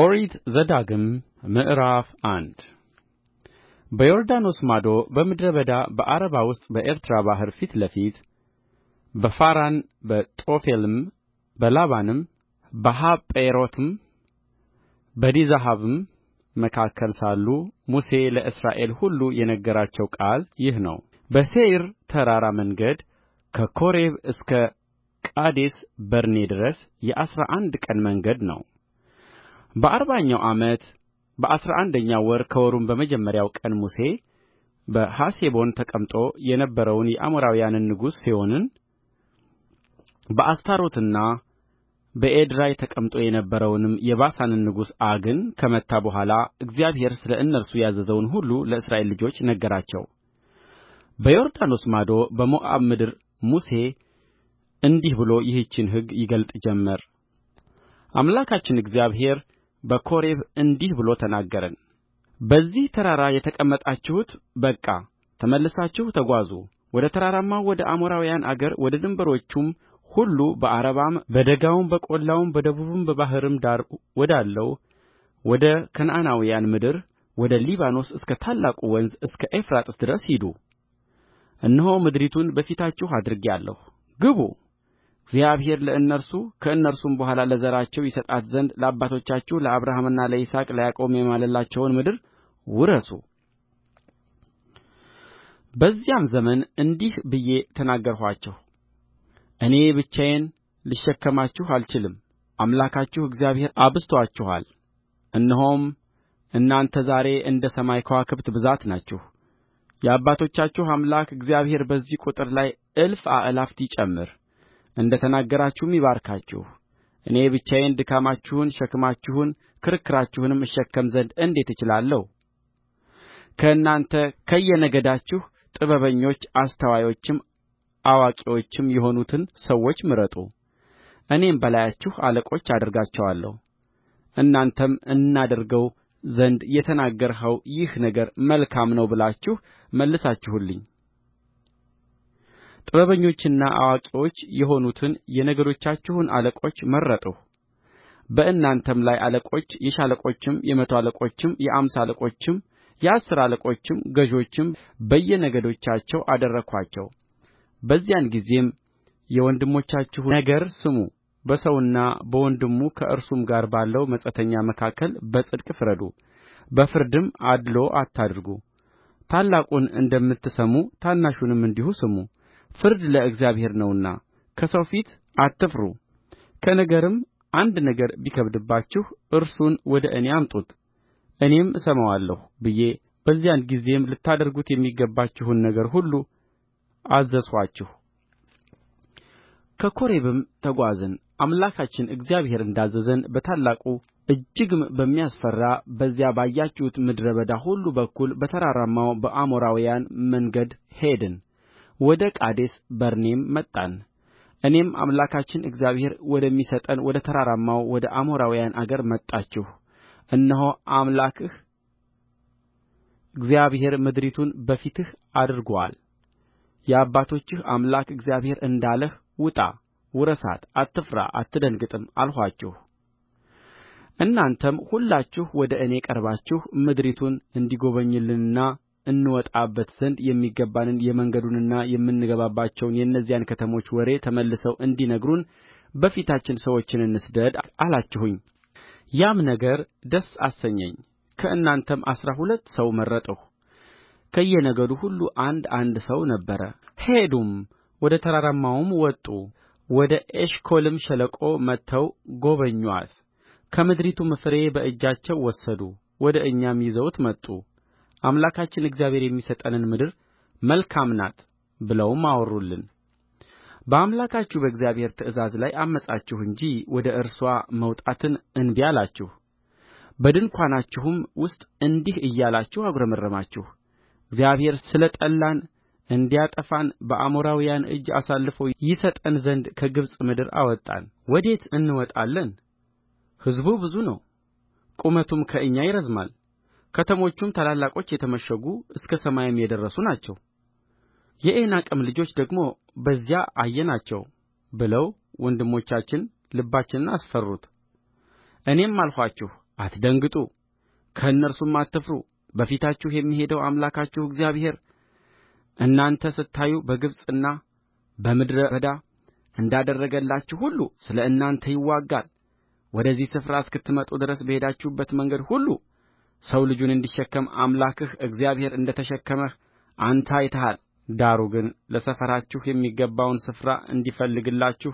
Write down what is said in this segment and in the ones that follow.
ኦሪት ዘዳግም ምዕራፍ አንድ በዮርዳኖስ ማዶ በምድረ በዳ በዓረባ ውስጥ በኤርትራ ባሕር ፊት ለፊት በፋራን በጦፌልም በላባንም በሐጼሮትም በዲዛሃብም መካከል ሳሉ ሙሴ ለእስራኤል ሁሉ የነገራቸው ቃል ይህ ነው። በሴይር ተራራ መንገድ ከኮሬብ እስከ ቃዴስ በርኔ ድረስ የዐሥራ አንድ ቀን መንገድ ነው። በአርባኛው ዓመት በአሥራ አንደኛው ወር ከወሩም በመጀመሪያው ቀን ሙሴ በሐሴቦን ተቀምጦ የነበረውን የአሞራውያንን ንጉሥ ሴዎንን በአስታሮትና በኤድራይ ተቀምጦ የነበረውንም የባሳንን ንጉሥ ዐግን ከመታ በኋላ እግዚአብሔር ስለ እነርሱ ያዘዘውን ሁሉ ለእስራኤል ልጆች ነገራቸው። በዮርዳኖስ ማዶ በሞዓብ ምድር ሙሴ እንዲህ ብሎ ይህችን ሕግ ይገልጥ ጀመር። አምላካችን እግዚአብሔር በኮሬብ እንዲህ ብሎ በዚህ ተራራ የተቀመጣችሁት በቃ ተመልሳችሁ ተጓዙ ወደ ተራራማው ወደ አሞራውያን አገር ወደ ድንበሮቹም ሁሉ በዓረባም በደጋውም በቈላውም በደቡብም በባሕርም ዳር ወዳለው ወደ ከነዓናውያን ምድር ወደ ሊባኖስ እስከ ታላቁ ወንዝ እስከ ኤፍራጥስ ድረስ ሂዱ እነሆ ምድሪቱን በፊታችሁ አድርጌአለሁ ግቡ እግዚአብሔር ለእነርሱ ከእነርሱም በኋላ ለዘራቸው ይሰጣት ዘንድ ለአባቶቻችሁ ለአብርሃምና ለይስሐቅ ለያዕቆብም የማለላቸውን ምድር ውረሱ በዚያም ዘመን እንዲህ ብዬ ተናገርኋቸው፣ እኔ ብቻዬን ልሸከማችሁ አልችልም። አምላካችሁ እግዚአብሔር አብዝቶአችኋል። እነሆም እናንተ ዛሬ እንደ ሰማይ ከዋክብት ብዛት ናችሁ። የአባቶቻችሁ አምላክ እግዚአብሔር በዚህ ቁጥር ላይ እልፍ አእላፋት ይጨምር። እንደ ተናገራችሁም ይባርካችሁ እኔ ብቻዬን ድካማችሁን ሸክማችሁን ክርክራችሁንም እሸከም ዘንድ እንዴት እችላለሁ ከእናንተ ከየነገዳችሁ ጥበበኞች አስተዋዮችም አዋቂዎችም የሆኑትን ሰዎች ምረጡ እኔም በላያችሁ አለቆች አደርጋቸዋለሁ እናንተም እናደርገው ዘንድ የተናገርኸው ይህ ነገር መልካም ነው ብላችሁ መልሳችሁልኝ። ጥበበኞችና አዋቂዎች የሆኑትን የነገዶቻችሁን አለቆች መረጥሁ በእናንተም ላይ አለቆች የሻለቆችም የመቶ አለቆችም የአምሳ አለቆችም የአሥር አለቆችም ገዦችም በየነገዶቻቸው አደረግኋቸው በዚያን ጊዜም የወንድሞቻችሁን ነገር ስሙ በሰውና በወንድሙ ከእርሱም ጋር ባለው መጻተኛ መካከል በጽድቅ ፍረዱ በፍርድም አድልዎ አታድርጉ ታላቁን እንደምትሰሙ ታናሹንም እንዲሁ ስሙ ፍርድ ለእግዚአብሔር ነውና ከሰው ፊት አትፍሩ ከነገርም አንድ ነገር ቢከብድባችሁ እርሱን ወደ እኔ አምጡት እኔም እሰማዋለሁ ብዬ በዚያን ጊዜም ልታደርጉት የሚገባችሁን ነገር ሁሉ አዘዝኋችሁ። ከኮሬብም ተጓዝን አምላካችን እግዚአብሔር እንዳዘዘን በታላቁ እጅግም በሚያስፈራ በዚያ ባያችሁት ምድረ በዳ ሁሉ በኩል በተራራማው በአሞራውያን መንገድ ሄድን። ወደ ቃዴስ በርኔም መጣን እኔም አምላካችን እግዚአብሔር ወደሚሰጠን ወደ ተራራማው ወደ አሞራውያን አገር መጣችሁ እነሆ አምላክህ እግዚአብሔር ምድሪቱን በፊትህ አድርጎአል የአባቶችህ አምላክ እግዚአብሔር እንዳለህ ውጣ ውረሳት አትፍራ አትደንግጥም እናንተም ሁላችሁ ወደ እኔ ቀርባችሁ ምድሪቱን እንዲጎበኙልንና እንወጣበት ዘንድ የሚገባንን የመንገዱንና የምንገባባቸውን የእነዚያን ከተሞች ወሬ ተመልሰው እንዲነግሩን በፊታችን ሰዎችን እንስደድ አላችሁኝ ያም ነገር ደስ አሰኘኝ ከእናንተም አሥራ ሁለት ሰው መረጥሁ ከየነገዱ ሁሉ አንድ አንድ ሰው ነበረ ሄዱም ወደ ተራራማውም ወጡ ወደ ኤሽኮልም ሸለቆ መጥተው ጐበኙአት ከምድሪቱም ፍሬ በእጃቸው ወሰዱ ወደ እኛም ይዘውት መጡ አምላካችን እግዚአብሔር የሚሰጠንን ምድር መልካም ናት ብለውም አወሩልንበአምላካችሁ በእግዚአብሔር ትእዛዝ ላይ ዐመፃችሁ እንጂ ወደ እርስዋ መውጣትን እንቢ አላችሁ በድንኳናችሁም ውስጥ እንዲህ እያላችሁ አጕረመረማችሁ እግዚአብሔር ስለ ጠላን እንዲያጠፋን በአሞራውያን እጅ አሳልፎ ይሰጠን ዘንድ ከግብፅ ምድር አወጣን። ወዴት እንወጣለን ሕዝቡ ብዙ ነው ቁመቱም ከእኛ ይረዝማል ከተሞቹም ታላላቆች የተመሸጉ እስከ ሰማይም የደረሱ ናቸው የዔናቅም ልጆች ደግሞ በዚያ አየናቸው ብለው ወንድሞቻችን ልባችንን አስፈሩት እኔም አልኋችሁ አትደንግጡ ከእነርሱም አትፍሩ በፊታችሁ የሚሄደው አምላካችሁ እግዚአብሔር እናንተ ስታዩ በግብፅና በምድረ በዳ እንዳደረገላችሁ ሁሉ ስለ እናንተ ይዋጋል ወደዚህ ስፍራ እስክትመጡ ድረስ በሄዳችሁበት መንገድ ሁሉ ሰው ልጁን እንዲሸከም አምላክህ እግዚአብሔር እንደ ተሸከመህ አንተ ዳሩ ግን ለሰፈራችሁ የሚገባውን ስፍራ እንዲፈልግላችሁ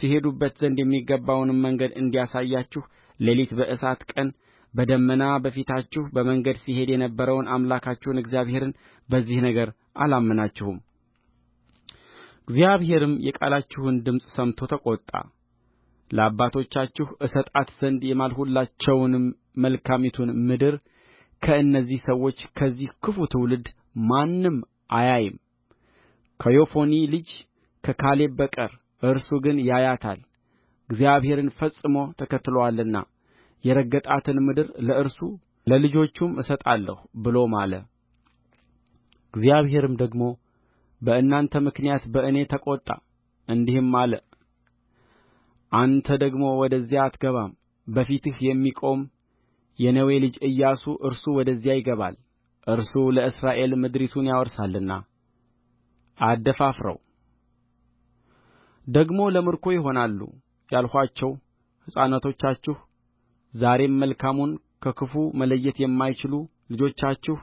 ትሄዱበት ዘንድ የሚገባውንም መንገድ እንዲያሳያችሁ ሌሊት በእሳት ቀን በደመና በፊታችሁ በመንገድ ሲሄድ የነበረውን አምላካችሁን እግዚአብሔርን በዚህ ነገር አላመናችሁም። እግዚአብሔርም የቃላችሁን ድምፅ ሰምቶ ተቈጣ ለአባቶቻችሁ እሰጣት ዘንድ የማልሁላቸውንም መልካሚቱን ምድር ከእነዚህ ሰዎች ከዚህ ክፉ ትውልድ ማንም አያይም ከዮፎኒ ልጅ ከካሌብ በቀር እርሱ ግን ያያታል እግዚአብሔርን ፈጽሞ ተከትሎአልና የረገጣትን ምድር ለእርሱ ለልጆቹም እሰጣለሁ ብሎ ማለ እግዚአብሔርም ደግሞ በእናንተ ምክንያት በእኔ ተቈጣ እንዲህም አለ አንተ ደግሞ ወደዚያ አትገባም በፊትህ የሚቆም የነዌ ልጅ ኢያሱ እርሱ ወደዚያ ይገባል እርሱ ለእስራኤል ምድሪቱን ያወርሳልና አደፋፍረው ደግሞ ለምርኮ ይሆናሉ ያልኋቸው ሕፃናቶቻችሁ ዛሬም መልካሙን ከክፉ መለየት የማይችሉ ልጆቻችሁ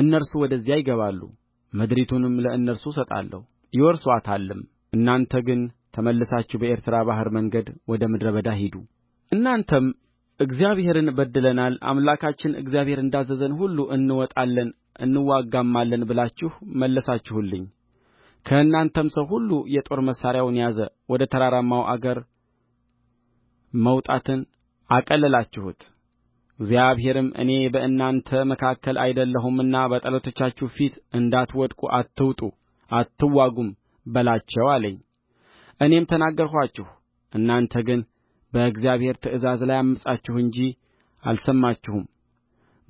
እነርሱ ወደዚያ ይገባሉ ምድሪቱንም ለእነርሱ እሰጣለሁ ይወርሱአታልም እናንተ ግን ተመልሳችሁ በኤርትራ ባሕር መንገድ ወደ ምድረ በዳ ሂዱእናንተም እግዚአብሔርን በድለናል አምላካችን እግዚአብሔር እንዳዘዘን ሁሉ እንወጣለን እንዋጋማለን ብላችሁ መለሳችሁልኝ ከእናንተም ሰው ሁሉ የጦር መሣሪያውን ያዘ ወደ ተራራማው አገር መውጣትን አቀለላችሁት እግዚአብሔርም እኔ በእናንተ መካከል አይደለሁምና በጠላቶቻችሁ ፊት እንዳትወድቁ አትውጡ አትዋጉም በላቸው አለኝ እኔም ተናገርኋችሁ እናንተ ግን በእግዚአብሔር ትእዛዝ ላይ ዐመፃችሁ እንጂ አልሰማችሁም።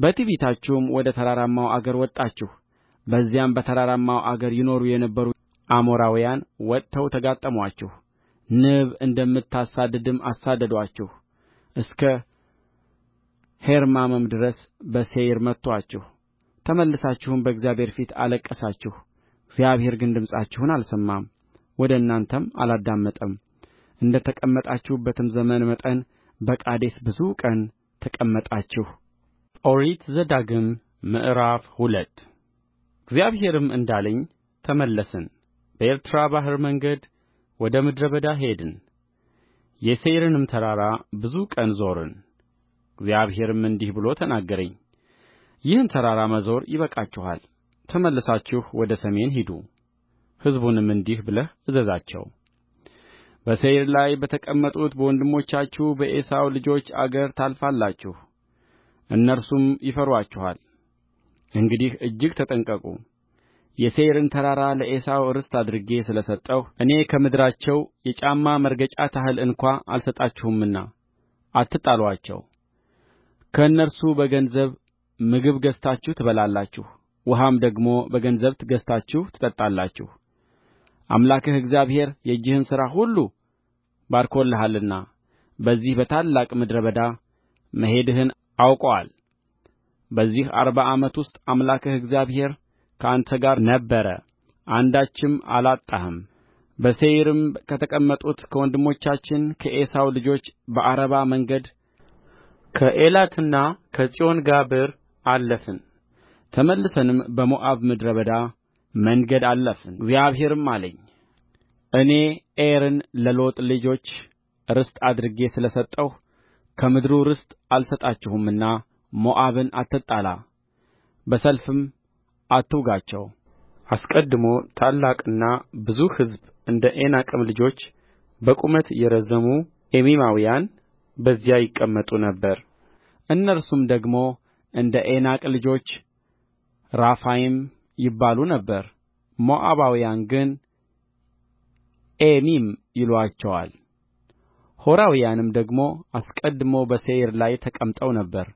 በትዕቢታችሁም ወደ ተራራማው አገር ወጣችሁ በዚያም በተራራማው አገር ይኖሩ የነበሩ አሞራውያን ወጥተው ተጋጠሙአችሁ ንብ እንደምታሳድድም አሳደዱአችሁ እስከ ሔርማም ድረስ በሴይር መቱአችሁ ተመልሳችሁም በእግዚአብሔር ፊት አለቀሳችሁ እግዚአብሔር ግን ድምፃችሁን አልሰማም ወደ እናንተም አላዳመጠም እንደ ተቀመጣችሁበትም ዘመን መጠን በቃዴስ ብዙ ቀን ተቀመጣችሁ ኦሪት ዘዳግም ምዕራፍ ሁለት እግዚአብሔርም እንዳለኝ ተመለስን በኤርትራ ባሕር መንገድ ወደ ምድረ በዳ ሄድን የሴይርንም ተራራ ብዙ ቀን ዞርን እግዚአብሔርም እንዲህ ብሎ ተናገረኝ ይህን ተራራ መዞር ይበቃችኋል ተመልሳችሁ ወደ ሰሜን ሂዱ ሕዝቡንም እንዲህ ብለህ እዘዛቸው በሴይር ላይ በተቀመጡት በወንድሞቻችሁ በዔሳው ልጆች አገር ታልፋላችሁ እነርሱም ይፈሩአችኋል እንግዲህ እጅግ ተጠንቀቁ የሴይርን ተራራ ለዔሳው ርስት አድርጌ ስለ ሰጠሁ እኔ ከምድራቸው የጫማ መርገጫ ታህል እንኳ አልሰጣችሁምና አትጣሉአቸው ከእነርሱ በገንዘብ ምግብ ገዝታችሁ ትበላላችሁ ውኃም ደግሞ በገንዘብ ገዝታችሁ ትጠጣላችሁ አምላክህ እግዚአብሔር የእጅህን ሥራ ሁሉ ባርኮልሃልና በዚህ በታላቅ ምድረ በዳ መሄድህን አውቆአል በዚህ አርባ ዓመት ውስጥ አምላክህ እግዚአብሔር ከአንተ ጋር ነበረ አንዳችም አላጣህም በሴይርም ከተቀመጡት ከወንድሞቻችን ከዔሳው ልጆች በዓረባ መንገድ ከኤላትና ጋብር አለፍን ተመልሰንም በሞዓብ ምድረ በዳ መንገድ አለፍን እግዚአብሔርም አለኝ እኔ ኤርን ለሎጥ ልጆች ርስት አድርጌ ስለ ሰጠሁ ከምድሩ ርስት አልሰጣችሁምና ሞዓብን አትጣላ በሰልፍም አትውጋቸው አስቀድሞ ታላቅና ብዙ ሕዝብ እንደ ዔናቅም ልጆች በቁመት የረዘሙ ኤሚማውያን በዚያ ይቀመጡ ነበር እነርሱም ደግሞ እንደ ዔናቅ ልጆች ራፋይም ይባሉ ነበር ሞዓባውያን ግን ኤሚም ይሉአቸዋል ሖራውያንም ደግሞ አስቀድሞ በሴይር ላይ ተቀምጠው ነበር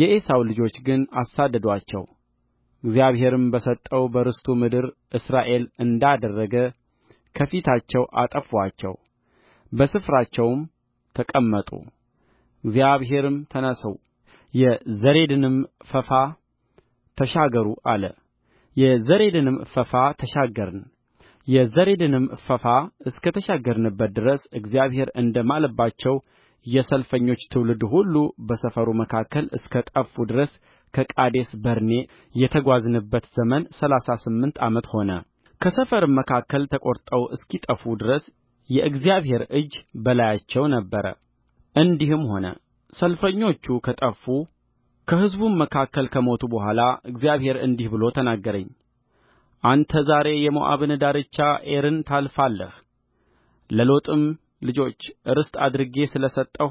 የዔሳው ልጆች ግን አሳደዱአቸው እግዚአብሔርም በሰጠው በርስቱ ምድር እስራኤል እንዳደረገ ከፊታቸው አጠፉአቸው በስፍራቸውም ተቀመጡ እግዚአብሔርም ተነሡ የዘሬድንም ፈፋ ተሻገሩ አለ የዘሬድንም ፈፋ ተሻገርን የዘሬድንም ፈፋ እስከ ተሻገርንበት ድረስ እግዚአብሔር እንደ ማለባቸው የሰልፈኞች ትውልድ ሁሉ በሰፈሩ መካከል እስከ ጠፉ ድረስ ከቃዴስ በርኔ የተጓዝንበት ዘመን ሠላሳ ስምንት ዓመት ሆነ ከሰፈርም መካከል ተቈርጠው እስኪጠፉ ድረስ የእግዚአብሔር እጅ በላያቸው ነበረ እንዲህም ሆነ ሰልፈኞቹ ከጠፉ ከሕዝቡም መካከል ከሞቱ በኋላ እግዚአብሔር እንዲህ ብሎ ተናገረኝ አንተ ዛሬ የሞዓብን ዳርቻ ኤርን ታልፋለህ ለሎጥም ልጆች ርስት አድርጌ ስለ ሰጠሁ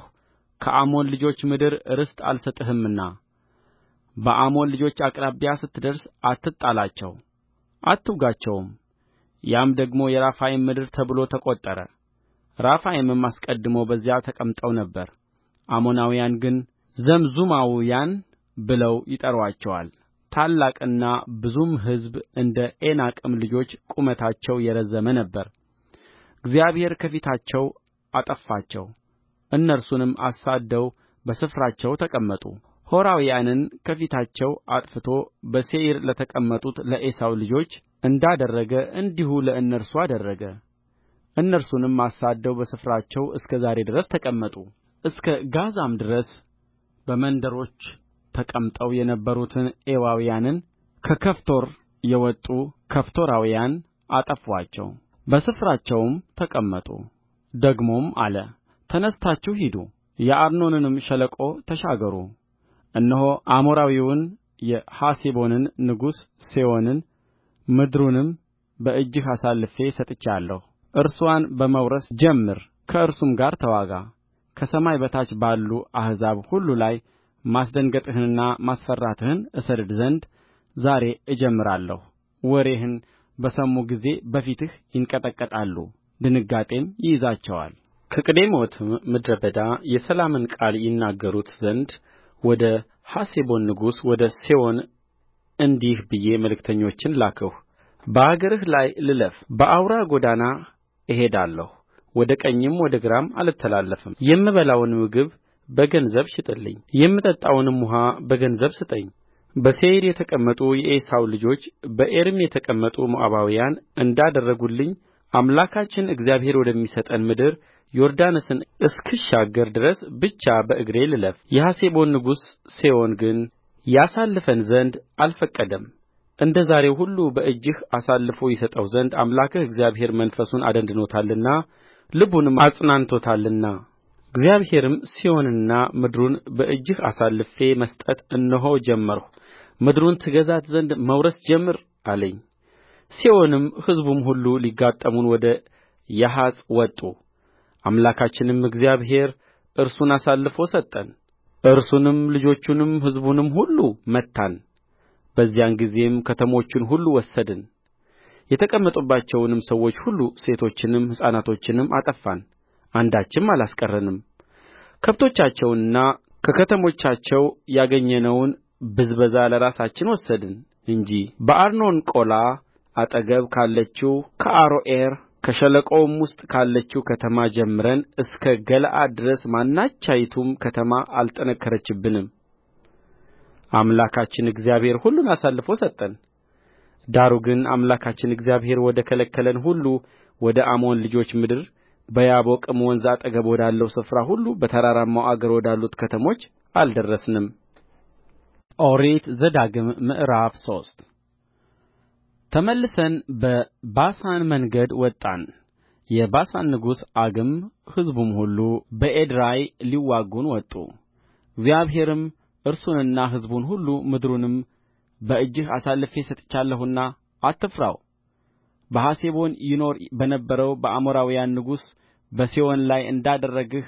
ከአሞን ልጆች ምድር ርስት አልሰጥህምና በአሞን ልጆች አቅራቢያ ስትደርስ አትጣላቸው አትውጋቸውም ያም ደግሞ የራፋይም ምድር ተብሎ ተቈጠረ ራፋይምም አስቀድሞ በዚያ ተቀምጠው ነበር አሞናውያን ግን ዘምዙማውያን ብለው ይጠሩአቸዋል ታላቅና ብዙም ሕዝብ እንደ ዔናቅም ልጆች ቁመታቸው የረዘመ እግዚአብሔር ከፊታቸው አጠፋቸው እነርሱንም አሳድደው በስፍራቸው ተቀመጡ ሖራውያንን ከፊታቸው አጥፍቶ በሴይር ለተቀመጡት ለዔሳው ልጆች እንዳደረገ እንዲሁ ለእነርሱ አደረገ እነርሱንም አሳድደው በስፍራቸው እስከ ዛሬ ድረስ ተቀመጡ እስከ ጋዛም ድረስ በመንደሮች ተቀምጠው የነበሩትን ኤዋውያንን ከከፍቶር የወጡ ከፍቶራውያን አጠፉአቸው በስፍራቸውም ተቀመጡ ደግሞም አለ ተነሥታችሁ ሂዱ የአርኖንንም ሸለቆ ተሻገሩ እነሆ አሞራዊውን የሐሴቦንን ንጉሥ ሴዎንን ምድሩንም በእጅህ አሳልፌ ሰጥቼሃለሁ እርስዋን በመውረስ ጀምር ከእርሱም ጋር ተዋጋ ከሰማይ በታች ባሉ አሕዛብ ሁሉ ላይ ማስደንገጥህንና ማስፈራትህን እሰድድ ዘንድ ዛሬ እጀምራለሁ ወሬህን በሰሙ ጊዜ በፊትህ ይንቀጠቀጣሉ ድንጋጤም ይይዛቸዋልከቅዴሞትም ምድረ በዳ የሰላምን ቃል ይናገሩት ዘንድ ወደ ሐሴቦን ንጉሥ ወደ ሴዎን እንዲህ ብዬ መልእክተኞችን ላክሁ በአገርህ ላይ ልለፍ በአውራ ጎዳና እሄዳለሁ ወደ ቀኝም ወደ ግራም አልተላለፍም የምበላውን ምግብ በገንዘብ ሽጥልኝ የምጠጣውንም ውኃ በገንዘብ ስጠኝ በሴይር የተቀመጡ የዔሳው ልጆች በኤርም የተቀመጡ ሞዓባውያን እንዳደረጉልኝ አምላካችን እግዚአብሔር ወደሚሰጠን ምድር ዮርዳኖስን እስክሻገር ድረስ ብቻ በእግሬ ልለፍ የሐሴቦን ንጉሥ ሴዎን ግን ያሳልፈን ዘንድ አልፈቀደም እንደ ዛሬው ሁሉ በእጅህ አሳልፎ ይሰጠው ዘንድ አምላክህ እግዚአብሔር መንፈሱን አደንድኖታልና ልቡንም አጽናንቶታልና እግዚአብሔርም ሴዎንንና ምድሩን በእጅህ አሳልፌ መስጠት እነሆ ጀመርሁ ምድሩን ትገዛት ዘንድ መውረስ ጀምር አለኝ ሴዎንም ሕዝቡም ሁሉ ሊጋጠሙን ወደ ያሀጽ ወጡ አምላካችንም እግዚአብሔር እርሱን አሳልፎ ሰጠን እርሱንም ልጆቹንም ሕዝቡንም ሁሉ መታን በዚያን ጊዜም ከተሞቹን ሁሉ ወሰድን የተቀመጡባቸውንም ሰዎች ሁሉ ሴቶችንም ሕፃናቶችንም አጠፋን አንዳችም አላስቀረንም ከብቶቻቸውንና ከከተሞቻቸው ያገኘነውን ብዝበዛ ለራሳችን ወሰድን እንጂ በአርኖን ቆላ አጠገብ ካለችው ከአሮዔር ከሸለቆውም ውስጥ ካለችው ከተማ ጀምረን እስከ ገለዓድ ድረስ ማናቸይቱም ከተማ አልጠነከረችብንም አምላካችን እግዚአብሔር ሁሉን አሳልፎ ሰጠን ዳሩ ግን አምላካችን እግዚአብሔር ወደ ከለከለን ሁሉ ወደ አሞን ልጆች ምድር በያቦቅም ወንዝ አጠገብ ወዳለው ስፍራ ሁሉ በተራራማው አገር ወዳሉት ከተሞች አልደረስንም። ኦሪት ዘዳግም ምዕራፍ ሶስት ተመልሰን በባሳን መንገድ ወጣን። የባሳን ንጉሥ ዐግም ሕዝቡም ሁሉ በኤድራይ ሊዋጉን ወጡ። እግዚአብሔርም እርሱንና ሕዝቡን ሁሉ ምድሩንም በእጅህ አሳልፌ ሰጥቼአለሁና አትፍራው በሐሴቦን ይኖር በነበረው በአሞራውያን ንጉሥ በሴዎን ላይ እንዳደረግህ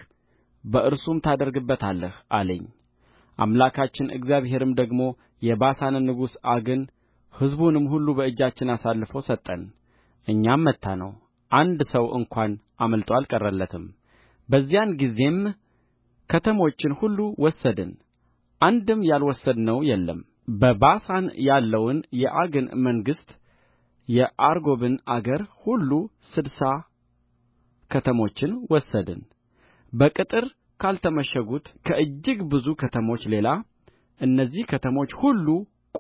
በእርሱም ታደርግበታለህ አለኝ አምላካችን እግዚአብሔርም ደግሞ የባሳንን ንጉሥ ዐግን ሕዝቡንም ሁሉ በእጃችን አሳልፎ ሰጠን እኛም መታነው አንድ ሰው እንኳን አምልጦ አልቀረለትም በዚያን ጊዜም ከተሞችን ሁሉ ወሰድን አንድም ያልወሰድነው የለም በባሳን ያለውን የዐግን መንግሥት የአርጎብን አገር ሁሉ ስድሳ ከተሞችን ወሰድን። በቅጥር ካልተመሸጉት ከእጅግ ብዙ ከተሞች ሌላ እነዚህ ከተሞች ሁሉ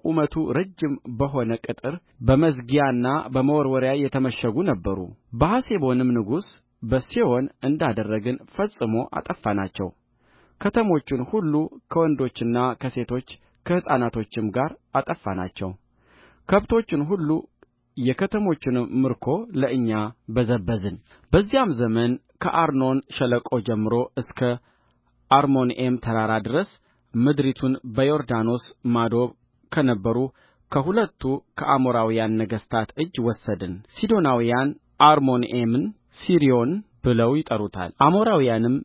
ቁመቱ ረጅም በሆነ ቅጥር በመዝጊያና በመወርወሪያ የተመሸጉ ነበሩ በሐሴቦንም ንጉሥ በሴዎን እንዳደረግን ፈጽሞ አጠፋናቸው ከተሞቹን ሁሉ ከወንዶችና ከሴቶች ከሕፃናቶችም ጋር አጠፋናቸው ከብቶቹን ሁሉ የከተሞቹንም ምርኮ ለእኛ በዘበዝን። በዚያም ዘመን ከአርኖን ሸለቆ ጀምሮ እስከ አርሞንዔም ተራራ ድረስ ምድሪቱን በዮርዳኖስ ማዶ ከነበሩ ከሁለቱ ከአሞራውያን ነገሥታት እጅ ወሰድን ሲዶናውያን አርሞንዔምን ሲርዮን ብለው ይጠሩታል አሞራውያንም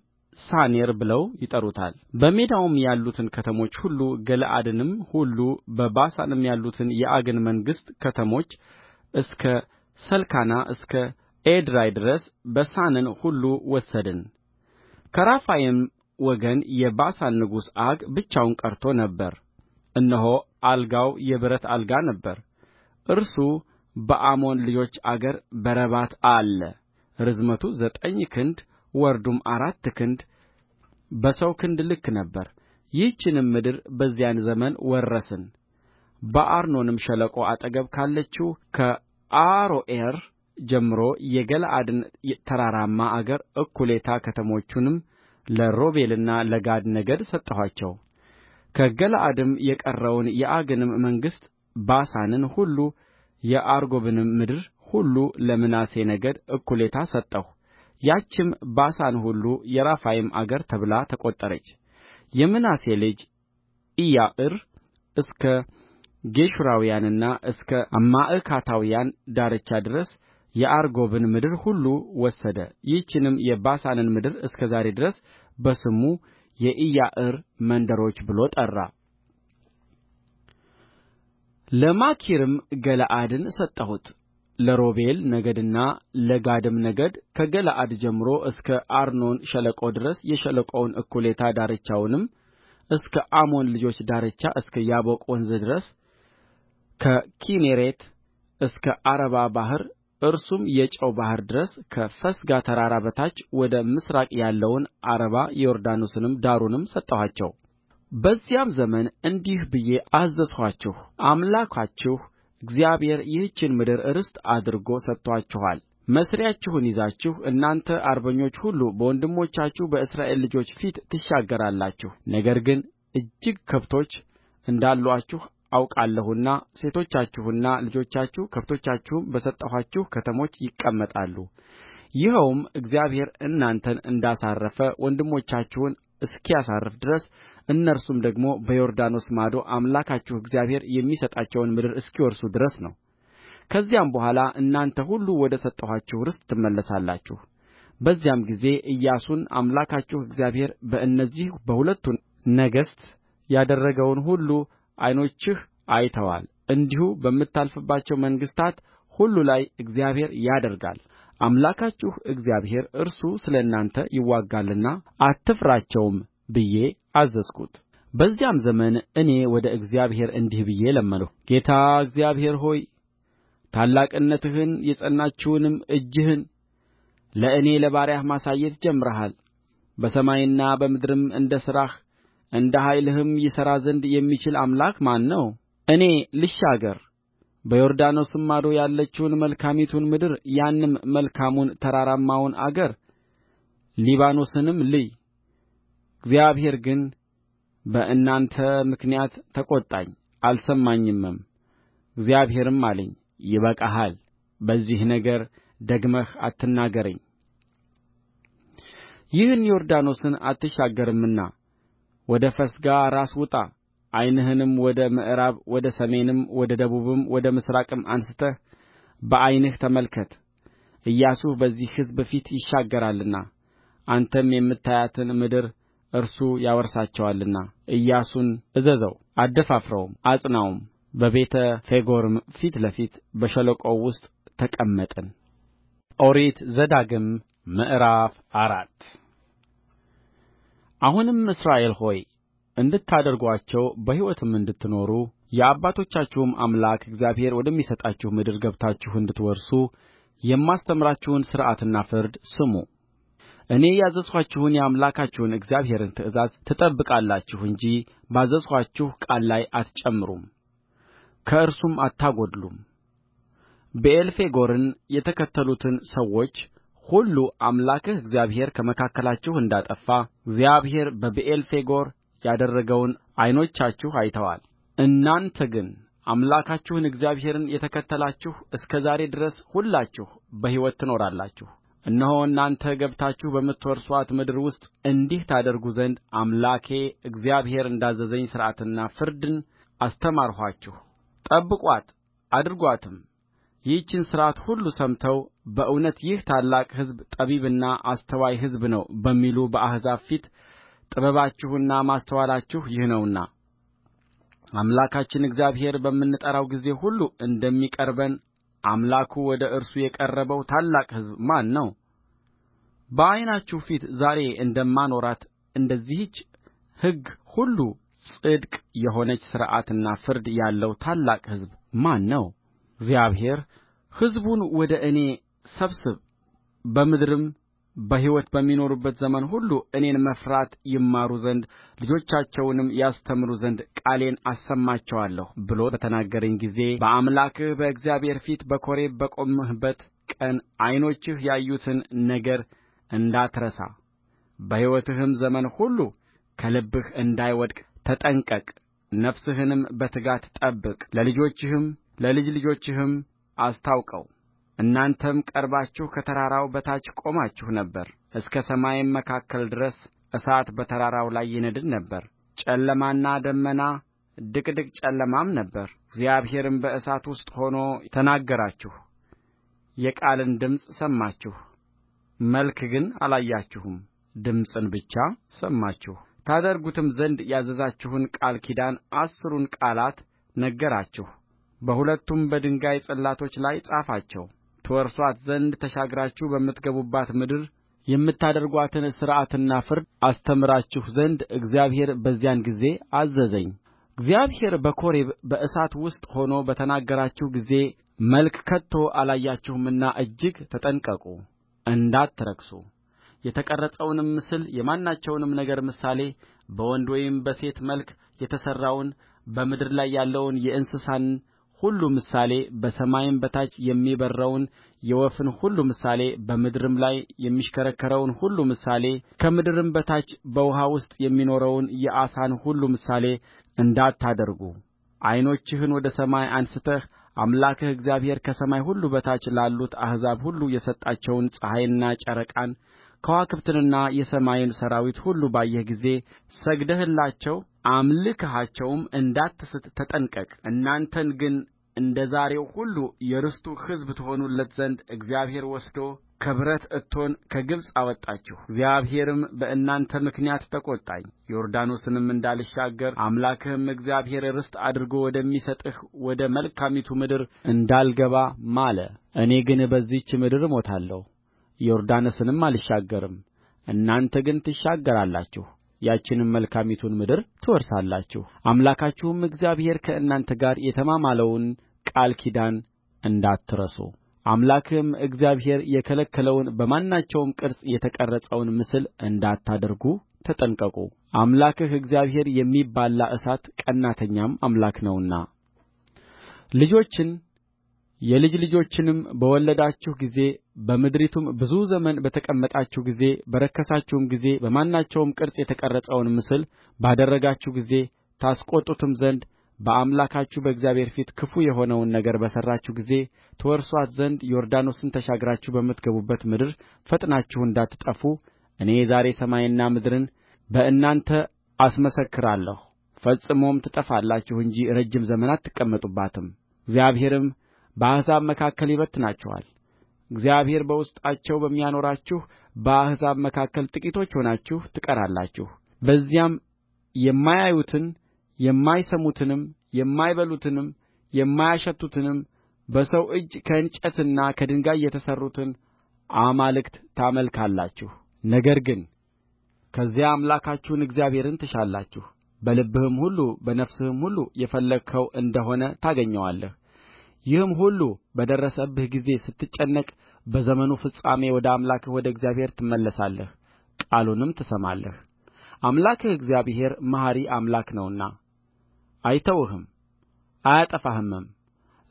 ሳኔር ብለው ይጠሩታል በሜዳውም ያሉትን ከተሞች ሁሉ ገለዓድንም ሁሉ በባሳንም ያሉትን የዐግን መንግሥት ከተሞች እስከ ሰልካና እስከ ኤድራይ ድረስ ባሳንን ሁሉ ወሰድንከራፋይም ወገን የባሳን ንጉሥ ዐግ ብቻውን ቀርቶ ነበር እነሆ አልጋው የብረት አልጋ ነበረ እርሱ በአሞን ልጆች አገር በረባት አለ ርዝመቱ ዘጠኝ ክንድ ወርዱም አራት ክንድ በሰው ክንድ ልክ ነበረ ይህችንም ምድር በዚያን ዘመን ወረስን በአርኖንም ሸለቆ አጠገብ ካለችው ከአሮዔር ጀምሮ የገለዓድን ተራራማ አገር እኩሌታ ከተሞቹንም ለሮቤልና ለጋድ ነገድ ሰጠኋቸው ከገለዓድም የቀረውን የዐግንም መንግሥት ባሳንን ሁሉ የአርጎብንም ምድር ሁሉ ለምናሴ ነገድ እኩሌታ ሰጠሁ ያችም ባሳን ሁሉ የራፋይም አገር ተብላ ተቈጠረችየምናሴ ልጅ ኢያዕር እስከ ጌሹራውያንና እስከ ማዕካታውያን ዳርቻ ድረስ የአርጎብን ምድር ሁሉ ወሰደ ይህችንም የባሳንን ምድር እስከ ዛሬ ድረስ በስሙ የኢያዕር መንደሮች ብሎ ጠራለማኪርም ገለዓድን ሰጠሁት ለሮቤል ነገድና ለጋድም ነገድ ከገለዓድ ጀምሮ እስከ አርኖን ሸለቆ ድረስ የሸለቆውን እኩሌታ ዳርቻውንም እስከ አሞን ልጆች ዳርቻ እስከ ያቦቅ ወንዝ ድረስ ከኪኔሬት እስከ ዓረባ ባሕር እርሱም የጨው ባሕር ድረስ ከፈስጋ ተራራ በታች ወደ ምሥራቅ ያለውን ዓረባ ዮርዳኖስንም ዳሩንም ሰጠኋቸው በዚያም ዘመን እንዲህ ብዬ አዘዝኋችሁ አምላካችሁ እግዚአብሔር ይህችን ምድር ርስት አድርጎ መሣሪያችሁን ይዛችሁ እናንተ አርበኞች ሁሉ በወንድሞቻችሁ በእስራኤል ልጆች ፊት ትሻገራላችሁ ነገር ግን እጅግ ከብቶች እንዳሉአችሁ አውቃለሁና ሴቶቻችሁና ልጆቻችሁ ከብቶቻችሁም በሰጠኋችሁ ከተሞች ይቀመጣሉ ይኸውም እግዚአብሔር እናንተን እንዳሳረፈ ወንድሞቻችሁን እስኪያሳርፍ ድረስ እነርሱም ደግሞ በዮርዳኖስ ማዶ አምላካችሁ እግዚአብሔር የሚሰጣቸውን ምድር እስኪወርሱ ድረስ ነው። ከዚያም በኋላ እናንተ ሁሉ ወደ ሰጠኋችሁ ርስት በዚያም ጊዜ ኢያሱን አምላካችሁ እግዚአብሔር በእነዚህ በሁለቱ ነገሥት ያደረገውን ሁሉ ዓይኖችህ አይተዋል እንዲሁ በምታልፍባቸው መንግሥታት ሁሉ ላይ እግዚአብሔር ያደርጋል አምላካችሁ እግዚአብሔር እርሱ ስለ እናንተ ይዋጋልና አትፍራቸውም ብዬ በዚያም ዘመን እኔ ወደ እግዚአብሔር እንዲህ ብዬ ለመንሁ ጌታ እግዚአብሔር ሆይ ታላቅነትህን የጸናችውንም እጅህን ለእኔ ለባሪያህ ማሳየት ጀምረሃል በሰማይና በምድርም እንደ ሥራህ እንደ ኃይልህም ይሠራ ዘንድ የሚችል አምላክ ማን ነው እኔ ልሻገር በዮርዳኖስም ማዶ ያለችውን መልካሚቱን ምድር ያንም መልካሙን ተራራማውን አገር ሊባኖስንም ልይ እግዚአብሔር ግን በእናንተ ምክንያት ተቈጣኝ አልሰማኝምም እግዚአብሔርም አለኝ ይበቃሃል በዚህ ነገር ደግመህ አትናገረኝ ይህን ዮርዳኖስን አትሻገርምና ወደ ፈስጋ ራስ ውጣ ዓይንህንም ወደ ምዕራብ ወደ ሰሜንም ወደ ደቡብም ወደ ምሥራቅም አንሥተህ በዓይንህ ኢያሱ በዚህ ሕዝብ ፊት ይሻገራልና አንተም የምታያትን ምድር እርሱ ያወርሳቸዋልና ኢያሱን እዘዘው አደፋፍረውም አጽናውም በቤተ ፌጎርም ፊት ለፊት በሸለቆው ውስጥ ተቀመጥን ኦሪት ዘዳግም ምዕራፍ አራት አሁንም እስራኤል ሆይ እንድታደርጉአቸው በሕይወትም እንድትኖሩ የአባቶቻችሁም አምላክ እግዚአብሔር ወደሚሰጣችሁ ምድር ገብታችሁ እንድትወርሱ የማስተምራችሁን ሥርዓትና ፍርድ እኔ ያዘዝኋችሁን የአምላካችሁን የእግዚአብሔርን ትእዛዝ ትጠብቃላችሁ እንጂ ባዘዝኋችሁ ቃል ላይ አትጨምሩም ከእርሱም አታጎድሉም ብዔልፌጎርን የተከተሉትን ሰዎች ሁሉ አምላክህ እግዚአብሔር ከመካከላችሁ እንዳጠፋ እግዚአብሔር በብዔልፌጎር ያደረገውን ዓይኖቻችሁ እናንተ ግን አምላካችሁን እግዚአብሔርን የተከተላችሁ እስከ ዛሬ ድረስ ሁላችሁ በሕይወት እነሆ እናንተ ገብታችሁ በምትወርሱአት ምድር ውስጥ እንዲህ ታደርጉ ዘንድ አምላኬ እግዚአብሔር እንዳዘዘኝ ሥርዓትንና ፍርድን አስተማርኋችሁ ጠብቁአት አድርጓትም። ይህችን ሥርዓት ሁሉ ሰምተው በእውነት ይህ ታላቅ ሕዝብ ጠቢብና አስተዋይ ሕዝብ ነው በሚሉ በአሕዛብ ፊት ጥበባችሁና ማስተዋላችሁ ይህ ነውና አምላካችን እግዚአብሔር በምንጠራው ጊዜ ሁሉ እንደሚቀርበን አምላኩ ወደ እርሱ የቀረበው ታላቅ ሕዝብ ማን ነው በዓይናችሁ ፊት ዛሬ እንደማኖራት እንደዚህች ሕግ ሁሉ ጽድቅ የሆነች ሥርዓትና ፍርድ ያለው ታላቅ ሕዝብ ማን ነው እግዚአብሔር ሕዝቡን ወደ እኔ ሰብስብ በምድርም በሕይወት በሚኖሩበት ዘመን ሁሉ እኔን መፍራት ይማሩ ዘንድ ልጆቻቸውንም ያስተምሩ ዘንድ ቃሌን አሰማቸዋለሁ ብሎ በተናገረኝ ጊዜ በአምላክህ በእግዚአብሔር ፊት በኮሬብ በቆምህበት ቀን ዓይኖችህ ያዩትን ነገር እንዳትረሳ በሕይወትህም ዘመን ሁሉ ከልብህ እንዳይወድቅ ተጠንቀቅ ነፍስህንም በትጋት ጠብቅ ለልጆችህም ለልጅ ልጆችህም አስታውቀው እናንተም ቀርባችሁ ከተራራው በታች ቆማችሁ ነበር እስከ ሰማይም መካከል ድረስ እሳት በተራራው ላይ ይነድድ ነበር ጨለማና ደመና ድቅድቅ ጨለማም እግዚአብሔርም በእሳት ውስጥ ሆኖ ተናገራችሁ የቃልን ድምፅ ሰማችሁ መልክ ግን አላያችሁም ድምፅን ብቻ ሰማችሁ ታደርጉትም ዘንድ ያዘዛችሁን ቃል ኪዳን አሥሩን ቃላት ነገራችሁ በሁለቱም በድንጋይ ጽላቶች ላይ ጻፋቸው ትወርሱአት ዘንድ ተሻግራችሁ በምትገቡባት ምድር የምታደርጓትን ሥርዓትና ፍርድ አስተምራችሁ ዘንድ እግዚአብሔር በዚያን ጊዜ አዘዘኝ። እግዚአብሔር በኮሬብ በእሳት ውስጥ ሆኖ በተናገራችሁ ጊዜ መልክ ከቶ አላያችሁምና እጅግ ተጠንቀቁ እንዳትረክሱ የተቀረጸውንም ምስል የማናቸውንም ነገር ምሳሌ በወንድ ወይም በሴት መልክ የተሠራውን በምድር ላይ ያለውን የእንስሳን ሁሉ ምሳሌ በሰማይም በታች የሚበርረውን የወፍን ሁሉ ምሳሌ በምድርም ላይ የሚሽከረከረውን ሁሉ ምሳሌ ከምድርም በታች በውኃ ውስጥ የሚኖረውን የዓሣን ሁሉ ምሳሌ እንዳታደርጉ ዓይኖችህን ወደ ሰማይ አንሥተህ አምላክህ እግዚአብሔር ከሰማይ ሁሉ በታች ላሉት አሕዛብ ሁሉ የሰጣቸውን ፀሐይንና ጨረቃን ከዋክብትንና የሰማይን ሠራዊት ሁሉ ባየህ ጊዜ ሰግደህላቸው አምልከሃቸውም እንዳትስት ተጠንቀቅ እናንተን ግን እንደ ዛሬው ሁሉ የርስቱ ሕዝብ ትሆኑለት ዘንድ እግዚአብሔር ወስዶ ከብረት እቶን ከግብፅ እግዚአብሔርም በእናንተ ምክንያት ተቈጣኝ ዮርዳኖስንም እንዳልሻገር አምላክህም እግዚአብሔር ርስት አድርጎ ወደሚሰጥህ ወደ መልካሚቱ ምድር እንዳልገባ ማለ እኔ ግን በዚህች ምድር እሞታለሁ ዮርዳኖስንም አልሻገርም እናንተ ግን ትሻገራላችሁ ያችንም መልካሚቱን ምድር ትወርሳላችሁ አምላካችሁም እግዚአብሔር ከእናንተ ጋር የተማማለውን ቃል ኪዳን እንዳትረሱ አምላክህም እግዚአብሔር የከለከለውን በማናቸውም ቅርጽ የተቀረጸውን ምስል እንዳታደርጉ ተጠንቀቁ! አምላክህ እግዚአብሔር የሚበላ እሳት ቀናተኛም አምላክ ነውና ልጆችን የልጅ ልጆችንም በወለዳችሁ ጊዜ በምድሪቱም ብዙ ዘመን በተቀመጣችሁ ጊዜ በረከሳችሁም ጊዜ በማናቸውም ቅርጽ የተቀረጸውን ምስል ባደረጋችሁ ጊዜ ታስቈጡትም ዘንድ በአምላካችሁ በእግዚአብሔር ፊት ክፉ የሆነውን ነገር በሠራችሁ ጊዜ ትወርሱአት ዘንድ ዮርዳኖስን ተሻግራችሁ በምትገቡባት ምድር ፈጥናችሁ እንዳትጠፉ እኔ ዛሬ ሰማይንና ምድርን በእናንተ አስመሰክራለሁ ፈጽሞም ትጠፋላችሁ እንጂ ረጅም ዘመን አትቀመጡባትም እግዚአብሔርም በአሕዛብ መካከል ይበትናችኋል እግዚአብሔር በውስጣቸው በሚያኖራችሁ በአሕዛብ መካከል ጥቂቶች ሆናችሁ ትቀራላችሁ። በዚያም የማያዩትን የማይሰሙትንም የማይበሉትንም የማያሸቱትንም በሰው እጅ ከእንጨትና ከድንጋይ የተሠሩትን አማልክት ታመልካላችሁ ነገር ግን ከዚያ አምላካችሁን እግዚአብሔርን ትሻላችሁ በልብህም ሁሉ በነፍስህም ሁሉ የፈለግኸው እንደሆነ ታገኘዋለህ ይህም ሁሉ በደረሰብህ ጊዜ ስትጨነቅ በዘመኑ ፍጻሜ ወደ አምላክህ ወደ እግዚአብሔር ትመለሳለህ ቃሉንም ትሰማለህ አምላክህ እግዚአብሔር መሐሪ አምላክ ነውና አይተውህም አያጠፋህምም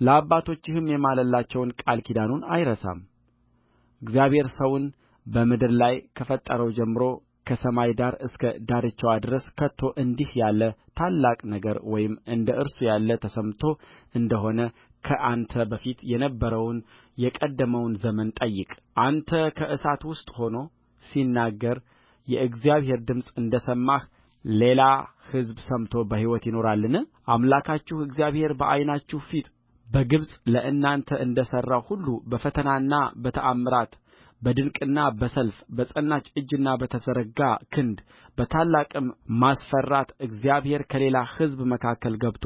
ለአባቶችህም የማለላቸውን ቃል ኪዳኑን አይረሳም። እግዚአብሔር ሰውን በምድር ላይ ከፈጠረው ጀምሮ ከሰማይ ዳር እስከ ዳርቻዋ ድረስ ከቶ እንዲህ ያለ ታላቅ ነገር ወይም እንደ እርሱ ያለ ተሰምቶ እንደሆነ ከአንተ በፊት የነበረውን የቀደመውን ዘመን ጠይቅ አንተ ከእሳት ውስጥ ሆኖ ሲናገር የእግዚአብሔር ድምፅ እንደ ሰማህ ሌላ ሕዝብ ሰምቶ በሕይወት ይኖራልን አምላካችሁ እግዚአብሔር በዓይናችሁ ፊት በግብፅ ለእናንተ እንደ ሠራው ሁሉ በፈተናና በተአምራት በድንቅና በሰልፍ በጸናች እጅና በተዘረጋ ክንድ በታላቅም ማስፈራት እግዚአብሔር ከሌላ ሕዝብ መካከል ገብቶ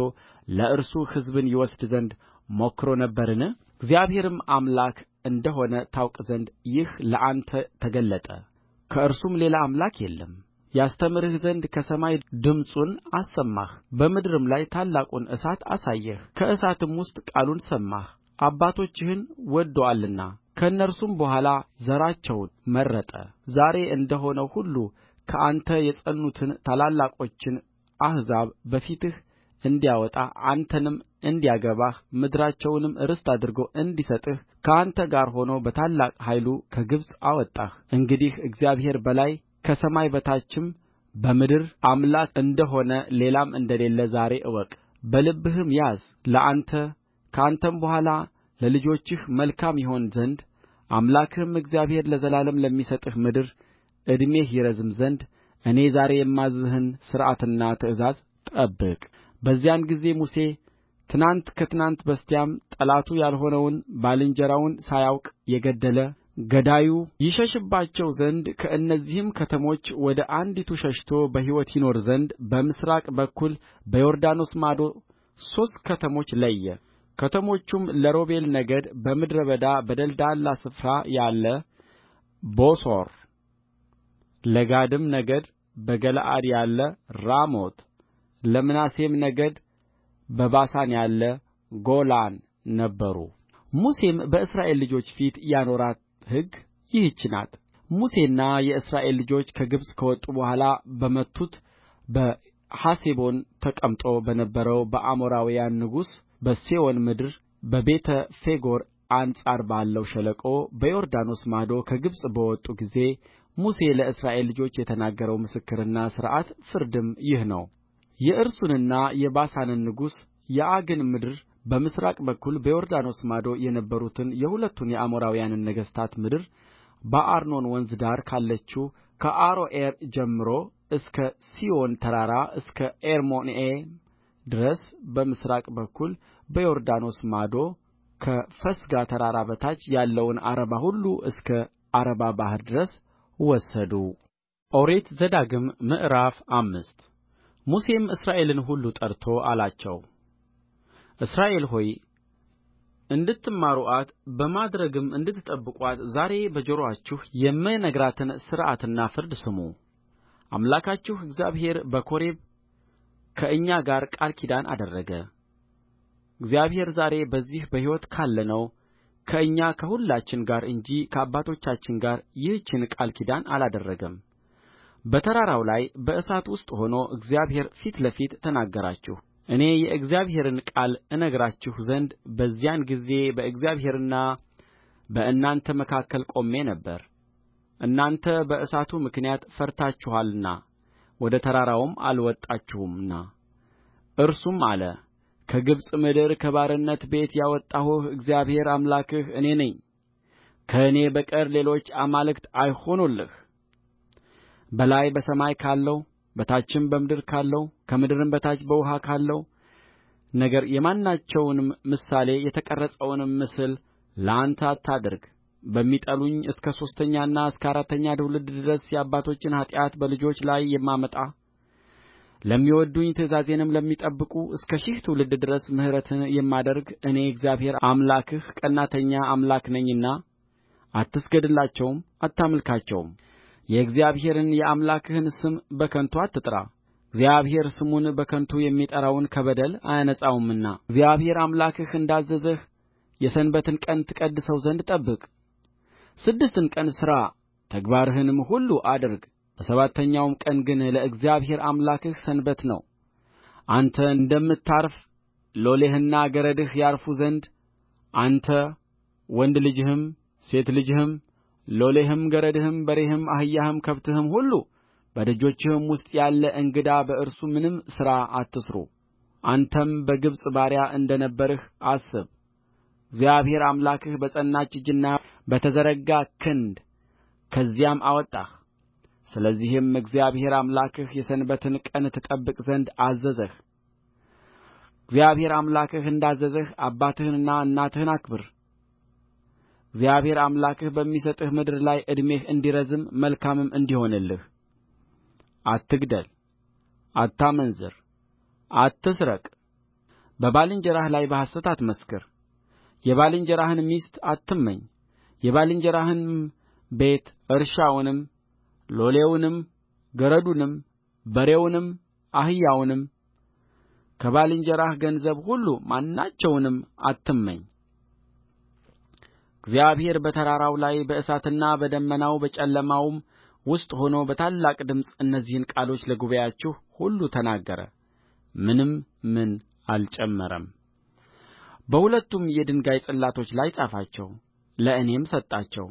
ለእርሱ ሕዝብን ይወስድ ዘንድ ሞክሮ ነበርን እግዚአብሔርም አምላክ እንደ ሆነ ታውቅ ዘንድ ይህ ለአንተ ተገለጠ ከእርሱም ሌላ አምላክ የለም ያስተምርህ ዘንድ ከሰማይ ድምፁን አሰማህ በምድርም ላይ ታላቁን እሳት አሳየህ ከእሳትም ውስጥ ቃሉን ሰማህ አባቶችህን ወድዶአልና ከእነርሱም በኋላ ዘራቸውን መረጠ ዛሬ እንደ ሆነው ሁሉ ከአንተ የጸኑትን ታላላቆችን አሕዛብ በፊትህ እንዲያወጣ አንተንም እንዲያገባህ ምድራቸውንም ርስት አድርጎ እንዲሰጥህ ከአንተ ጋር ሆኖ በታላቅ ኃይሉ ከግብፅ እንግዲህ እግዚአብሔር በላይ ከሰማይ በታችም በምድር አምላክ እንደ ሆነ ሌላም እንደሌለ ዛሬ እወቅ በልብህም ያዝ ለአንተ ከአንተም በኋላ ለልጆችህ መልካም ይሆን ዘንድ አምላክህም እግዚአብሔር ለዘላለም ለሚሰጥህ ምድር ዕድሜህ ይረዝም ዘንድ እኔ ዛሬ የማዝዝህን ሥርዓትና ትእዛዝ ጠብቅበዚያን ጊዜ ሙሴ ትናንት ከትናንት በስቲያም ጠላቱ ያልሆነውን ባልንጀራውን ሳያውቅ የገደለ ገዳዩ ይሸሽባቸው ዘንድ ከእነዚህም ከተሞች ወደ አንዲቱ ሸሽቶ በሕይወት ይኖር ዘንድ በምሥራቅ በኩል በዮርዳኖስ ማዶ ሦስት ከተሞች ለየ። ከተሞቹም ለሮቤል ነገድ በምድረ በዳ በደልዳላ ስፍራ ያለ ቦሶር ለጋድም ነገድ በገለዓድ ያለ ራሞት ለምናሴም ነገድ በባሳን ያለ ጎላን ነበሩሙሴም በእስራኤል ልጆች ፊት ያኖራት ሕግ ይህች ናትሙሴና የእስራኤል ልጆች ከግብፅ ከወጡ በኋላ በመቱት በሐሴቦን ተቀምጦ በነበረው በአሞራውያን ንጉሥ በሴዎን ምድር በቤተ ፌጎር አንጻር ባለው ሸለቆ በዮርዳኖስ ማዶ ከግብፅ በወጡ ጊዜ ሙሴ ለእስራኤል ልጆች የተናገረው ምስክርና ሥርዓት ፍርድም ይህ ነው የእርሱንና የባሳንን ንጉሥ የዐግን ምድር በምሥራቅ በኩል በዮርዳኖስ ማዶ የነበሩትን የሁለቱን የአሞራውያንን ነገሥታት ምድር በአርኖን ወንዝ ዳር ካለችው ከአሮዔር ጀምሮ እስከ ሲዮን ተራራ እስከ አርሞንዔም ድረስ በምሥራቅ በኩል በዮርዳኖስ ማዶ ከፈስጋ ተራራ በታች ያለውን ዓረባ ሁሉ እስከ ዓረባ ባሕር ድረስ ወሰዱ ኦሪት ዘዳግም ምዕራፍ አምስት ሙሴም እስራኤልን ሁሉ ጠርቶ አላቸው እስራኤል ሆይ እንድትማሩአት በማድረግም እንድትጠብቁአት ዛሬ በጆሮአችሁ የምነግራትን ሥርዓትና ፍርድ ስሙ አምላካችሁ እግዚአብሔር በኮሬብ ከእኛ ጋር ቃል ኪዳን አደረገ። እግዚአብሔር ዛሬ በዚህ በሕይወት ካለነው ከእኛ ከሁላችን ጋር እንጂ ከአባቶቻችን ጋር ይህችን ቃል ኪዳን አላደረገም። በተራራው ላይ በእሳት ውስጥ ሆኖ እግዚአብሔር ፊት ለፊት ተናገራችሁእኔ የእግዚአብሔርን ቃል እነግራችሁ ዘንድ በዚያን ጊዜ በእግዚአብሔርና በእናንተ መካከል ቆሜ ነበር እናንተ በእሳቱ ምክንያት ፈርታችኋልና ወደ ተራራውም አልወጣችሁምና እርሱም አለ ከግብፅ ምድር ከባርነት ቤት ያወጣሁህ እግዚአብሔር አምላክህ እኔ ነኝከእኔ በቀር ሌሎች አማልክት አይሁኑልህ በላይ በሰማይ ካለው በታችም በምድር ካለው ከምድርም በታች በውኃ ካለው ነገር የማናቸውንም ምሳሌ የተቀረጸውንም ምስል ለአንተ አታድርግ በሚጠሉኝ እስከ ሦስተኛና እስከ አራተኛ ትውልድ ድረስ የአባቶችን ኃጢአት በልጆች ላይ የማመጣ ለሚወዱኝ ትእዛዜንም ለሚጠብቁ እስከ ሺህ ትውልድ ድረስ ምሕረትን የማደርግ እኔ እግዚአብሔር አምላክህ ቀናተኛ አምላክ ነኝና አትስገድላቸውም አታምልካቸውም የእግዚአብሔርን የአምላክህን ስም በከንቱ አትጥራ እግዚአብሔር ስሙን በከንቱ የሚጠራውን ከበደል አያነጻውምና እግዚአብሔር አምላክህ እንዳዘዘህ የሰንበትን ቀን ትቀድሰው ዘንድ ጠብቅ ስድስትን ቀን ሥራ ተግባርህንም ሁሉ አድርግ በሰባተኛውም ቀን ግን ለእግዚአብሔር አምላክህ ሰንበት ነው አንተ እንደምታርፍ ሎሌህና ገረድህ ያርፉ ዘንድ አንተ ወንድ ልጅህም ሴት ልጅህም ሎሌህም ገረድህም በሬህም አህያህም ከብትህም ሁሉ በደጆችህም ውስጥ ያለ እንግዳ በእርሱ ምንም ሥራ አንተም በግብፅ ባሪያ እንደ ነበርህ አስብ እግዚአብሔር አምላክህ በጸናች እጅና በተዘረጋ ክንድ ከዚያም አወጣህ ስለዚህም እግዚአብሔር አምላክህ የሰንበትን ቀን ትጠብቅ ዘንድ አዘዘህ እግዚአብሔር አምላክህ እንዳዘዘህ አባትህንና እናትህን አክብር እግዚአብሔር አምላክህ በሚሰጥህ ምድር ላይ ዕድሜህ እንዲረዝም መልካምም እንዲሆንልህ አትግደል አታመንዝር አትስረቅ በባልንጀራህ ላይ በሐሰት አትመስክር የባልንጀራህን ሚስት አትመኝ የባልንጀራህንም ቤት እርሻውንም ሎሌውንም ገረዱንም በሬውንም አህያውንም ከባልንጀራህ ገንዘብ ሁሉ ማናቸውንም አትመኝ እግዚአብሔር በተራራው ላይ በእሳትና በደመናው በጨለማውም ውስጥ ሆኖ በታላቅ ድምፅ እነዚህን ቃሎች ለጉባኤአችሁ ሁሉ ተናገረ ምንም ምን አልጨመረም በሁለቱም የድንጋይ ጽላቶች ላይ ጻፋቸው ለእኔም ሰጣቸው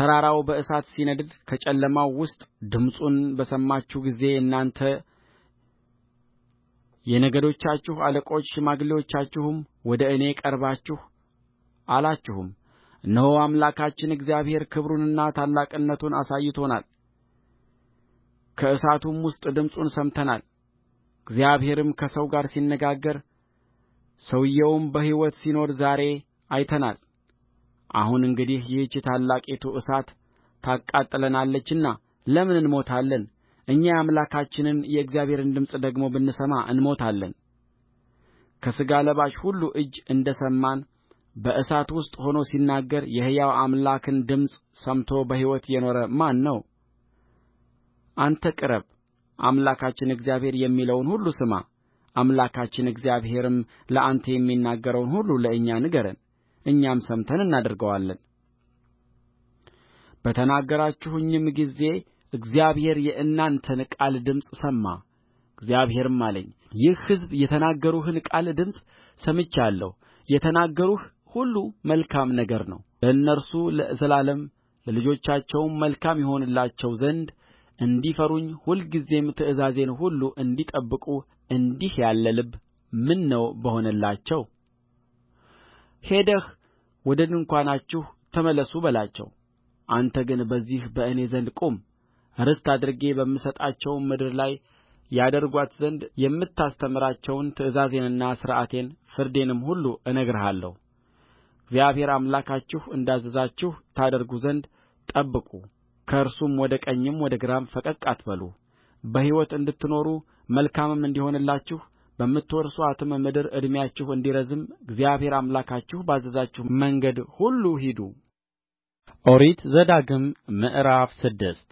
ተራራው በእሳት ሲነድድ ከጨለማው ውስጥ ድምፁን በሰማችሁ ጊዜ እናንተ የነገዶቻችሁ አለቆች ሽማግሌዎቻችሁም ወደ እኔ ቀርባችሁ አላችሁም እነሆ አምላካችን እግዚአብሔር ክብሩንና ታላቅነቱን አሳይቶናል ከእሳቱም ውስጥ ድምፁን ሰምተናል እግዚአብሔርም ከሰው ጋር ሲነጋገር ሰውየውም በሕይወት ሲኖር ዛሬ አይተናል አሁን እንግዲህ ይህች ታላቂቱ እሳት ታቃጥለናለችና ለምን እንሞታለን እኛ የአምላካችንን የእግዚአብሔርን ድምፅ ደግሞ ብንሰማ እንሞታለን ከሥጋ ለባሽ ሁሉ እጅ እንደ ሰማን በእሳት ውስጥ ሆኖ ሲናገር የሕያው አምላክን ድምፅ ሰምቶ በሕይወት የኖረ ማን ነው አንተ ቅረብ አምላካችን እግዚአብሔር የሚለውን ሁሉ ስማ አምላካችን እግዚአብሔርም ለአንተ የሚናገረውን ሁሉ ለእኛ ንገረን እኛም ሰምተን እናደርገዋለን በተናገራችሁኝም ጊዜ እግዚአብሔር የእናንተን ቃል ድምፅ ሰማ እግዚአብሔርም አለኝ ይህ ሕዝብ የተናገሩህን ቃል ድምፅ ሰምቻለሁ የተናገሩህ ሁሉ መልካም ነገር ነው ለእነርሱ ለዘላለም ለልጆቻቸውም መልካም ይሆንላቸው ዘንድ እንዲፈሩኝ ሁልጊዜም ትእዛዜን ሁሉ እንዲጠብቁ እንዲህ ያለ ልብ ምነው በሆነላቸው ሄደህ ወደ ድንኳናችሁ ተመለሱ በላቸው አንተ ግን በዚህ በእኔ ዘንድ ቁም ርስት አድርጌ በምሰጣቸውም ምድር ላይ ያደርጓት ዘንድ የምታስተምራቸውን ትእዛዜንና ሥርዓቴን ፍርዴንም ሁሉ እነግርሃለሁ እግዚአብሔር አምላካችሁ እንዳዘዛችሁ ታደርጉ ዘንድ ጠብቁ ከእርሱም ወደ ቀኝም ወደ ግራም ፈቀቅ አትበሉ በሕይወት እንድትኖሩ መልካምም እንዲሆንላችሁ በምትወርሱአትም ምድር ዕድሜአችሁ እንዲረዝም እግዚአብሔር አምላካችሁ ባዘዛችሁ መንገድ ሁሉ ሂዱ ኦሪት ዘዳግም ምዕራፍ ስድስት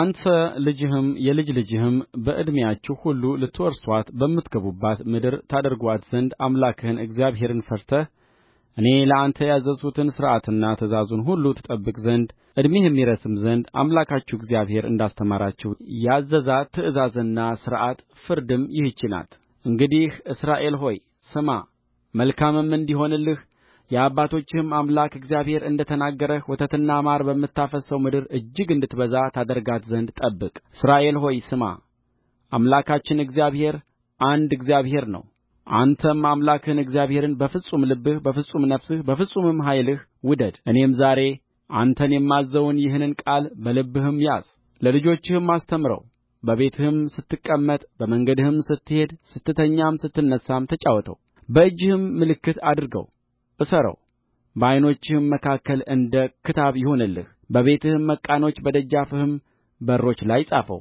አንተ ልጅህም የልጅ ልጅህም በዕድሜአችሁ ሁሉ ልትወርሷት በምትገቡባት ምድር ታደርጉአት ዘንድ አምላክህን እግዚአብሔርን ፈርተህ እኔ ለአንተ ያዘዝሁትን ሥርዓቱንና ትእዛዙን ሁሉ ትጠብቅ ዘንድ ዕድሜህም ይረዝም ዘንድ አምላካችሁ እግዚአብሔር እንዳስተምራችሁ ያዘዛት ትእዛዝና ሥርዓት ፍርድም ይህች እንግዲህ እስራኤል ሆይ ስማ መልካምም እንዲሆንልህ የአባቶችህም አምላክ እግዚአብሔር እንደ ተናገረህ ወተትና ማር በምታፈስሰው ምድር እጅግ እንድትበዛ ታደርጋት ዘንድ ጠብቅ እስራኤል ሆይ ስማ አምላካችን እግዚአብሔር አንድ እግዚአብሔር ነው አንተም አምላክህን እግዚአብሔርን በፍጹም ልብህ በፍጹም ነፍስህ በፍጹምም ኃይልህ ውደድ እኔም ዛሬ አንተን የማዝዘውን ይህን ቃል በልብህም ያዝ ለልጆችህም አስተምረው በቤትህም ስትቀመጥ በመንገድህም ስትሄድ ስትተኛም ስትነሣም በእጅህም ምልክት አድርገው እሰረው በዓይኖችህም መካከል እንደ ክታብ ይሁንልህ በቤትህም መቃኖች በደጃፍህም በሮች ላይ ጻፈው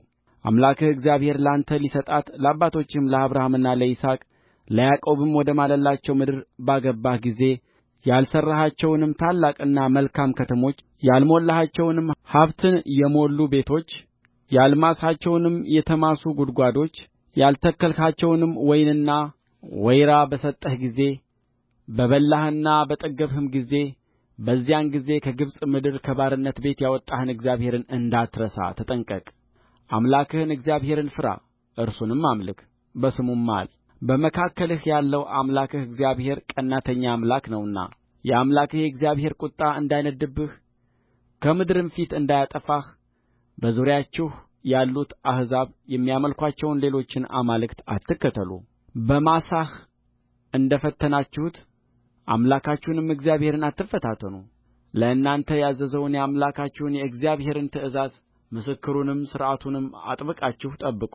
አምላክህ እግዚአብሔር ለአንተ ሊሰጣት ለአባቶችህም ለአብርሃምና ለይስሐቅ ለያዕቆብም ወደ ማለላቸው ምድር ባገባህ ጊዜ ያልሠራሃቸውንም ታላቅና መልካም ከተሞች ያልሞላሃቸውንም ሀብትን የሞሉ ቤቶች ያልማስሃቸውንም የተማሱ ጕድጓዶች ያልተከልሃቸውንም ወይንና ወይራ በሰጠህ ጊዜ በበላህና በጠገብህም ጊዜ በዚያን ጊዜ ከግብፅ ምድር ከባርነት ቤት ያወጣህን እግዚአብሔርን እንዳትረሳ ተጠንቀቅ አምላክህን እግዚአብሔርን ፍራ እርሱንም አምልክ በስሙም ማል በመካከልህ ያለው አምላክህ እግዚአብሔር ቀናተኛ አምላክ ነውና የአምላክህ የእግዚአብሔር ቍጣ እንዳይነድድብህ ከምድርም ፊት እንዳያጠፋህ በዙሪያችሁ ያሉት አሕዛብ የሚያመልኩአቸውን ሌሎችን አማልክት በማሳህ እንደ ፈተናችሁት አምላካችሁንም እግዚአብሔርን አትፈታተኑ ለእናንተ ያዘዘውን የአምላካችሁን የእግዚአብሔርን ትእዛዝ ምስክሩንም ሥርዓቱንም አጥብቃችሁ ጠብቁ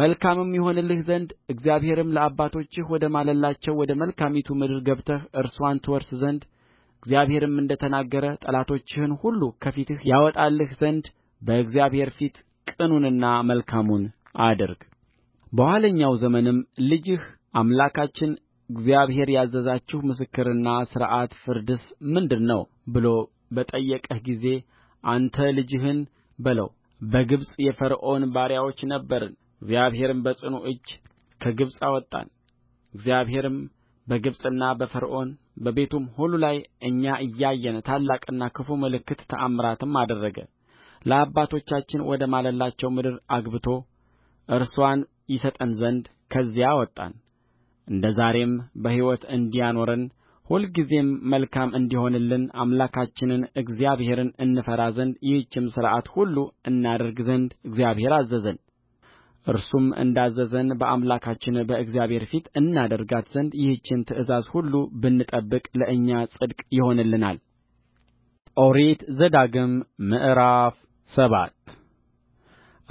መልካምም ይሆንልህ ዘንድ እግዚአብሔርም ለአባቶችህ ወደ ማለላቸው ወደ መልካሚቱ ምድር ገብተህ እርስዋን ትወርስ ዘንድ እግዚአብሔርም እንደ ተናገረ ጠላቶችህን ሁሉ ከፊትህ ያወጣልህ ዘንድ በእግዚአብሔር ፊት ቅኑንና መልካሙን በኋለኛው ዘመንም ልጅህ አምላካችን እግዚአብሔር ያዘዛችሁ ምስክርና ሥርዓት ፍርድስ ምንድር ነው ብሎ በጠየቀህ ጊዜ አንተ ልጅህን በለው በግብፅ የፈርዖን ባሪያዎች ነበርን እግዚአብሔርም በጽኑ እጅ ከግብፅ እግዚአብሔርም በግብፅና በፈርዖን በቤቱም ሁሉ ላይ እኛ እያየን ታላቅና ክፉ ምልክት ተአምራትም አደረገ ለአባቶቻችን ወደ ማለላቸው ምድር አግብቶ እርስዋን ይሰጠን ዘንድ ከዚያ እንደ ዛሬም በሕይወት እንዲያኖረን ሁልጊዜም መልካም እንዲሆንልን አምላካችንን እግዚአብሔርን እንፈራ ዘንድ ይህችም ሥርዓት ሁሉ እናደርግ ዘንድ እግዚአብሔር አዘዘን እርሱም እንዳዘዘን በአምላካችን በእግዚአብሔር ፊት እናደርጋት ዘንድ ይህችን ትእዛዝ ሁሉ ብንጠብቅ ለእኛ ጽድቅ ይሆንልናል ኦሪት ዘዳግም ምዕራፍ ሰባት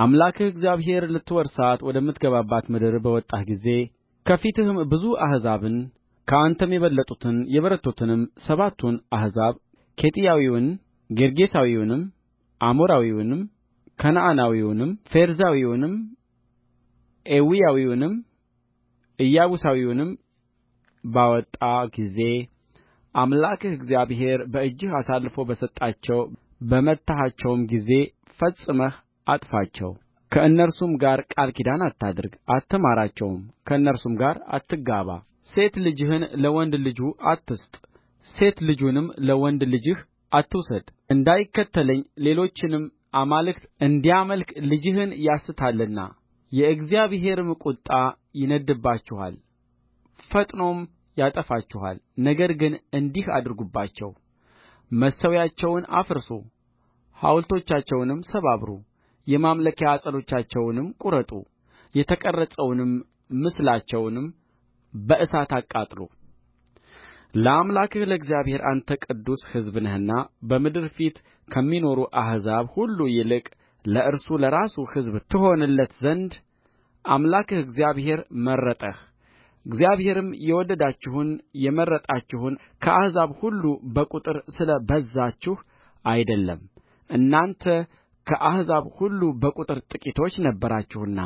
አምላክህ እግዚአብሔር ልትወርሳት ወደምትገባባት ምድር በወጣህ ጊዜ ከፊትህም ብዙ አሕዛብን ከአንተም የበለጡትን የበረቱትንም ሰባቱን አሕዛብ ኬጢያዊውን ጌርጌሳዊውንም አሞራዊውንም ከነዓናዊውንም ፌርዛዊውንም ኤዊያዊውንም ኢያቡሳዊውንም ባወጣ ጊዜ አምላክህ እግዚአብሔር በእጅህ አሳልፎ በሰጣቸው በመታሃቸውም ጊዜ ፈጽመህ አጥፋቸው ከእነርሱም ጋር ቃል ኪዳን አታድርግ አትማራቸውም ከእነርሱም ጋር አትጋባ ሴት ልጅህን ለወንድ ልጁ አትስጥ ሴት ልጁንም ለወንድ ልጅህ አትውሰድ እንዳይከተለኝ ሌሎችንም አማልክት እንዲያመልክ ልጅህን ያስታልና የእግዚአብሔርም ቍጣ ይነድድባችኋል ፈጥኖም ያጠፋችኋል ነገር ግን እንዲህ አድርጉባቸው መሠዊያቸውን አፍርሱ ሐውልቶቻቸውንም ሰባብሩ የማምለኪያ ዐፀዶቻቸውንም ቍረጡ የተቀረጸውንም ምስላቸውንም በእሳት አቃጥሉ ለአምላክህ ለእግዚአብሔር አንተ ቅዱስ ሕዝብ ነህና በምድር ፊት ከሚኖሩ አሕዛብ ሁሉ ይልቅ ለእርሱ ለራሱ ሕዝብ ትሆንለት ዘንድ አምላክህ እግዚአብሔር መረጠህ እግዚአብሔርም የወደዳችሁን የመረጣችሁን ከአሕዛብ ሁሉ በቍጥር ስለ በዛችሁ አይደለም እናንተ ከአሕዛብ ሁሉ በቍጥር ጥቂቶች ነበራችሁና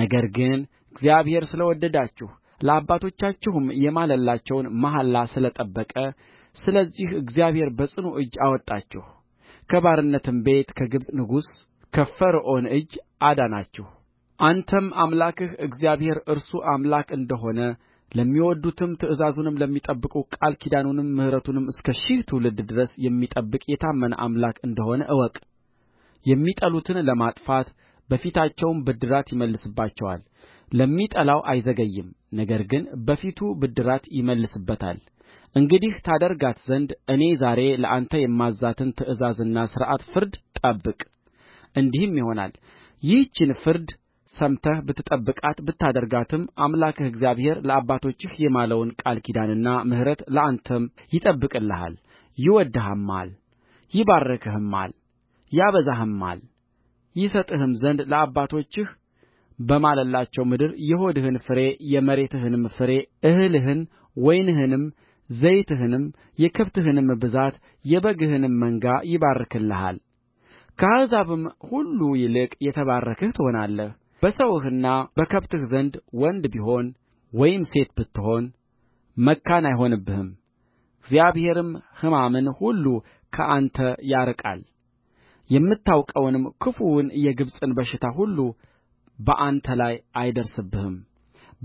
ነገር ግን እግዚአብሔር ስለ ወደዳችሁ ለአባቶቻችሁም የማለላቸውን መሐላ ስለ ጠበቀ ስለዚህ እግዚአብሔር በጽኑ እጅ አወጣችሁ ከባርነትም ቤት ከግብፅ ንጉሥ ከፈርዖን እጅ አዳናችሁ አንተም አምላክህ እግዚአብሔር እርሱ አምላክ እንደ ሆነ ለሚወድዱትም ትእዛዙንም ለሚጠብቁ ቃል ኪዳኑንም ምሕረቱንም እስከ ሺህ ትውልድ ድረስ የሚጠብቅ የታመነ አምላክ እንደ ሆነ እወቅ። የሚጠሉትን ለማጥፋት በፊታቸውም ብድራት ይመልስባቸዋል። ለሚጠላው አይዘገይም፣ ነገር ግን በፊቱ ብድራት ይመልስበታል። እንግዲህ ታደርጋት ዘንድ እኔ ዛሬ ለአንተ የማዝዛትን ትእዛዝና ሥርዓት ፍርድ ጠብቅ። እንዲህም ይሆናል ይህችን ፍርድ ሰምተህ ብትጠብቃት ብታደርጋትም አምላክህ እግዚአብሔር ለአባቶችህ የማለውን ቃል ኪዳንና ምሕረት ለአንተም ይጠብቅልሃል ይወድድህማል ይባርክህማል ያበዛህማል ይሰጥህም ዘንድ ለአባቶችህ በማለላቸው ምድር የሆድህን ፍሬ የመሬትህንም ፍሬ እህልህን ወይንህንም ዘይትህንም የከብትህንም ብዛት የበግህንም መንጋ ይባርክልሃል ከአሕዛብም ሁሉ ይልቅ የተባረክህ ትሆናለህ በሰውህና በከብትህ ዘንድ ወንድ ቢሆን ወይም ሴት ብትሆን መካን አይሆንብህም እግዚአብሔርም ሕማምን ሁሉ ከአንተ ያርቃል የምታውቀውንም ክፉውን የግብፅን በሽታ ሁሉ በአንተ ላይ አይደርስብህም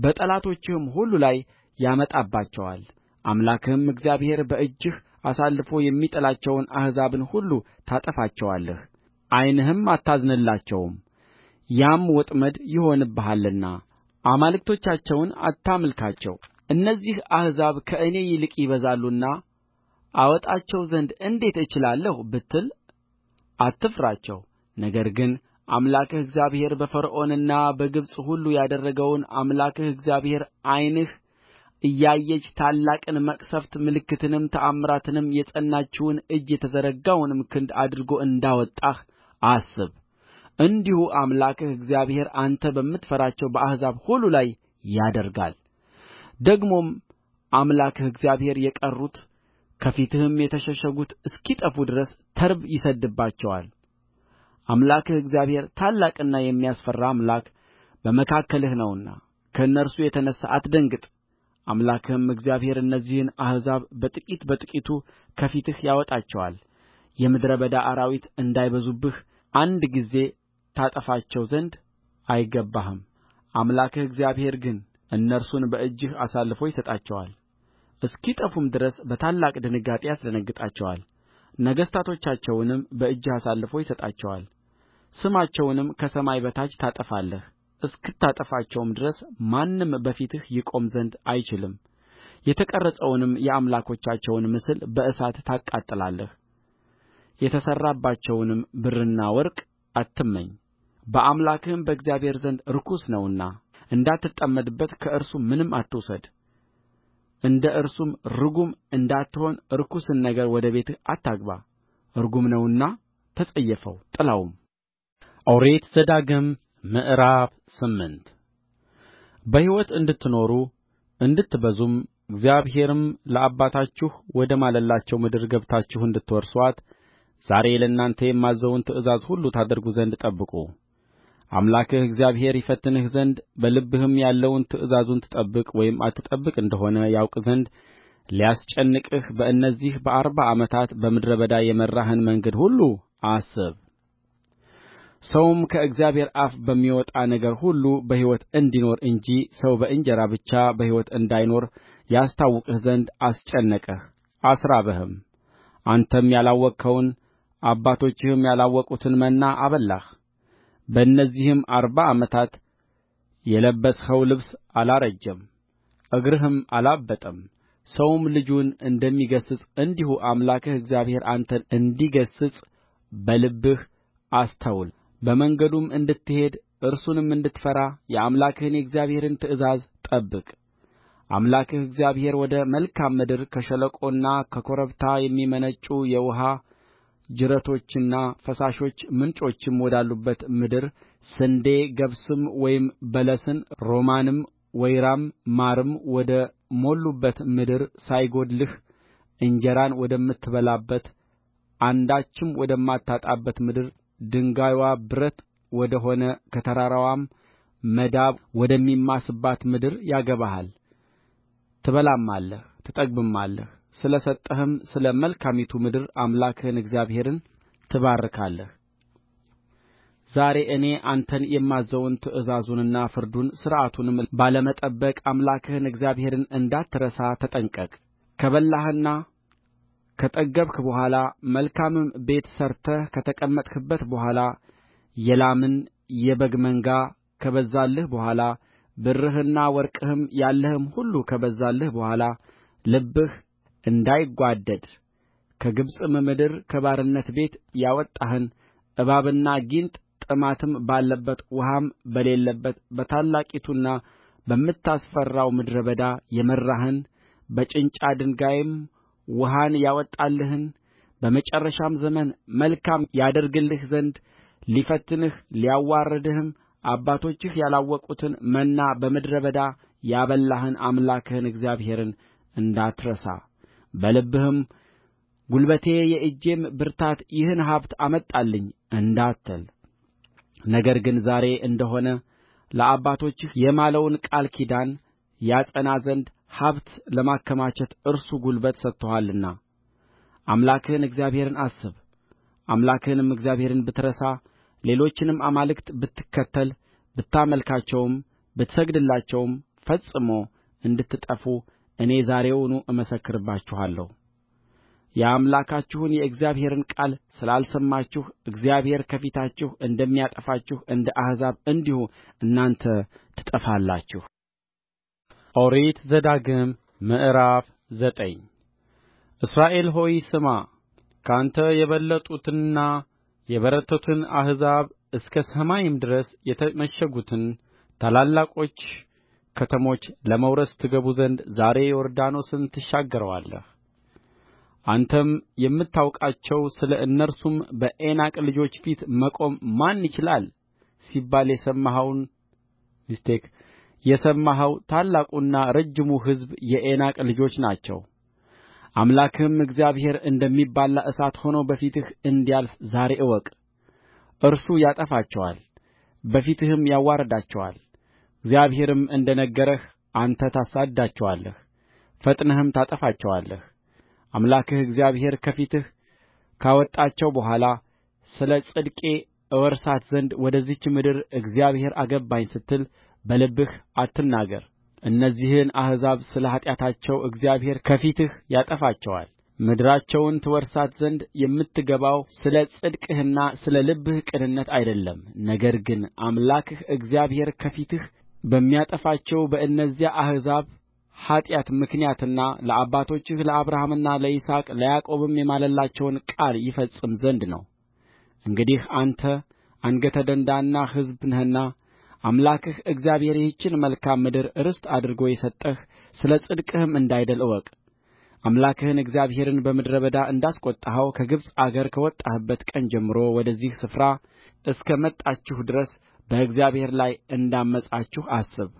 በጠላቶችህም ሁሉ ላይ ያመጣባቸዋል አምላክህም እግዚአብሔር በእጅህ አሳልፎ የሚጥላቸውን አሕዛብን ሁሉ ታጠፋቸዋለህ ዓይንህም አታዝንላቸውም ያም ወጥመድ ይሆንብሃልና አማልክቶቻቸውን አታምልካቸው እነዚህ አሕዛብ ከእኔ ይልቅ ይበዛሉና አወጣቸው ዘንድ እንዴት እችላለሁ ብትል አትፍራቸው ነገር ግን አምላክህ እግዚአብሔር በፈርዖንና በግብፅ ሁሉ ያደረገውን አምላክህ እግዚአብሔር ዓይንህ እያየች ታላቅን መቅሠፍት ምልክትንም ተአምራትንም የጸናችውን እጅ የተዘረጋውንም ክንድ አድርጎ እንዳወጣህ አስብ እንዲሁ አምላክህ እግዚአብሔር አንተ በምትፈራቸው በአሕዛብ ሁሉ ላይ ያደርጋል። ደግሞም አምላክህ እግዚአብሔር የቀሩት ከፊትህም የተሸሸጉት እስኪጠፉ ድረስ ተርብ ይሰድድባቸዋል አምላክህ እግዚአብሔር ታላቅና የሚያስፈራ አምላክ በመካከልህ ነውና ከእነርሱ የተነሣ አትደንግጥ አምላክህም እግዚአብሔር እነዚህን አሕዛብ በጥቂት በጥቂቱ ከፊትህ ያወጣቸዋል የምድረ በዳ አራዊት እንዳይበዙብህ አንድ ጊዜ ታጠፋቸው ዘንድ አይገባህም አምላክህ እግዚአብሔር ግን እነርሱን በእጅህ አሳልፎ ይሰጣቸዋል እስኪጠፉም ድረስ በታላቅ ድንጋጤ ያስደነግጣቸዋል ነገሥታቶቻቸውንም በእጅህ አሳልፎ ይሰጣቸዋል ስማቸውንም ከሰማይ በታች ታጠፋለህ እስክታጠፋቸውም ድረስ ማንም በፊትህ ይቆም ዘንድ አይችልም የተቀረጸውንም የአምላኮቻቸውን ምስል በእሳት ታቃጥላለህ የተሠራባቸውንም ብርና ወርቅ አትመኝ በአምላክህም በእግዚአብሔር ዘንድ ርኩስ ነውና እንዳትጠመድበት ከእርሱ ምንም አትውሰድ እንደ እርሱም ርጉም እንዳትሆን ርኩስን ነገር ወደ ቤትህ አታግባ ርጉም ነውና ተጸየፈው ጥላውም ኦሪት ዘዳግም ምዕራፍ ስምንት በሕይወት እንድትኖሩ እንድትበዙም እግዚአብሔርም ለአባታችሁ ወደ ማለላቸው ምድር ገብታችሁ እንድትወርሱአት ዛሬ ለእናንተ የማዝዘውን ትእዛዝ ሁሉ ታደርጉ ዘንድ ጠብቁ! አምላክህ እግዚአብሔር ይፈትንህ ዘንድ በልብህም ያለውን ትእዛዙን ትጠብቅ ወይም አትጠብቅ እንደ ሆነ ያውቅ ዘንድ ሊያስጨንቅህ በእነዚህ በአርባ ዓመታት በምድረ በዳ የመራህን መንገድ ሁሉ አስብ! ሰውም ከእግዚአብሔር አፍ በሚወጣ ነገር ሁሉ በሕይወት እንዲኖር እንጂ ሰው በእንጀራ ብቻ በሕይወት እንዳይኖር ያስታውቅህ ዘንድ አስጨነቀህ አስራበህም አንተም ያላወቅኸውን አባቶችህም ያላወቁትን መና አበላህ በእነዚህም አርባ ዓመታት የለበስኸው ልብስ አላረጀም እግርህም አላበጠም ሰውም ልጁን እንደሚገሥጽ እንዲሁ አምላክህ እግዚአብሔር አንተን እንዲገሥጽ በልብህ አስተውል በመንገዱም እንድትሄድ እርሱንም እንድትፈራ የአምላክህን የእግዚአብሔርን ትእዛዝ ጠብቅ አምላክህ እግዚአብሔር ወደ መልካም ምድር ከሸለቆና ከኮረብታ የሚመነጩ የውኃ ጅረቶችና ፈሳሾች ምንጮችም ወዳሉባት ምድር ስንዴ ገብስም ወይም በለስን ሮማንም ወይራም ማርም ወደ ሞሉባት ምድር ሳይጎድልህ እንጀራን ወደምትበላበት አንዳችም ወደማታጣባት ምድር ድንጋይዋ ብረት ወደ ሆነ ከተራራዋም መዳብ ወደሚማስባት ምድር ያገባሃል ትበላማለህ ትጠግብማለህ ስለ ሰጠህም ስለ መልካሚቱ ምድር አምላክህን እግዚአብሔርን ትባርካለህ ዛሬ እኔ አንተን የማዝዘውን ትእዛዙንና ፍርዱን ሥርዓቱንም ባለመጠበቅ አምላክህን እግዚአብሔርን እንዳትረሳ ተጠንቀቅ ከበላህና ከጠገብህ በኋላ መልካምም ቤት ሠርተህ ከተቀመጥህበት በኋላ የላምን የበግ መንጋ ከበዛልህ በኋላ ብርህና ወርቅህም ያለህም ሁሉ ከበዛልህ በኋላ ልብህ እንዳይጓደድ ከግብፅም ምድር ከባርነት ቤት ያወጣህን እባብና ጊንጥ ጥማትም ባለበት ውኃም በሌለበት በታላቂቱና በምታስፈራው ምድረ በዳ የመራህን በጭንጫ ድንጋይም ውኃን ያወጣልህን በመጨረሻም ዘመን መልካም ያደርግልህ ዘንድ ሊፈትንህ ሊያዋርድህም አባቶችህ ያላወቁትን መና በምድረ በዳ ያበላህን አምላክህን እግዚአብሔርን እንዳትረሳ በልብህም ጉልበቴ የእጄም ብርታት ይህን ሀብት አመጣልኝ እንዳትል ነገር ግን ዛሬ እንደ ሆነ ለአባቶችህ የማለውን ቃል ኪዳን ያጸና ዘንድ ሀብት ለማከማቸት እርሱ ጉልበት ሰጥቶሃልና አምላክህን እግዚአብሔርን አስብ አምላክህንም እግዚአብሔርን ብትረሳ ሌሎችንም አማልክት ብትከተል ብታመልካቸውም ብትሰግድላቸውም ፈጽሞ እንድትጠፉ እኔ ዛሬውኑ እመሰክርባችኋለሁ የአምላካችሁን የእግዚአብሔርን ቃል ስላልሰማችሁ እግዚአብሔር ከፊታችሁ እንደሚያጠፋችሁ እንደ አሕዛብ እንዲሁ እናንተ ትጠፋላችሁ ኦሪት ዘዳግም ምዕራፍ ዘጠኝ እስራኤል ሆይ ስማ ከአንተ የበለጡትንና የበረቱትን አሕዛብ እስከ ሰማይም ድረስ የተመሸጉትን ታላላቆች ከተሞች ለመውረስ ትገቡ ዘንድ ዛሬ ዮርዳኖስን ትሻገረዋለህ አንተም የምታውቃቸው ስለ እነርሱም በዔናቅ ልጆች ፊት መቆም ማን ይችላል ሲባል የሰማኸው ታላቁና ረጅሙ ሕዝብ የዔናቅ ልጆች ናቸው አምላክህም እግዚአብሔር እንደሚባላ እሳት ሆኖ በፊትህ እንዲያልፍ ዛሬ እወቅ እርሱ ያጠፋቸዋል በፊትህም ያዋርዳቸዋል እግዚአብሔርም እንደ ነገረህ አንተ ታሳድዳቸዋለህ ፈጥነህም አምላክህ እግዚአብሔር ከፊትህ ካወጣቸው በኋላ ስለ ጽድቄ እወርሳት ዘንድ ወደዚች ምድር እግዚአብሔር አገባኝ ስትል በልብህ አትናገር እነዚህን አሕዛብ ስለ ኃጢአታቸው እግዚአብሔር ከፊትህ ያጠፋቸዋል ምድራቸውን ትወርሳት ዘንድ የምትገባው ስለ ጽድቅህና ስለ ልብህ ቅንነት አይደለም ነገር ግን አምላክህ እግዚአብሔር ከፊትህ በሚያጠፋቸው በእነዚያ አሕዛብ ኃጢአት ምክንያትና ለአባቶችህ ለአብርሃምና ለይስሐቅ ለያዕቆብም የማለላቸውን ቃል ይፈጽም ዘንድ ነው። እንግዲህ አንተ አንገተ ደንዳና ሕዝብ ነህና አምላክህ እግዚአብሔር ይህችን መልካም ምድር ርስት አድርጎ የሰጠህ ስለ ጽድቅህም እንዳይደል አምላክህን እግዚአብሔርን በምድረ በዳ እንዳስቈጣኸው ከግብፅ አገር ከወጣህበት ቀን ጀምሮ ወደዚህ ስፍራ እስከ መጣችሁ ድረስ በእግዚአብሔር ላይ እንዳመፃችሁ አስብ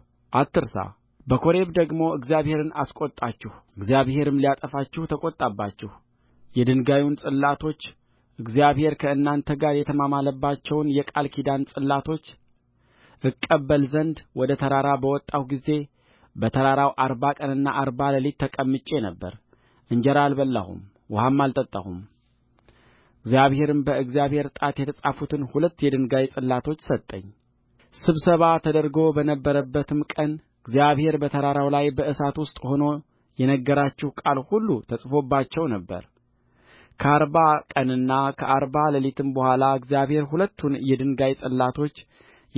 አትርሳ በኮሬብ ደግሞ እግዚአብሔርን አስቈጣችሁ እግዚአብሔርም ሊያጠፋችሁ ተቈጣባችሁ የድንጋዩን ጽላቶች እግዚአብሔር ከእናንተ ጋር የተማማለባቸውን የቃል ኪዳን ጽላቶች እቀበል ዘንድ ወደ ተራራ በወጣሁ ጊዜ በተራራው አርባ ቀንና አርባ ሌሊት ተቀምጬ ነበር እንጀራ አልበላሁም ውኃም አልጠጣሁም እግዚአብሔርም በእግዚአብሔር ጣት የተጻፉትን ሁለት የድንጋይ ጽላቶች ሰጠኝ ስብሰባ ተደርጎ በነበረበትም ቀን እግዚአብሔር በተራራው ላይ በእሳት ውስጥ ሆኖ የነገራችሁ ቃል ሁሉ ተጽፎባቸው ነበር ከአርባ ቀንና ከአርባ ሌሊትም በኋላ እግዚአብሔር ሁለቱን የድንጋይ ጽላቶች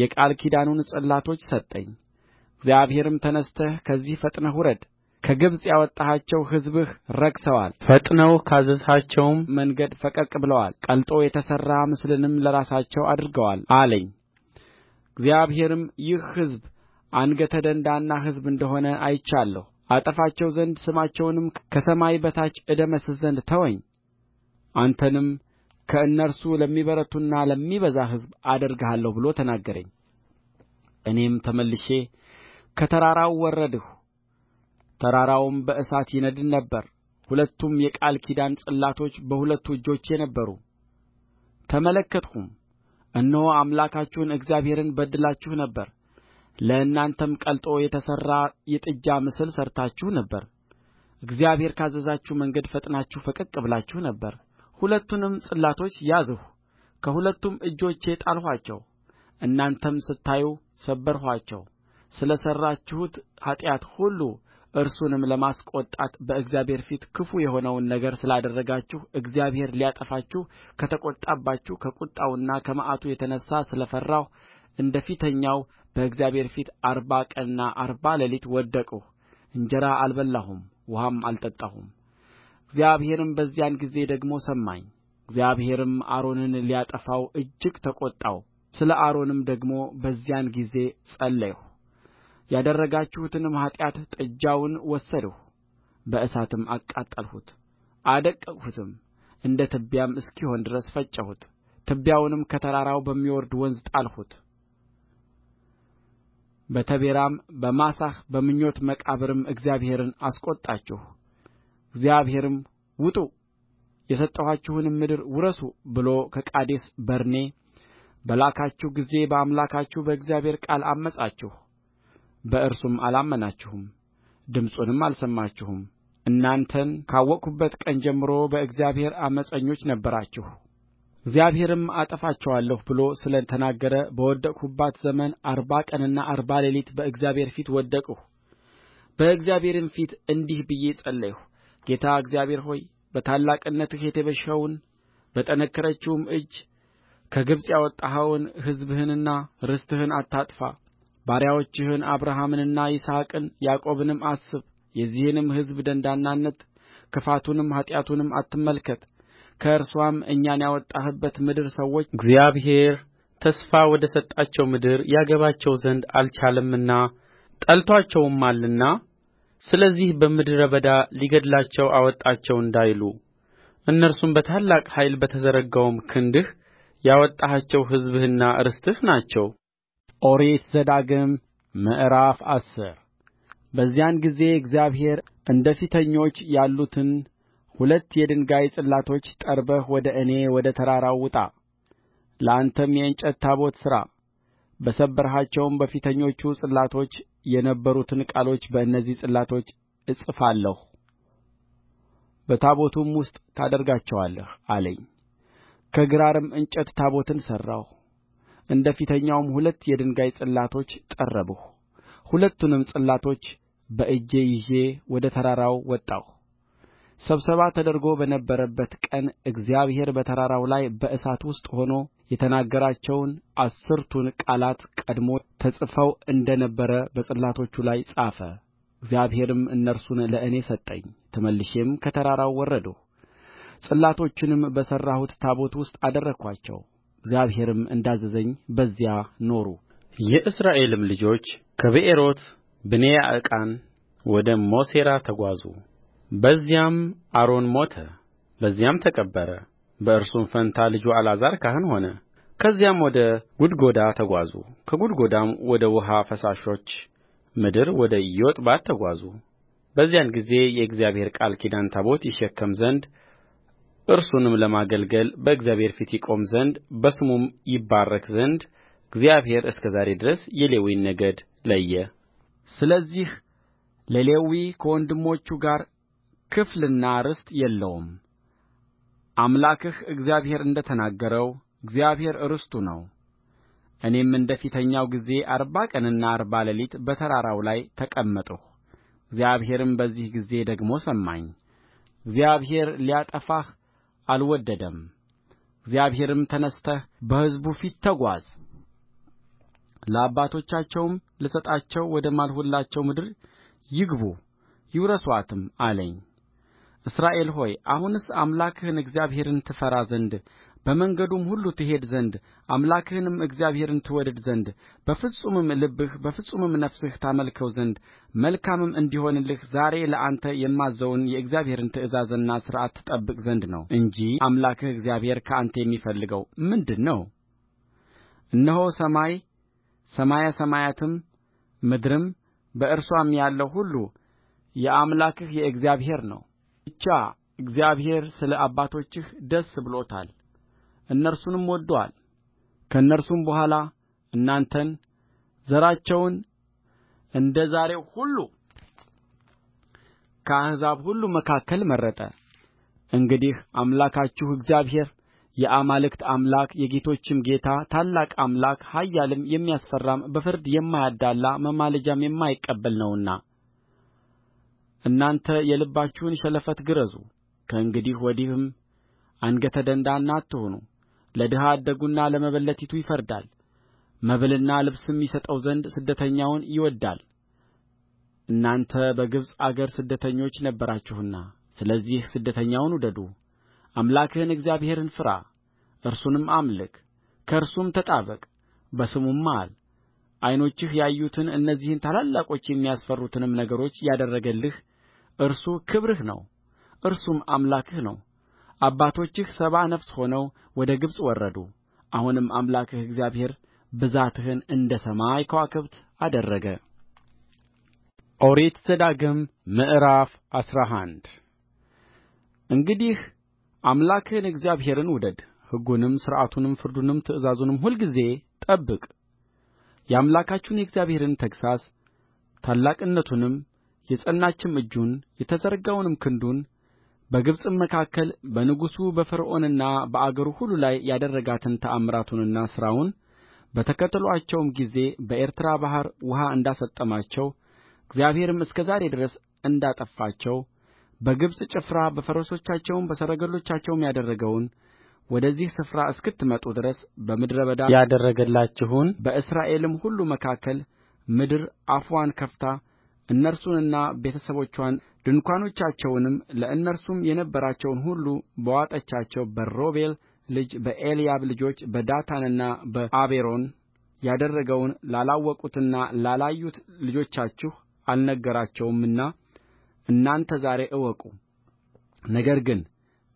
የቃል ኪዳኑን ጽላቶች ሰጠኝ እግዚአብሔርም ተነሥተህ ከዚህ ፈጥነህ ውረድ ከግብፅ ያወጣሃቸው ሕዝብህ ረክሰዋል ፈጥነው ካዘዝኋቸውም መንገድ ፈቀቅ ብለዋል ቀልጦ የተሠራ ምስልንም ለራሳቸው አድርገዋል አለኝ እግዚአብሔርም ይህ ሕዝብ አንገተ ደንዳና ሕዝብ እንደ ሆነ አጠፋቸው ዘንድ ስማቸውንም ከሰማይ በታች እደመስስ ዘንድ ተወኝ አንተንም ከእነርሱ ለሚበረቱና ለሚበዛ ሕዝብ አደርግሃለሁ ብሎ ተናገረኝ። እኔም ተመልሼ ከተራራው ወረድሁ ተራራውም በእሳት ይነድድ ነበር ሁለቱም የቃል ኪዳን ጽላቶች በሁለቱ እጆቼ ነበሩ ተመለከትሁም እነሆ አምላካችሁን እግዚአብሔርን በድላችሁ ነበር ለእናንተም ቀልጦ የተሠራ የጥጃ ምስል ሠርታችሁ ነበር እግዚአብሔር ካዘዛችሁ መንገድ ፈጥናችሁ ፈቀቅ ብላችሁ ነበር ሁለቱንም ጽላቶች ያዝሁ ከሁለቱም እጆቼ ጣልኋቸው እናንተም ስታዩ ሰበርኋቸው ስለ ሠራችሁት ኃጢአት ሁሉ እርሱንም ለማስቈጣት በእግዚአብሔር ፊት ክፉ የሆነውን ነገር ስላደረጋችሁ እግዚአብሔር ሊያጠፋችሁ ከተቈጣባችሁ ከቍጣውና ከመዓቱ የተነሣ ስለ ፈራሁ እንደ ፊተኛው በእግዚአብሔር ፊት አርባ ቀንና አርባ ሌሊት ወደቅሁ እንጀራ አልበላሁም ውኃም አልጠጣሁም እግዚአብሔርም በዚያን ጊዜ ደግሞ ሰማኝ እግዚአብሔርም አሮንን ሊያጠፋው እጅግ ተቈጣው ስለ አሮንም ደግሞ በዚያን ጊዜ ጸለይሁ ያደረጋችሁትንም ኃጢአት ጥጃውን ወሰድሁ በእሳትም አቃጠልሁት አደቀቅሁትም እንደ ትቢያም እስኪሆን ድረስ ፈጨሁት ትቢያውንም ከተራራው በሚወርድ ወንዝ ጣልሁት በተቤራም በማሳህ በምኞት መቃብርም እግዚአብሔርን እግዚአብሔርም ውጡ የሰጠኋችሁንም ምድር ውረሱ ብሎ ከቃዴስ በርኔ በላካችሁ ጊዜ በአምላካችሁ በእግዚአብሔር ቃል ዐመፃችሁ በእርሱም አላመናችሁም ድምፁንም አልሰማችሁም እናንተን ካወቅሁበት ቀን ጀምሮ በእግዚአብሔር ዓመፀኞች እግዚአብሔርም አጠፋችኋለሁ ብሎ ስለ ተናገረ በወደቅሁባት ዘመን አርባ ቀንና አርባ ሌሊት በእግዚአብሔር ፊት ወደቅሁ በእግዚአብሔርም ፊት እንዲህ ብዬ ጸለይሁ ጌታ እግዚአብሔር ሆይ በታላቅነትህ የተቤዠኸውን በጠነከረችውም እጅ ከግብፅ ያወጣኸውን ሕዝብህንና ርስትህን አታጥፋ ባሪያዎችህን አብርሃምንና ይስሐቅን ያዕቆብንም አስብ የዚህንም ሕዝብ ደንዳንነት ክፋቱንም ኃጢአቱንም አትመልከት ከእርስዋም እኛን ያወጣህባት ምድር ሰዎች እግዚአብሔር ተስፋ ወደ ሰጣቸው ምድር ያገባቸው ዘንድ አልቻለምና ጠልቶአቸውማልና ስለዚህ በምድረ በዳ ሊገድላቸው አወጣቸው እንዳይሉ እነርሱም በታላቅ ኃይል በተዘረጋውም ክንድህ ያወጣሃቸው ሕዝብህና ርስትህ ናቸው ኦሪት ዘዳግም ምዕራፍ አስር በዚያን ጊዜ እግዚአብሔር እንደ ፊተኞች ያሉትን ሁለት የድንጋይ ጽላቶች ጠርበህ ወደ እኔ ወደ ተራራው ውጣ ለአንተም የእንጨት ታቦት ሥራ በሰበርሃቸውም በፊተኞቹ ጽላቶች የነበሩትን ቃሎች በእነዚህ ጽላቶች እጽፋለሁ በታቦቱም ውስጥ ታደርጋቸዋለህ አለኝ ከግራርም እንጨት ታቦትን ሠራሁ እንደ ፊተኛውም ሁለት የድንጋይ ጽላቶች ጠረብሁ ሁለቱንም ጽላቶች በእጄ ይዤ ወደ ተራራው ወጣሁ ስብሰባ ተደርጎ በነበረበት ቀን እግዚአብሔር በተራራው ላይ በእሳት ውስጥ ሆኖ የተናገራቸውን አስርቱን ቃላት ቀድሞ ተጽፈው እንደ ነበረ በጽላቶቹ ላይ ጻፈ እግዚአብሔርም እነርሱን ለእኔ ሰጠኝ ተመልሼም ከተራራው ወረድሁ ጽላቶቹንም በሠራሁት ታቦት ውስጥ አደረግኋቸው እግዚአብሔርም እንዳዘዘኝ በዚያ ኖሩ የእስራኤልም ልጆች ከብኤሮት ብኔያዕቃን ወደ ሞሴራ ተጓዙ በዚያም አሮን ሞተ በዚያም ተቀበረ በእርሱም ፋንታ ልጁ አልዓዛር ካህን ሆነ ከዚያም ወደ ጉድጎዳ ተጓዙ ከጉድጎዳም ወደ ውኃ ፈሳሾች ምድር ወደ ዮጥባታ ተጓዙ በዚያን ጊዜ የእግዚአብሔር ቃል ኪዳን ታቦት ይሸከም ዘንድ እርሱንም ለማገልገል በእግዚአብሔር ፊት ይቆም ዘንድ በስሙም ይባረክ ዘንድ እግዚአብሔር እስከ ዛሬ ድረስ የሌዊን ነገድ ለየ ስለዚህ ለሌዊ ከወንድሞቹ ጋር ክፍልና ርስት የለውም አምላክህ እግዚአብሔር እንደ ተናገረው እግዚአብሔር ርስቱ ነው እኔም እንደ ፊተኛው ጊዜ አርባ ቀንና አርባ ሌሊት በተራራው ላይ ተቀመጥሁ እግዚአብሔርም በዚህ ጊዜ ደግሞ ሰማኝ እግዚአብሔር ሊያጠፋህ አልወደደም እግዚአብሔርም ተነሥተህ በሕዝቡ ፊት ተጓዝ ለአባቶቻቸውም ልሰጣቸው ወደ ማልሁላቸው ምድር ይግቡ ይውረሱአትም እስራኤል ሆይ አሁንስ አምላክህን እግዚአብሔርን ትፈራ ዘንድ በመንገዱም ሁሉ ትሄድ ዘንድ አምላክህንም እግዚአብሔርን ትወድድ ዘንድ በፍጹምም ልብህ በፍጹምም ነፍስህ ታመልከው ዘንድ መልካምም እንዲሆንልህ ዛሬ ለአንተ የማዝዘውን የእግዚአብሔርን ትእዛዝና ሥርዓት ትጠብቅ ዘንድ ነው እንጂ አምላክህ እግዚአብሔር ከአንተ የሚፈልገው ምንድር ነው እነሆ ሰማይ ሰማየ ሰማያትም ምድርም በእርስዋም ያለው ሁሉ የአምላክህ የእግዚአብሔር ነው ብቻ እግዚአብሔር ስለ አባቶችህ ደስ ብሎታል እነርሱንም ወድዶአል ከእነርሱም በኋላ እናንተን ዘራቸውን እንደ ዛሬው ሁሉ ከአሕዛብ ሁሉ መካከል መረጠ እንግዲህ አምላካችሁ እግዚአብሔር የአማልክት አምላክ የጌቶችም ጌታ ታላቅ አምላክ ኃያልም የሚያስፈራም በፍርድ የማያዳላ መማለጃም የማይቀበል ነውና እናንተ የልባችሁን ሸለፈት ግረዙ ከእንግዲህ ወዲህም አንገተ ደንዳና አትሁኑ ለድሀ አደጉና ለመበለቲቱ ይፈርዳል መብልና ልብስም ይሰጠው ዘንድ ስደተኛውን ይወድዳል እናንተ በግብፅ አገር ስደተኞች ነበራችሁና ስለዚህ ስደተኛውን ውደዱ አምላክህን እግዚአብሔርን ፍራ እርሱንም አምልክ ከእርሱም ተጣበቅ በስሙም ማል ዓይኖችህ ያዩትን እነዚህን ታላላቆች የሚያስፈሩትንም ነገሮች ያደረገልህ እርሱ ክብርህ ነው እርሱም አምላክህ ነው አባቶችህ ሰባ ነፍስ ሆነው ወደ ግብፅ ወረዱ አሁንም አምላክህ እግዚአብሔር ብዛትህን እንደ ሰማይ ከዋክብት አደረገ ኦሪት ዘዳግም ምዕራፍ አስራ አንድ እንግዲህ አምላክህን እግዚአብሔርን ውደድ ሕጉንም ሥርዓቱንም ፍርዱንም ትእዛዙንም ሁልጊዜ ጠብቅ የአምላካችሁን የእግዚአብሔርን ተግሣጽ ታላቅነቱንም የጸናችም እጁን የተዘረጋውንም ክንዱን በግብፅም መካከል በንጉሡ በፈርዖንና በአገሩ ሁሉ ላይ ያደረጋትን ተአምራቱንና ሥራውን በተከተሉአቸውም ጊዜ በኤርትራ ባሕር ውኃ እንዳሰጠማቸው እግዚአብሔርም እስከ ዛሬ ድረስ እንዳጠፋቸው በግብፅ ጭፍራ በፈረሶቻቸውም በሰረገሎቻቸውም ያደረገውን ወደዚህ ስፍራ እስክትመጡ ድረስ በምድረ በዳ ያደረገላችሁን በእስራኤልም ሁሉ መካከል ምድር አፍዋን ከፍታ እነርሱንና ቤተሰቦቿን ድንኳኖቻቸውንም ለእነርሱም የነበራቸውን ሁሉ በዋጠቻቸው በሮቤል ልጅ በኤልያብ ልጆች በዳታንና በአቤሮን ያደረገውን ላላወቁትና ላላዩት ልጆቻችሁ አልነገራቸውምና እናንተ ዛሬ እወቁ ነገር ግን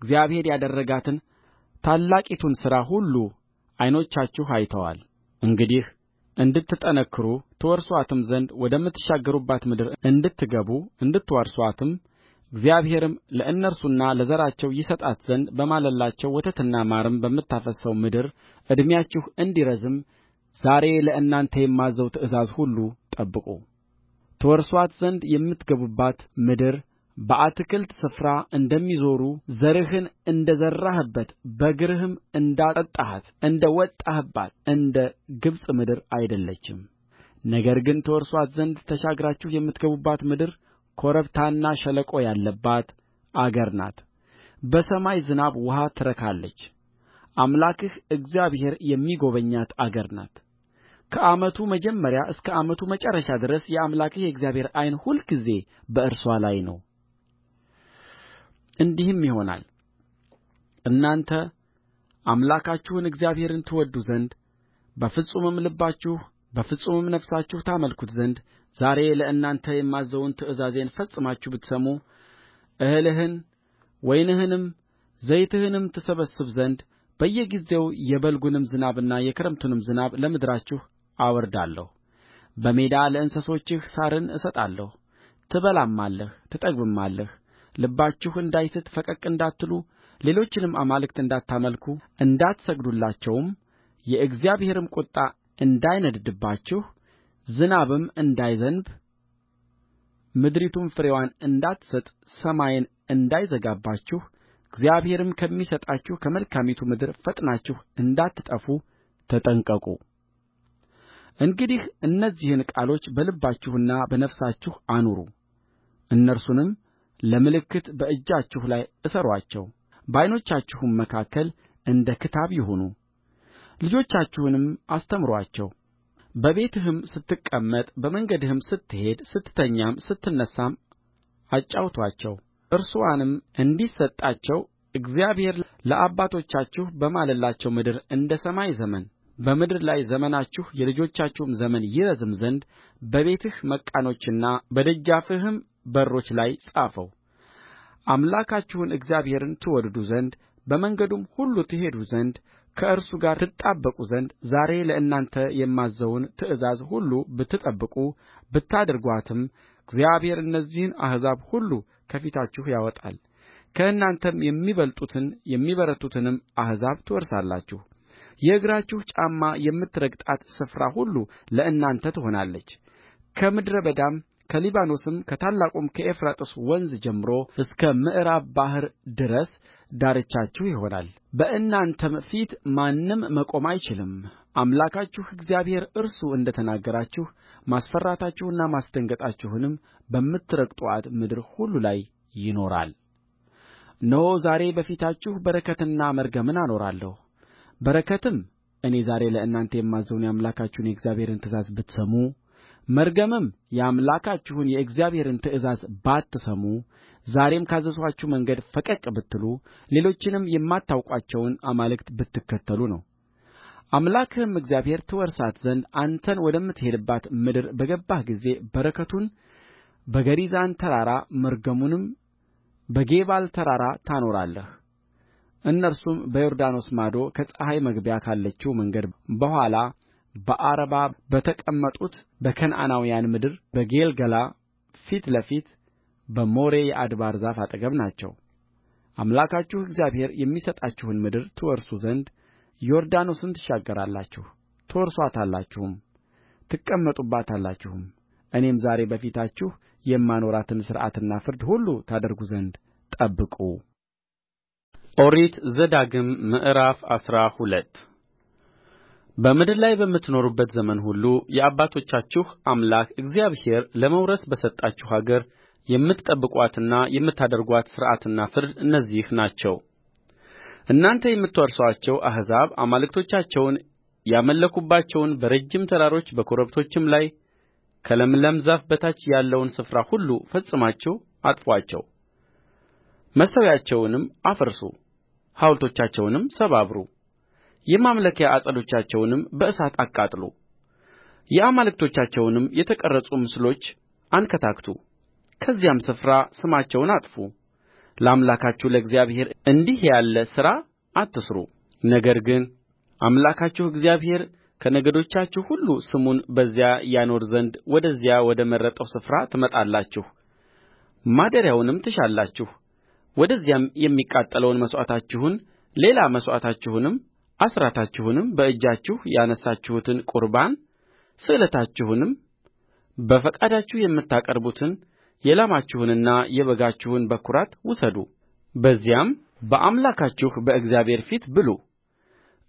እግዚአብሔር ያደረጋትን ታላቂቱን ሥራ ሁሉ ዓይኖቻችሁ አይተዋል እንግዲህ እንድትጠነክሩ ትወርሱአትም ዘንድ ወደምትሻገሩባት ምድር እንድትገቡ እንድትወርሱአትም እግዚአብሔርም ለእነርሱና ለዘራቸው ይሰጣት ዘንድ በማለላቸው ወተትና ማርም በምታፈስሰው ምድር ዕድሜአችሁ እንዲረዝም ዛሬ ለእናንተ የማዝዘውን ትእዛዝ ሁሉ ጠብቁ ትወርሱአት ዘንድ የምትገቡባት ምድር በአትክልት ስፍራ እንደሚዞሩ ዘርህን እንደ ዘራህባት በእግርህም እንዳጠጣሃት እንደ ወጣህባት እንደ ግብፅ ምድር አይደለችም ነገር ግን ትወርሱአት ዘንድ ተሻግራችሁ የምትገቡባት ምድር ኮረብታና ሸለቆ ያለባት አገር ናት በሰማይ ዝናብ ውኃ ትረካለች አምላክህ እግዚአብሔር የሚጎበኛት አገር ናት ከዓመቱ መጀመሪያ እስከ ዓመቱ መጨረሻ ድረስ የአምላክህ የእግዚአብሔር ዓይን ሁልጊዜ በእርስዋ ላይ ነው እንዲህም ይሆናል እናንተ አምላካችሁን እግዚአብሔርን ትወድዱ ዘንድ በፍጹምም ልባችሁ በፍጹምም ነፍሳችሁ ታመልኩት ዘንድ ዛሬ ለእናንተ የማዝዘውን ትእዛዜን ፈጽማችሁ ብትሰሙ እህልህን ወይንህንም ዘይትህንም ትሰበስብ ዘንድ በየጊዜው የበልጉንም ዝናብና የክረምቱንም ዝናብ ለምድራችሁ አወርዳለሁ በሜዳ ለእንስሶችህ ሣርን እሰጣለሁ ትበላማለህ ትጠግብማለህ ልባችሁ እንዳይስት ፈቀቅ እንዳትሉ ሌሎችንም አማልክት እንዳታመልኩ እንዳትሰግዱላቸውም የእግዚአብሔርም ቍጣ እንዳይነድድባችሁ ዝናብም እንዳይዘንብ ምድሪቱም ፍሬዋን እንዳትሰጥ ሰማይን እንዳይዘጋባችሁ እግዚአብሔርም ከሚሰጣችሁ ከመልካሚቱ ምድር ፈጥናችሁ እንዳትጠፉ ተጠንቀቁ እንግዲህ እነዚህን ቃሎች በልባችሁና በነፍሳችሁ አኑሩ እነርሱንም ለምልክት በእጃችሁ ላይ እሰሩአቸው በዓይኖቻችሁም መካከል እንደ ክታብ ልጆቻችሁንም አስተምሩአቸው በቤትህም ስትቀመጥ በመንገድም ስትሄድ ስትተኛም ስትነሣም አጫውቱአቸው እርስዋንም እንዲሰጣቸው እግዚአብሔር ለአባቶቻችሁ በማለላቸው ምድር እንደ ሰማይ ዘመን በምድር ላይ ዘመናችሁ የልጆቻችሁም ዘመን ይረዝም ዘንድ በቤትህ መቃኖችና በደጃፍህም በሮች ላይ ጻፈው አምላካችሁን እግዚአብሔርን ትወድዱ ዘንድ በመንገዱም ሁሉ ትሄዱ ዘንድ ከእርሱ ጋር ትጣበቁ ዘንድ ዛሬ ለእናንተ የማዝዘውን ትእዛዝ ሁሉ ብትጠብቁ ብታደርጉአትም እግዚአብሔር እነዚህን አሕዛብ ሁሉ ከፊታችሁ ያወጣል ከእናንተም የሚበልጡትን የሚበረቱትንም አሕዛብ የእግራችሁ ጫማ የምትረግጣት ስፍራ ሁሉ ለእናንተ ትሆናለች ከምድረ በዳም ከሊባኖስም ከታላቁም ከኤፍራጥስ ወንዝ ጀምሮ እስከ ምዕራብ ባሕር ድረስ ዳርቻችሁ ይሆናልበእናንተም ፊት ማንም መቆም አይችልም። አምላካችሁ እግዚአብሔር እርሱ እንደ ተናገራችሁ ማስፈራታችሁንና ማስደንገጣችሁንም በምትረግጡአት ምድር ሁሉ ላይ ይኖራል እነሆ ዛሬ በፊታችሁ በረከትንና መርገምን አኖራለሁ በረከትም እኔ ዛሬ ለእናንተ የማዝዘውን የአምላካችሁን የእግዚአብሔርን ትእዛዝ ብትሰሙ መርገምም የአምላካችሁን የእግዚአብሔርን ትእዛዝ ባትሰሙ ዛሬም ካዘዝኋችሁ መንገድ ፈቀቅ ብትሉ ሌሎችንም የማታውቋቸውን አማልክት ብትከተሉ ነው። አምላክህም እግዚአብሔር ትወርሳት ዘንድ አንተን ወደምትሄድባት ምድር በገባህ ጊዜ በረከቱን በገሪዛን ተራራ መርገሙንም በጌባል ተራራ ታኖራለህ እነርሱም በዮርዳኖስ ማዶ ከፀሐይ መግቢያ ካለችው መንገድ በኋላ በዓረባ በተቀመጡት በከነዓናውያን ምድር በጌልገላ ፊት ለፊት በሞሬ የአድባር ዛፍ አጠገብ ናቸው። አምላካችሁ እግዚአብሔር የሚሰጣችሁን ምድር ትወርሱ ዘንድ ዮርዳኖስን ትሻገራላችሁ ትወርሱአታላችሁም ትቀመጡባታላችሁም እኔም ዛሬ በፊታችሁ የማኖራትን ሥርዓትና ፍርድ ሁሉ ታደርጉ ዘንድ ጠብቁ ኦሪት ዘዳግም ምዕራፍ አስራ ሁለት በምድር ላይ በምትኖሩበት ዘመን ሁሉ የአባቶቻችሁ አምላክ እግዚአብሔር ለመውረስ በሰጣችሁ አገር የምትጠብቁአትና የምታደርጉአት ሥርዓትና ፍርድ እነዚህ ናቸው እናንተ የምትወርሱአቸው አሕዛብ አማልክቶቻቸውን ያመለኩባቸውን በረጅም ተራሮች በኮረብቶችም ላይ ከለምለም ዛፍ በታች ያለውን ስፍራ ሁሉ ፈጽማችሁ አጥፉአቸው መሠዊያቸውንም አፍርሱ ሐውልቶቻቸውንም ሰባብሩ የማምለኪያ ዐፀዶቻቸውንም በእሳት አቃጥሉ የአማልክቶቻቸውንም የተቀረጹ ምስሎች አንከታክቱ ከዚያም ስፍራ ስማቸውን አጥፉ ለአምላካችሁ ለእግዚአብሔር እንዲህ ያለ ሥራ አትሥሩ ነገር ግን አምላካችሁ እግዚአብሔር ከነገዶቻችሁ ሁሉ ስሙን በዚያ ያኖር ዘንድ ወደዚያ ወደ መረጠው ስፍራ ትመጣላችሁ ማደሪያውንም ትሻላችሁ ወደዚያም የሚቃጠለውን መሥዋዕታችሁን ሌላ መሥዋዕታችሁንም አሥራታችሁንም በእጃችሁ ያነሣችሁትን ቁርባን ስእለታችሁንም በፈቃዳችሁ የምታቀርቡትን የላማችሁንና የበጋችሁን በኵራት ውሰዱ። በዚያም በአምላካችሁ በእግዚአብሔር ፊት ብሉ።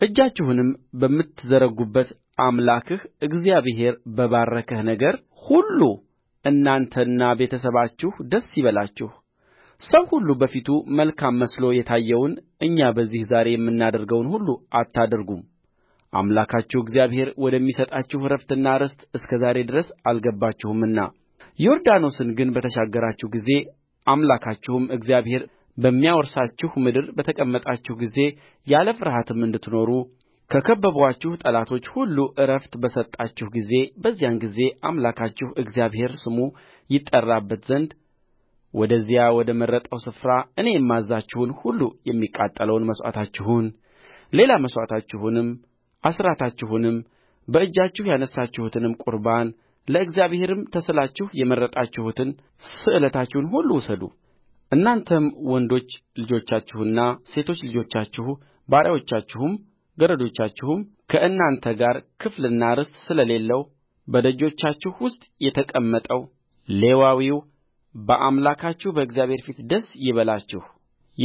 እጃችሁንም በምትዘረጉበት አምላክህ እግዚአብሔር በባረከህ ነገር ሁሉ እናንተና ቤተሰባችሁ ደስ ይበላችሁ ሰው ሁሉ በፊቱ መልካም መስሎ የታየውን እኛ በዚህ ዛሬ የምናደርገውን ሁሉ አታደርጉም አምላካችሁ እግዚአብሔር ወደሚሰጣችሁ ዕረፍትና ርስት እስከ ዛሬ ድረስ አልገባችሁምና ዮርዳኖስን ግን በተሻገራችሁ ጊዜ አምላካችሁም እግዚአብሔር በሚያወርሳችሁ ምድር በተቀመጣችሁ ጊዜ ያለ ፍርሃትም እንድትኖሩ ከከበቡአችሁ ጠላቶች ሁሉ ዕረፍት በሰጣችሁ ጊዜ በዚያን ጊዜ አምላካችሁ እግዚአብሔር ስሙ ይጠራበት ዘንድ ወደዚያ ወደ መረጠው ስፍራ እኔ የማዝዛችሁን ሁሉ የሚቃጠለውን መሥዋዕታችሁን ሌላ መሥዋዕታችሁንም አሥራታችሁንም በእጃችሁ ያነሣችሁትንም ቁርባን ለእግዚአብሔርም ተስላችሁ የመረጣችሁትን ስእለታችሁን ሁሉ ውሰዱ። እናንተም ወንዶች ልጆቻችሁና ሴቶች ልጆቻችሁ ባሪያዎቻችሁም ገረዶቻችሁም ከእናንተ ጋር ክፍልና ርስት ስለሌለው በደጆቻችሁ ውስጥ የተቀመጠው ሌዋዊው በአምላካችሁ በእግዚአብሔር ፊት ደስ ይበላችሁ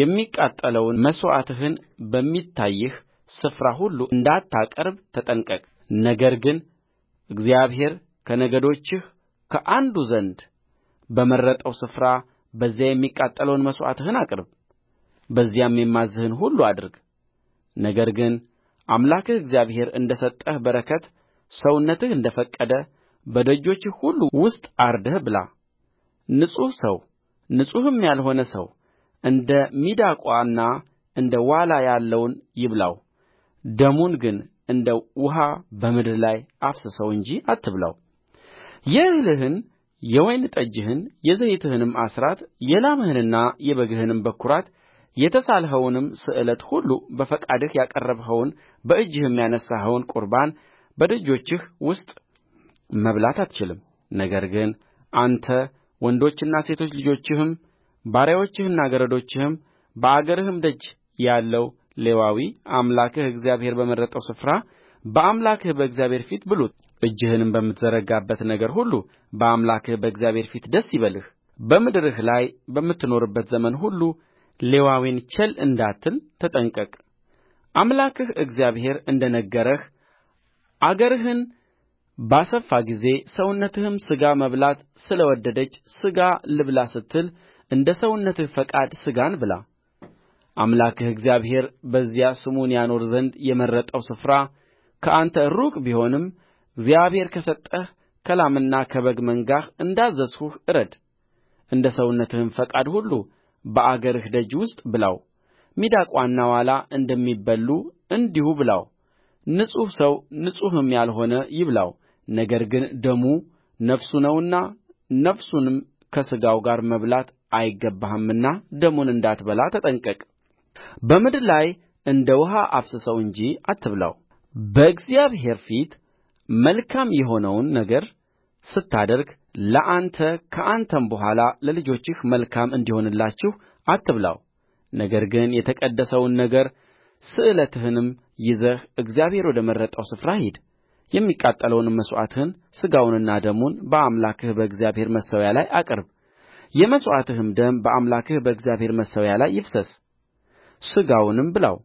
የሚቃጠለውን መሥዋዕትህን በሚታይህ ስፍራ ሁሉ እንዳታቀርብ ተጠንቀቅ ነገር ግን እግዚአብሔር ከነገዶችህ ከአንዱ ዘንድ በመረጠው ስፍራ በዚያ የሚቃጠለውን መሥዋዕትህን አቅርብ በዚያም የማዝዝህን ሁሉ አድርግ ነገር ግን አምላክህ እግዚአብሔር እንደ ሰጠህ በረከት ሰውነትህ እንደ ፈቀደ በደጆችህ ሁሉ ውስጥ አርደህ ብላ ንጹሕ ሰው ንጹሕም ያልሆነ ሰው እንደ ሚዳቋና እንደ ዋላ ያለውን ይብላው ደሙን ግን እንደ ውኃ በምድር ላይ አፍስሰው እንጂ አትብላው የእህልህን የወይን ጠጅህን የዘይትህንም አሥራት የላምህንና የበግህንም በኵራት የተሳልኸውንም ስእለት ሁሉ በፈቃድህ ያቀረብኸውን በእጅህም ያነሣኸውን ቁርባን በደጆችህ ውስጥ መብላት አትችልም ነገር ግን አንተ ወንዶችና ሴቶች ልጆችህም ባሪያዎችህና ገረዶችህም በአገርህም ደጅ ያለው ሌዋዊ አምላክህ እግዚአብሔር በመረጠው ስፍራ በአምላክህ በእግዚአብሔር ፊት ብሉት። እጅህንም በምትዘረጋበት ነገር ሁሉ በአምላክህ በእግዚአብሔር ፊት ደስ ይበልህ። በምድርህ ላይ በምትኖርበት ዘመን ሁሉ ሌዋዊን ቸል እንዳትል ተጠንቀቅ። አምላክህ እግዚአብሔር እንደ ነገረህ አገርህን ባሰፋ ጊዜ ሰውነትህም ሥጋ መብላት ስለ ወደደች ሥጋ ልብላ ስትል እንደ ሰውነትህ ፈቃድ ሥጋን ብላ አምላክህ እግዚአብሔር በዚያ ስሙን ያኖር ዘንድ የመረጠው ስፍራ ከአንተ ሩቅ ቢሆንም እግዚአብሔር ከሰጠህ ከላምና ከበግ መንጋህ እንዳዘዝሁህ እረድ። እንደ ሰውነትህም ፈቃድ ሁሉ በአገርህ ደጅ ውስጥ ብላው። ሚዳቋና ዋላ እንደሚበሉ እንዲሁ ብላው። ንጹሕ ሰው ንጹሕም ያልሆነ ይብላው። ነገር ግን ደሙ ነፍሱ ነውና ነፍሱንም ከሥጋው ጋር መብላት አይገባህምና ደሙን እንዳትበላ ተጠንቀቅ በምድር ላይ እንደ ውኃ አፍስሰው እንጂ አትብላው በእግዚአብሔር ፊት መልካም የሆነውን ነገር ስታደርግ ለአንተ ከአንተም በኋላ ለልጆችህ መልካም እንዲሆንላችሁ አትብላው ነገር ግን የተቀደሰውን ነገር ስእለትህንም ይዘህ እግዚአብሔር ወደ መረጠው ስፍራ ሂድ የሚቃጠለውንም መሥዋዕትህን ሥጋውንና ደሙን በአምላክህ በእግዚአብሔር መሠዊያ ላይ አቅርብ የመሥዋዕትህም ደም በአምላክህ በእግዚአብሔር መሠዊያ ላይ ይፍሰስ ሥጋውንም ብላው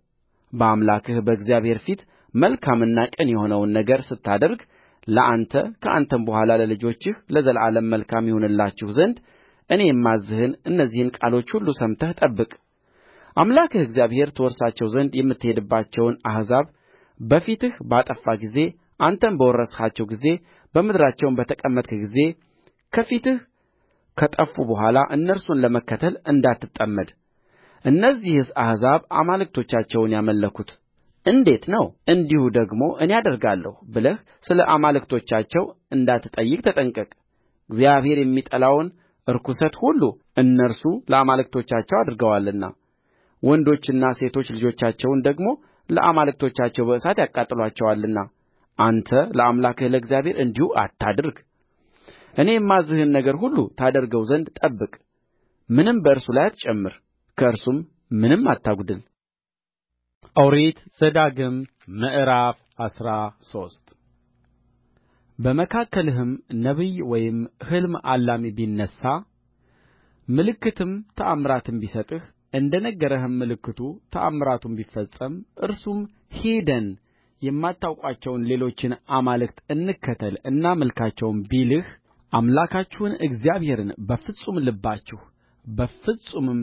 በአምላክህ በእግዚአብሔር ፊት መልካምና ቅን የሆነውን ነገር ስታደርግ ለአንተ ከአንተም በኋላ ለልጆችህ ለዘላለም መልካም ይሆንላችሁ ዘንድ እኔ የማዝዝህን እነዚህን ቃሎች ሁሉ ሰምተህ ጠብቅ አምላክህ እግዚአብሔር ትወርሳቸው ዘንድ የምትሄድባቸውን አሕዛብ በፊትህ ባጠፋ ጊዜ አንተም በወረስሃቸው ጊዜ በምድራቸውም በተቀመጥህ ጊዜ ከፊትህ ከጠፉ በኋላ እነርሱን ለመከተል እንዳትጠመድ እነዚህስ አሕዛብ አማልክቶቻቸውን ያመለኩት እንዴት ነው እንዲሁ ደግሞ እኔ አደርጋለሁ ብለህ ስለ አማልክቶቻቸው እንዳትጠይቅ ተጠንቀቅ እግዚአብሔር የሚጠላውን ርኵሰት ሁሉ እነርሱ ለአማልክቶቻቸው አድርገዋልና ወንዶችና ሴቶች ልጆቻቸውን ደግሞ ለአማልክቶቻቸው በእሳት ያቃጥሉአቸዋልና አንተ ለአምላክህ ለእግዚአብሔር እንዲሁ አታድርግ እኔ የማዝዝህን ነገር ሁሉ ታደርገው ዘንድ ጠብቅ ምንም በእርሱ ላይ አትጨምር ከእርሱም ምንም አታጕድል ኦሪት ዘዳግም ምዕራፍ አስራ ሶስት በመካከልህም ነቢይ ወይም ሕልም አላሚ ቢነሣ ምልክትም ተአምራትም ቢሰጥህ እንደ ነገረህም ምልክቱ ተአምራቱም ቢፈጸም እርሱም ሄደን የማታውቋቸውን ሌሎችን አማልክት እንከተል እናምልካቸውም ቢልህ አምላካችሁን እግዚአብሔርን በፍጹም ልባችሁ በፍጹምም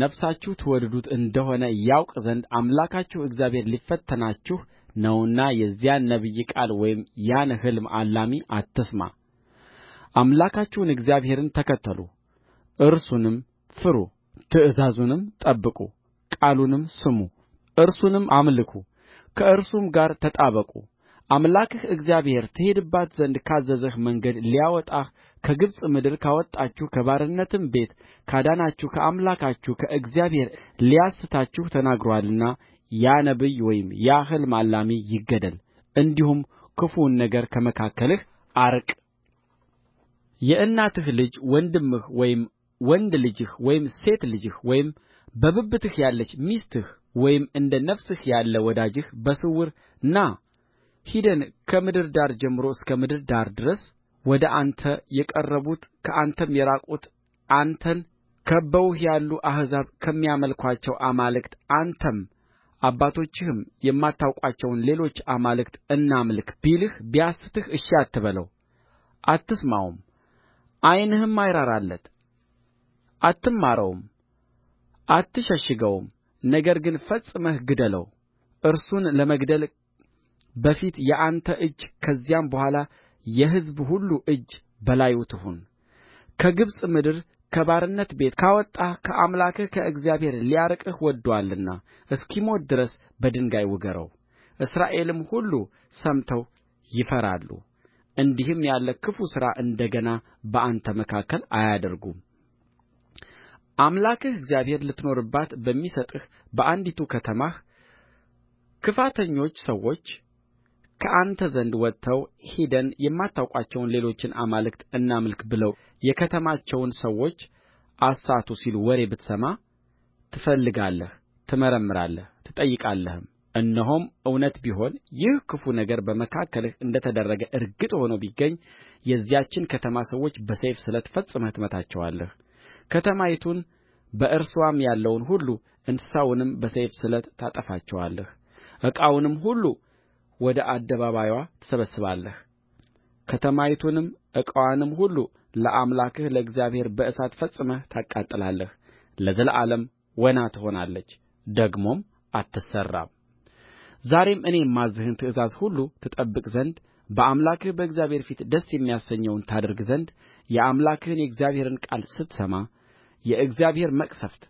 ነፍሳችሁ ትወድዱት እንደ ሆነ ያውቅ ዘንድ አምላካችሁ እግዚአብሔር ሊፈትናችሁ ነውና የዚያን ነቢይ ቃል ወይም ያን ሕልም አላሚ አትስማ አምላካችሁን እግዚአብሔርን ተከተሉ እርሱንም ፍሩ ትእዛዙንም ጠብቁ ቃሉንም ስሙ እርሱንም አምልኩ ከእርሱም ጋር ተጣበቁ አምላክህ እግዚአብሔር ትሄድባት ዘንድ ካዘዘህ መንገድ ሊያወጣህ ከግብፅ ምድር ካወጣችሁ ከባርነትም ቤት ካዳናችሁ ከአምላካችሁ ከእግዚአብሔር ሊያስታችሁ ተናግሮአልና ያ ነቢይ ወይም ያ ሕልም አላሚ ይገደል እንዲሁም ክፉውን ነገር ከመካከልህ አርቅ የእናትህ ልጅ ወንድምህ ወይም ወንድ ልጅህ ወይም ሴት ልጅህ ወይም በብብትህ ያለች ሚስትህ ወይም እንደ ነፍስህ ያለ ወዳጅህ በስውር ና ሄደን ከምድር ዳር ጀምሮ እስከ ምድር ዳር ድረስ ወደ አንተ የቀረቡት ከአንተም የራቁት አንተን ከብበውህ ያሉ አሕዛብ ከሚያመልኩአቸው አማልክት አንተም አባቶችህም የማታውቋቸውን ሌሎች አማልክት እናምልክ ቢልህ ቢያስትህ እሺ አትበለው፣ አትስማውም፣ ዓይንህም አይራራለት፣ አትማረውም፣ አትሸሽገውም ነገር ግን ፈጽመህ ግደለው እርሱን ለመግደል በፊት የአንተ እጅ ከዚያም በኋላ የሕዝብ ሁሉ እጅ በላዩ ትሁን ከግብፅ ምድር ከባርነት ቤት ካወጣህ ከአምላክህ ከእግዚአብሔር ሊያርቅህ ወድዶአልና እስኪሞት ድረስ በድንጋይ ውገረው። እስራኤልም ሁሉ ሰምተው ይፈራሉ፣ እንዲህም ያለ ክፉ ሥራ እንደ ገና በአንተ መካከል አያደርጉም። አምላክህ እግዚአብሔር ልትኖርባት በሚሰጥህ በአንዲቱ ከተማህ ክፋተኞች ሰዎች ከአንተ ዘንድ ወጥተው ሄደን የማታውቋቸውን ሌሎችን አማልክት እናምልክ ብለው የከተማቸውን ሰዎች አሳቱ ሲሉ ወሬ ብትሰማ ትፈልጋለህ፣ ትመረምራለህ፣ ትጠይቃለህም እነሆም እውነት ቢሆን ይህ ክፉ ነገር በመካከልህ እንደ ተደረገ እርግጥ ሆኖ ቢገኝ የዚያችን ከተማ ሰዎች በሰይፍ ስለት ፈጽመህ ትመታቸዋለህ ከተማይቱን በእርስዋም ያለውን ሁሉ እንስሳውንም በሰይፍ ስለት ታጠፋቸዋለህ ዕቃውንም ሁሉ ወደ አደባባይዋ ትሰበስባለህ ከተማይቱንም ዕቃዋንም ሁሉ ለአምላክህ ለእግዚአብሔር በእሳት ፈጽመህ ታቃጥላለህ ለዘላለም ወና ትሆናለች ደግሞም አትሠራም ዛሬም እኔ የማዝዝህን ትእዛዝ ሁሉ ትጠብቅ ዘንድ በአምላክህ በእግዚአብሔር ፊት ደስ የሚያሰኘውን ታደርግ ዘንድ የአምላክህን የእግዚአብሔርን ቃል ስትሰማ የእግዚአብሔር መቅሠፍት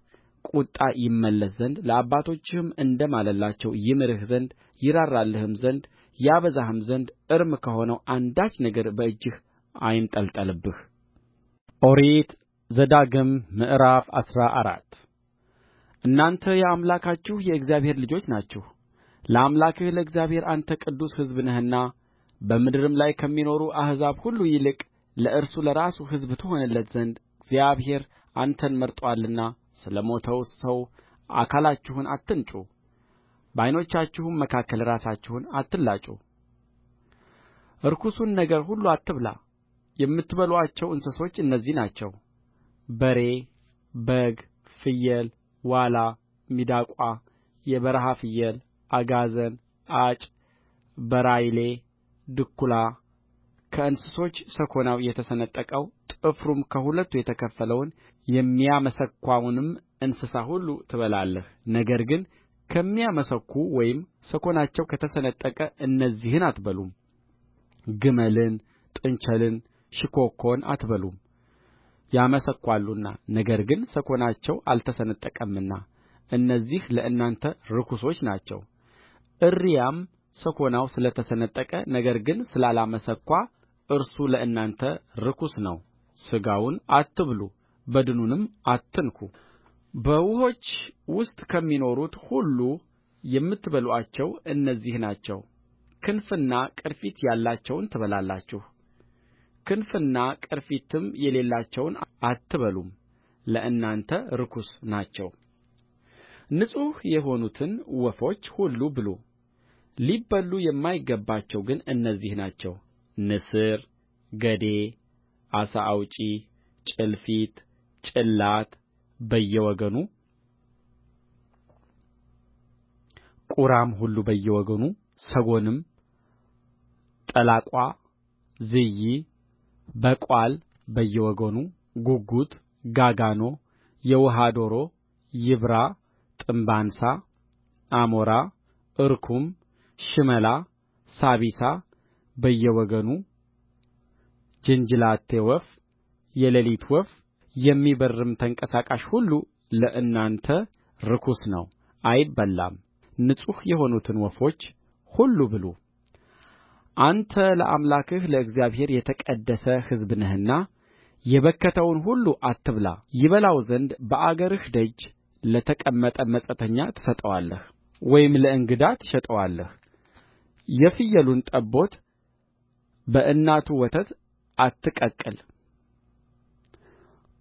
ቍጣ ይመለስ ዘንድ ለአባቶችህም እንደ ማለላቸው ይምርህ ዘንድ ይራራልህም ዘንድ ያበዛህም ዘንድ እርም ከሆነው አንዳች ነገር በእጅህ አይንጠልጠልብህ ኦሪት ዘዳግም ምዕራፍ አስራ አራት እናንተ የአምላካችሁ የእግዚአብሔር ልጆች ናችሁ ለአምላክህ ለእግዚአብሔር አንተ ቅዱስ ሕዝብ ነህና በምድርም ላይ ከሚኖሩ አሕዛብ ሁሉ ይልቅ ለእርሱ ለራሱ ሕዝብ ትሆንለት ዘንድ እግዚአብሔር አንተን መርጦአልና ስለ ሞተው ሰው አካላችሁን አትንጩ በዓይኖቻችሁም መካከል ራሳችሁን አትላጩ ርኩሱን ነገር ሁሉ አትብላ የምትበሉአቸው እንስሶች እነዚህ ናቸው በሬ በግ ፍየል ዋላ ሚዳቋ የበረሃ ፍየል አጋዘን አጭ በራይሌ ድኵላ ከእንስሶች ሰኮናው የተሰነጠቀው ጥፍሩም ከሁለቱ የተከፈለውን የሚያመሰኳውንም እንስሳ ሁሉ ትበላለህ ነገር ግን ከሚያመሰኩ ወይም ሰኮናቸው ከተሰነጠቀ እነዚህን አትበሉም ግመልን ጥንቸልን ሽኮኮን አትበሉም ያመሰኳሉና ነገር ግን ሰኮናቸው አልተሰነጠቀምና እነዚህ ለእናንተ ርኩሶች ናቸው እርያም ሰኮናው ስለ ተሰነጠቀ ነገር ግን ስላላመሰኳ እርሱ ለእናንተ ርኩስ ነው ሥጋውን አትብሉ በድኑንም አትንኩ በውኆች ውስጥ ከሚኖሩት ሁሉ የምትበሉአቸው እነዚህ ናቸው ክንፍና ቅርፊት ያላቸውን ትበላላችሁ ክንፍና ቅርፊትም የሌላቸውን አትበሉም ለእናንተ ርኩስ ናቸው ንጹሕ የሆኑትን ወፎች ሁሉ ብሉ ሊበሉ የማይገባቸው ግን እነዚህ ናቸው ንስር ገዴ ዓሣ አውጭ ጭልፊት ጭላት በየወገኑ ቁራም ሁሉ በየወገኑ ሰጎንም ጠላቋ ዝዪ በቋል በየወገኑ ጉጉት ጋጋኖ የውኃ ዶሮ ይብራ ጥምብ አንሣ አሞራ እርኩም ሽመላ ሳቢሳ በየወገኑ ጅንጅላቴ ወፍ የሌሊት ወፍ የሚበርርም ተንቀሳቃሽ ሁሉ ለእናንተ ርኩስ ነው አይበላም ንጹሕ የሆኑትን ወፎች ሁሉ ብሉ አንተ ለአምላክህ ለእግዚአብሔር የተቀደሰ ሕዝብ ነህና የበከተውን ሁሉ አትብላ ይበላው ዘንድ በአገርህ ደጅ ለተቀመጠ መጻተኛ ትሰጠዋለህ ወይም ለእንግዳ ትሸጠዋለህ የፍየሉን ጠቦት በእናቱ ወተት አትቀቅል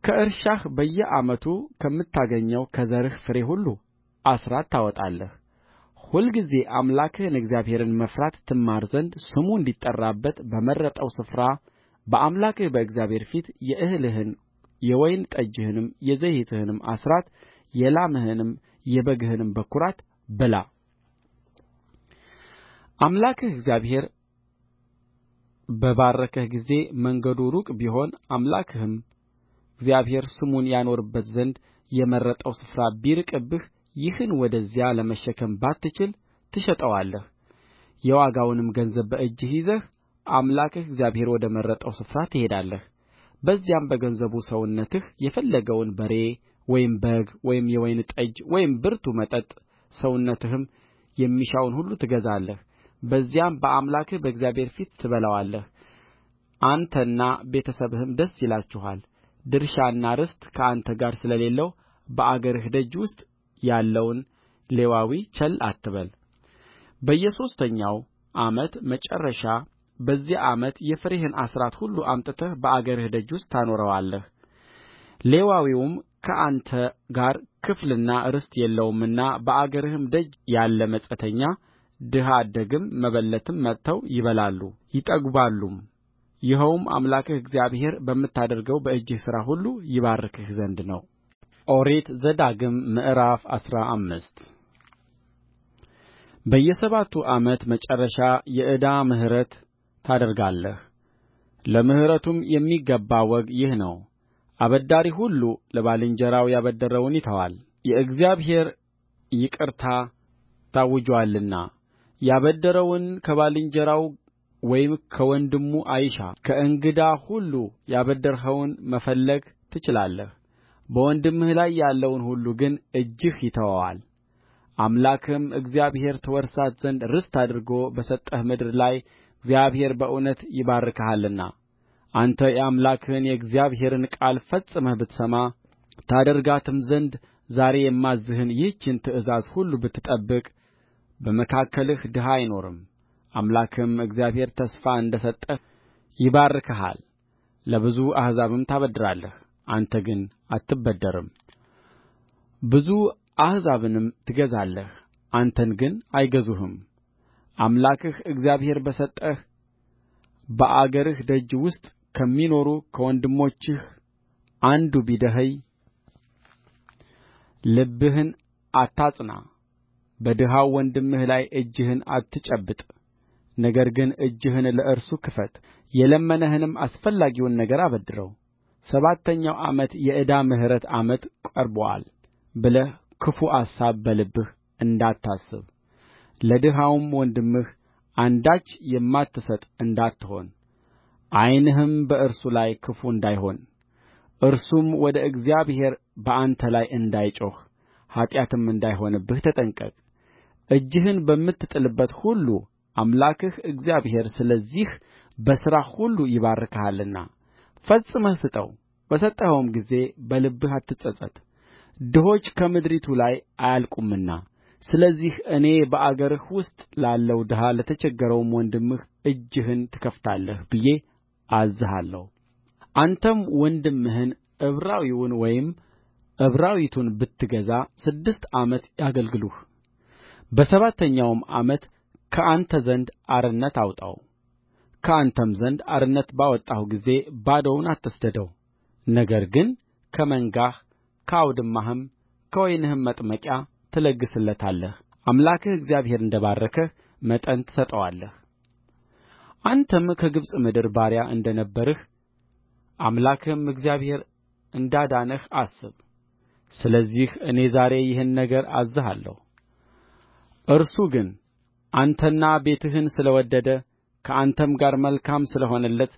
ከእርሻህ በየዓመቱ ከምታገኘው ከዘርህ ፍሬ ሁሉ አሥራት ታወጣለህ ሁልጊዜ አምላክህን እግዚአብሔርን መፍራት ትማር ዘንድ ስሙ እንዲጠራበት በመረጠው ስፍራ በአምላክህ በእግዚአብሔር ፊት የእህልህን የወይን ጠጅህንም የዘይትህንም አሥራት የላምህንም የበግህንም በኵራት ብላ። አምላክህ እግዚአብሔር በባረከህ ጊዜ መንገዱ ሩቅ ቢሆን አምላክህም እግዚአብሔር ስሙን ያኖርበት ዘንድ የመረጠው ስፍራ ቢርቅብህ ይህን ወደዚያ ለመሸከም ባትችል ትሸጠዋለህ የዋጋውንም ገንዘብ በእጅህ ይዘህ አምላክህ እግዚአብሔር ወደ መረጠው ስፍራ ትሄዳለህ በዚያም በገንዘቡ ሰውነትህ የፈለገውን በሬ ወይም በግ ወይም የወይን ጠጅ ወይም ብርቱ መጠጥ ሰውነትህም የሚሻውን ሁሉ ትገዛለህ በዚያም በአምላክህ በእግዚአብሔር ፊት ትበላዋለህ አንተና ቤተ ሰብህም ደስ ይላችኋል ድርሻና ርስት ከአንተ ጋር ስለሌለው በአገርህ ደጅ ውስጥ ያለውን ሌዋዊ ቸል አትበል በየሦስተኛው ዓመት መጨረሻ በዚያ ዓመት የፍሬህን አሥራት ሁሉ አምጥተህ በአገርህ ደጅ ውስጥ ታኖረዋለህ ሌዋዊውም ከአንተ ጋር ክፍልና ርስት የለውምና በአገርህም ደጅ ያለ መጻተኛ ድሀ አደግም መበለትም መጥተው ይበላሉ ይጠግባሉም ይኸውም አምላክህ እግዚአብሔር በምታደርገው በእጅህ ሥራ ሁሉ ይባርክህ ዘንድ ነው ኦሪት ዘዳግም ምዕራፍ አስራ አምስት በየሰባቱ ዓመት መጨረሻ የዕዳ ምሕረት ታደርጋለህ ለምሕረቱም የሚገባ ወግ ይህ ነው አበዳሪ ሁሉ ለባልንጀራው ያበደረውን ይተዋል የእግዚአብሔር ይቅርታ ታውጆአልና ያበደረውን ከባልንጀራው ወይም ከወንድሙ አይሻ ከእንግዳ ሁሉ ያበደርኸውን መፈለግ ትችላለህ በወንድምህ ላይ ያለውን ሁሉ ግን እጅህ ይተወዋል አምላክህም እግዚአብሔር ትወርሳት ዘንድ ርስት አድርጎ በሰጠህ ምድር ላይ እግዚአብሔር በእውነት ይባርክሃልና አንተ የአምላክህን የእግዚአብሔርን ቃል ፈጽመህ ብትሰማ ታደርጋትም ዘንድ ዛሬ የማዝዝህን ይህችን ትእዛዝ ሁሉ ብትጠብቅ በመካከልህ ድሀ አይኖርም አምላክህም እግዚአብሔር ተስፋ እንደ ሰጠህ ይባርክሃል ለብዙ አሕዛብም ታበድራለህ አንተ ግን አትበደርም ብዙ አሕዛብንም ትገዛለህ አንተን ግን አይገዙህም አምላክህ እግዚአብሔር በሰጠህ በአገርህ ደጅ ውስጥ ከሚኖሩ ከወንድሞችህ አንዱ ቢደኸይ ልብህን አታጽና በድሀው ወንድምህ ላይ እጅህን አትጨብጥ ነገር ግን እጅህን ለእርሱ ክፈት የለመነህንም አስፈላጊውን ነገር አበድረው ሰባተኛው ዓመት የዕዳ ምሕረት ዓመት ቀርቦአል ብለህ ክፉ አሳብ በልብህ እንዳታስብ ለድሀውም ወንድምህ አንዳች የማትሰጥ እንዳትሆን ዓይንህም በእርሱ ላይ ክፉ እንዳይሆን እርሱም ወደ እግዚአብሔር በአንተ ላይ እንዳይጮኽ ኃጢአትም እንዳይሆንብህ ተጠንቀቅ እጅህን በምትጥልበት ሁሉ አምላክህ እግዚአብሔር ስለዚህ በሥራህ ሁሉ ይባርክሃልና ፈጽመህ ስጠው በሰጠኸውም ጊዜ በልብህ አትጸጸት ድሆች ከምድሪቱ ላይ አያልቁምና ስለዚህ እኔ በአገርህ ውስጥ ላለው ድሀ ለተቸገረውም ወንድምህ እጅህን ትከፍታለህ ብዬ አዝዝሃለሁ አንተም ወንድምህን ዕብራዊውን ወይም ዕብራዊቱን ብትገዛ ስድስት ዓመት ያገልግሉህ በሰባተኛውም ዓመት ከአንተ ዘንድ አርነት አውጣው ከአንተም ዘንድ አርነት ባወጣኸው ጊዜ ባዶውን አትስደደው ነገር ግን ከመንጋህ ከአውድማህም ከወይንህም መጥመቂያ ትለግስለታለህ አምላክህ እግዚአብሔር እንደ ባረከህ መጠን ትሰጠዋለህ አንተም ከግብፅ ምድር ባሪያ እንደ ነበርህ አምላክህም እግዚአብሔር እንዳዳነህ አስብ ስለዚህ እኔ ዛሬ ይህን ነገር አዝዝሃለሁ እርሱ ግን አንተና ቤትህን ስለ ወደደ ከአንተም ጋር መልካም ስለ ሆነለት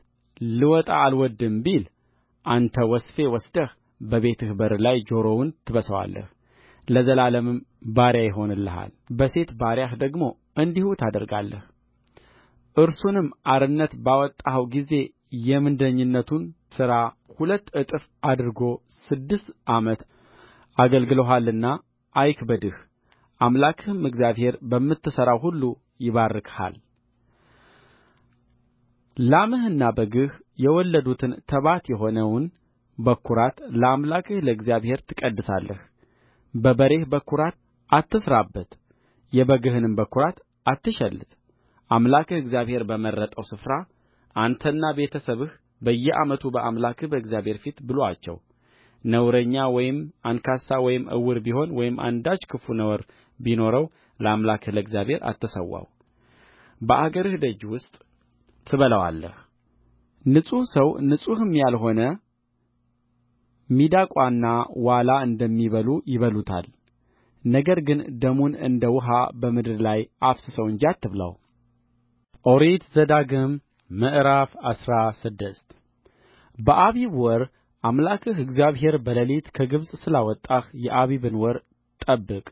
ልወጣ አልወድድም ቢል አንተ ወስፌ ወስደህ በቤትህ በር ላይ ጆሮውን ትበሳዋለህ ለዘላለምም ባሪያ ይሆንልሃል በሴት ባሪያህ ደግሞ እንዲሁ ታደርጋለህ እርሱንም አርነት ባወጣኸው ጊዜ የምንደኝነቱን ሥራ ሁለት እጥፍ አድርጎ ስድስት ዓመት አገልግሎሃልና አይክበድህ አምላክህም እግዚአብሔር በምትሠራው ሁሉ ይባርክሃል ላምህና በግህ የወለዱትን ተባት የሆነውን በኵራት ለአምላክህ ለእግዚአብሔር ትቀድሳለህ በበሬህ በኵራት አትሥራበት የበግህንም በኵራት አትሸልት አምላክህ እግዚአብሔር በመረጠው ስፍራ አንተና ቤተሰብህ በየዓመቱ በአምላክህ በእግዚአብሔር ፊት ብሉአቸው ነውረኛ ወይም አንካሳ ወይም ዕውር ቢሆን ወይም አንዳች ክፉ ነውር ቢኖረው ለአምላክህ ለእግዚአብሔር አትሠዋው በአገርህ ደጅ ውስጥ ትበላዋለህ ንጹሕ ሰው ንጹሕም ያልሆነ ሚዳቋና ዋላ እንደሚበሉ ይበሉታል ነገር ግን ደሙን እንደ ውኃ በምድር ላይ አፍስሰው እንጂ አትብላው ኦሪት ዘዳግም ምዕራፍ አስራ ስድስት በአቢብ ወር አምላክህ እግዚአብሔር በሌሊት ከግብፅ ስላወጣህ የአቢብን ወር ጠብቅ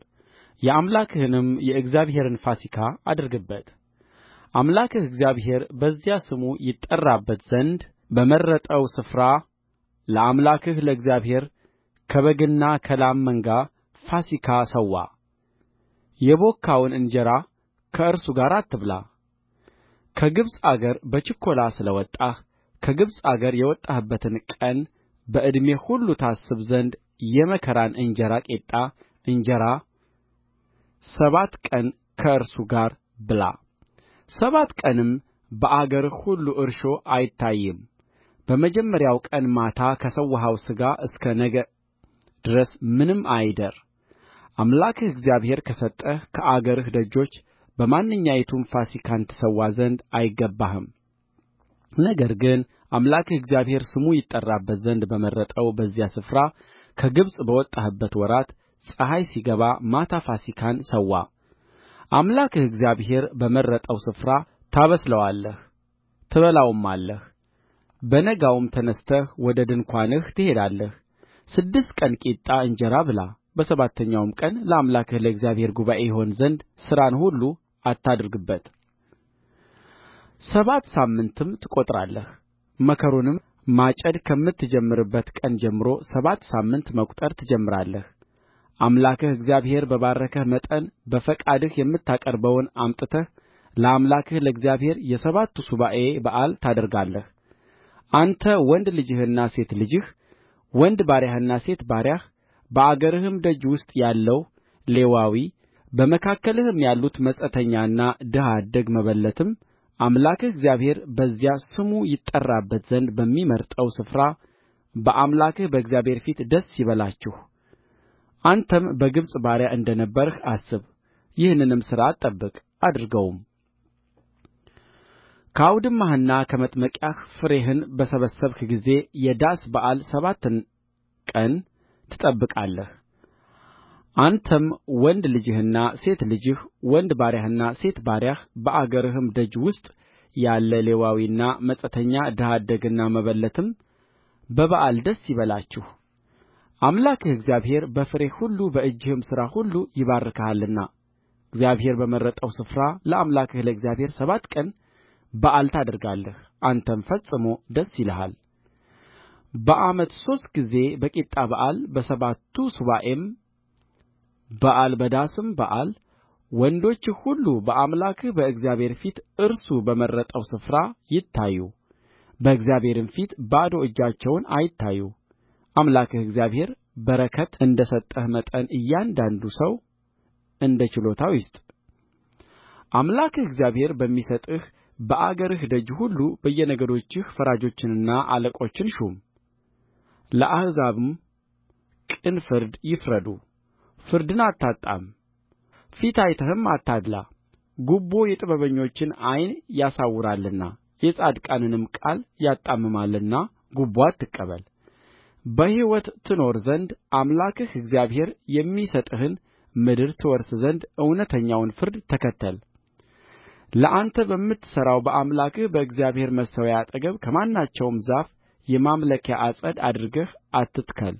የአምላክህንም የእግዚአብሔርን ፋሲካ አድርግበት አምላክህ እግዚአብሔር በዚያ ስሙ ይጠራበት ዘንድ በመረጠው ስፍራ ለአምላክህ ለእግዚአብሔር ከበግና ከላም መንጋ ፋሲካ ሠዋ የቦካውን እንጀራ ከእርሱ ጋር አትብላ ከግብፅ አገር በችኰላ ስለ ወጣህ ከግብፅ አገር የወጣህበትን ቀን በዕድሜህ ሁሉ ታስብ ዘንድ የመከራን እንጀራ ቂጣ እንጀራ ሰባት ቀን ከእርሱ ጋር ብላ ሰባት ቀንም በአገርህ ሁሉ እርሾ አይታይም በመጀመሪያው ቀን ማታ ከሠዋኸው ሥጋ እስከ ነገ ድረስ ምንም አይደር አምላክህ እግዚአብሔር ከሰጠህ ከአገርህ ደጆች በማንኛይቱም ፋሲካን ትሠዋ ዘንድ አይገባህም ነገር ግን አምላክህ እግዚአብሔር ስሙ ይጠራበት ዘንድ በመረጠው በዚያ ስፍራ ከግብፅ በወጣህበት ወራት ፀሐይ ሲገባ ማታ ፋሲካን ሠዋ አምላክህ እግዚአብሔር በመረጠው ስፍራ ታበስለዋለህ ትበላውማለህ በነጋውም ተነሥተህ ወደ ድንኳንህ ትሄዳለህ ስድስት ቀን ቂጣ እንጀራ ብላ በሰባተኛውም ቀን ለአምላክህ ለእግዚአብሔር ጉባኤ ይሆን ዘንድ ሥራን ሁሉ አታድርግበት ሰባት ሳምንትም ትቈጥራለህ መከሩንም ማጨድ ከምትጀምርበት ቀን ጀምሮ ሰባት ሳምንት መቍጠር ትጀምራለህ አምላክህ እግዚአብሔር በባረከህ መጠን በፈቃድህ የምታቀርበውን አምጥተህ ለአምላክህ ለእግዚአብሔር የሰባቱ ሱባዔ በዓል ታደርጋለህ አንተ ወንድ ልጅህና ሴት ልጅህ ወንድ ባሪያህና ሴት ባሪያህ በአገርህም ደጅ ውስጥ ያለው ሌዋዊ በመካከልህም ያሉት መጻተኛና ድሀ አደግ መበለትም አምላክህ እግዚአብሔር በዚያ ስሙ ይጠራበት ዘንድ በሚመርጠው ስፍራ በአምላክህ በእግዚአብሔር ፊት ደስ ይበላችሁ አንተም በግብፅ ባሪያ እንደ ነበርህ አስብ ይህንንም ሥርዓት ጠብቅ አድርገውም ከአውድማህና ከመጥመቂያህ ፍሬህን በሰበሰብህ ጊዜ የዳስ በዓል ሰባትን ቀን ትጠብቃለህ አንተም ወንድ ልጅህና ሴት ልጅህ ወንድ ባሪያህና ሴት ባሪያህ በአገርህም ደጅ ውስጥ ያለ ሌዋዊና መጻተኛ ድሀ አደግና መበለትም በበዓል ደስ ይበላችሁ አምላክህ እግዚአብሔር በፍሬህ ሁሉ በእጅህም ሥራ ሁሉ ይባርክሃልና እግዚአብሔር በመረጠው ስፍራ ለአምላክህ ለእግዚአብሔር ሰባት ቀን በዓል ታደርጋለህ አንተም ፈጽሞ ደስ ይልሃል በዓመት ሦስት ጊዜ በቂጣ በዓል በሰባቱ ሱባዔም በዓል በዳስም በዓል ወንዶችህ ሁሉ በአምላክህ በእግዚአብሔር ፊት እርሱ በመረጠው ስፍራ ይታዩ በእግዚአብሔርም ፊት ባዶ እጃቸውን አይታዩ አምላክህ እግዚአብሔር በረከት እንደ ሰጠህ መጠን እያንዳንዱ ሰው እንደ ችሎታው ይስጥ አምላክህ እግዚአብሔር በሚሰጥህ በአገርህ ደጅ ሁሉ በየነገዶችህ ፈራጆችንና አለቆችን ሹም ለአሕዛብም ቅን ፍርድ ይፍረዱ ፍርድን አታጣም ፊት አይተህም አታድላ ጉቦ የጥበበኞችን ዐይን ያሳውራልና የጻድቃንንም ቃል ያጣምማልና ጉቦ አትቀበል በሕይወት ትኖር ዘንድ አምላክህ እግዚአብሔር የሚሰጥህን ምድር ትወርስ ዘንድ እውነተኛውን ፍርድ ተከተል ለአንተ በምትሠራው በአምላክህ በእግዚአብሔር መሠዊያ አጠገብ ከማናቸውም ዛፍ የማምለኪያ ዐፀድ አድርገህ አትትከል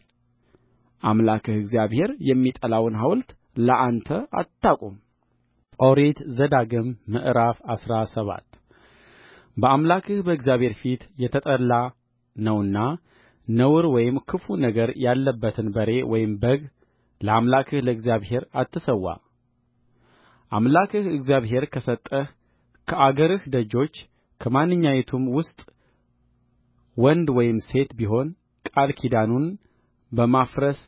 አምላክህ እግዚአብሔር የሚጠላውን ሐውልት ለአንተ አታቁም ኦሪት ዘዳግም ምዕራፍ አስራ ሰባት በአምላክህ በእግዚአብሔር ፊት የተጠላ ነውና ነውር ወይም ክፉ ነገር ያለበትን በሬ ወይም በግ ለአምላክህ ለእግዚአብሔር አትሠዋ አምላክህ እግዚአብሔር ከሰጠህ ከአገርህ ደጆች ከማንኛይቱም ውስጥ ወንድ ወይም ሴት ቢሆን ቃል ኪዳኑን በማፍረስ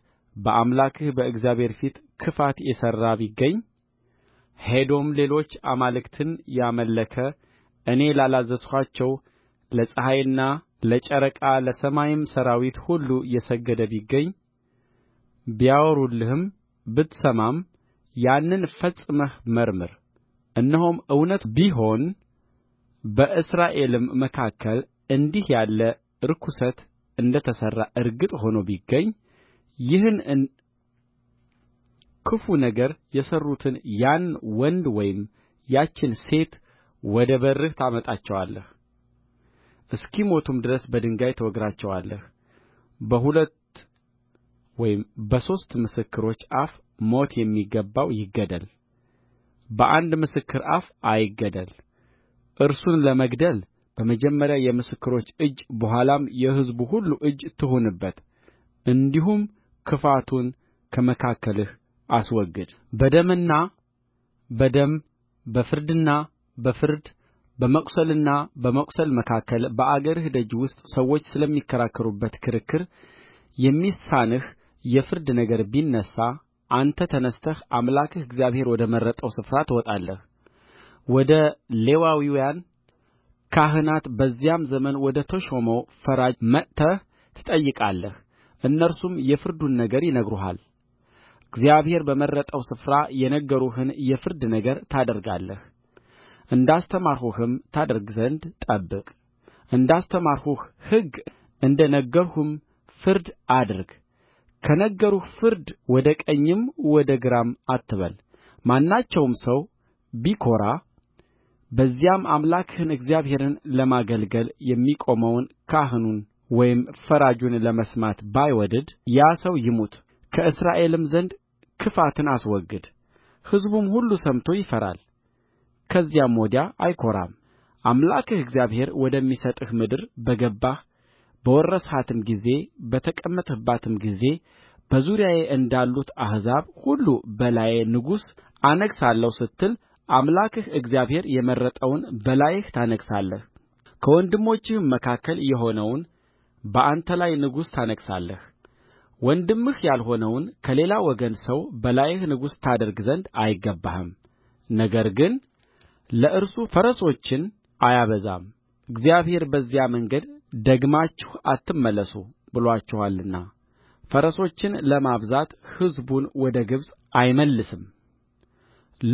በአምላክህ በእግዚአብሔር ፊት ክፋት የሠራ ቢገኝ ሄዶም ሌሎች አማልክትን ያመለከ እኔ ላላዘዝኋቸው ለፀሐይና ለጨረቃ ለሰማይም ሠራዊት ሁሉ የሰገደ ቢገኝ ቢያወሩልህም ብትሰማም ያንን ፈጽመህ መርምር እነሆም እውነት ቢሆን በእስራኤልም መካከል እንዲህ ያለ ርኵሰት እንደ ተሠራ እርግጥ ሆኖ ቢገኝ ይህን ክፉ ነገር የሠሩትን ያን ወንድ ወይም ያችን ሴት ወደ በርህ ታመጣቸዋለህ እስኪሞቱም ድረስ በድንጋይ ትወግራቸዋለህ በሁለት ወይም በሦስት ምስክሮች አፍ ሞት የሚገባው ይገደል በአንድ ምስክር አፍ አይገደል እርሱን ለመግደል በመጀመሪያ የምስክሮች እጅ በኋላም የሕዝቡ ሁሉ እጅ ትሁንበት እንዲሁም ክፋቱን ከመካከልህ አስወግድ በደምና በደም በፍርድና በፍርድ በመቍሰልና በመቍሰል መካከል በአገርህ ደጅ ውስጥ ሰዎች ስለሚከራከሩበት ክርክር የሚሳንህ የፍርድ ነገር ቢነሣ አንተ ተነሥተህ አምላክህ እግዚአብሔር ወደ መረጠው ስፍራ ትወጣለህ ወደ ሌዋውያን ካህናት በዚያም ዘመን ወደ ተሾመው ፈራጅ መጥተህ ትጠይቃለህ እነርሱም የፍርዱን ነገር ይነግሩሃል እግዚአብሔር በመረጠው ስፍራ የነገሩህን የፍርድ ነገር ታደርጋለህ እንዳስተማርሁህም ታደርግ ዘንድ እንዳስተማርሁህ ሕግ እንደ ነገርሁህም ፍርድ አድርግ ከነገሩህ ፍርድ ወደ ቀኝም ወደ ግራም አትበል ማናቸውም ሰው ቢኰራ በዚያም አምላክህን እግዚአብሔርን ለማገልገል የሚቆመውን ካህኑን ወይም ፈራጁን ለመስማት ባይወድድ ያ ሰው ይሙት ከእስራኤልም ዘንድ ክፋትን አስወግድ ሕዝቡም ሁሉ ሰምቶ ይፈራል ከዚያም ወዲያ አይኰራም አምላክህ እግዚአብሔር ወደሚሰጥህ ምድር በገባህ በወረስሃትም ጊዜ በተቀመጥህባትም ጊዜ በዙሪያዬ እንዳሉት አሕዛብ ሁሉ በላዬ ንጉሥ አነግሣለሁ ስትል አምላክህ እግዚአብሔር የመረጠውን በላይህ ታነግሣለህ ከወንድሞችህም መካከል የሆነውን በአንተ ላይ ንጉሥ ታነግሣለህ ወንድምህ ያልሆነውን ከሌላ ወገን ሰው በላይህ ንጉሥ ታደርግ ዘንድ አይገባህም ነገር ግን ለእርሱ ፈረሶችን አያበዛም እግዚአብሔር በዚያ መንገድ ደግማችሁ አትመለሱ ብሎአችኋልና ፈረሶችን ለማብዛት ሕዝቡን ወደ ግብፅ አይመልስም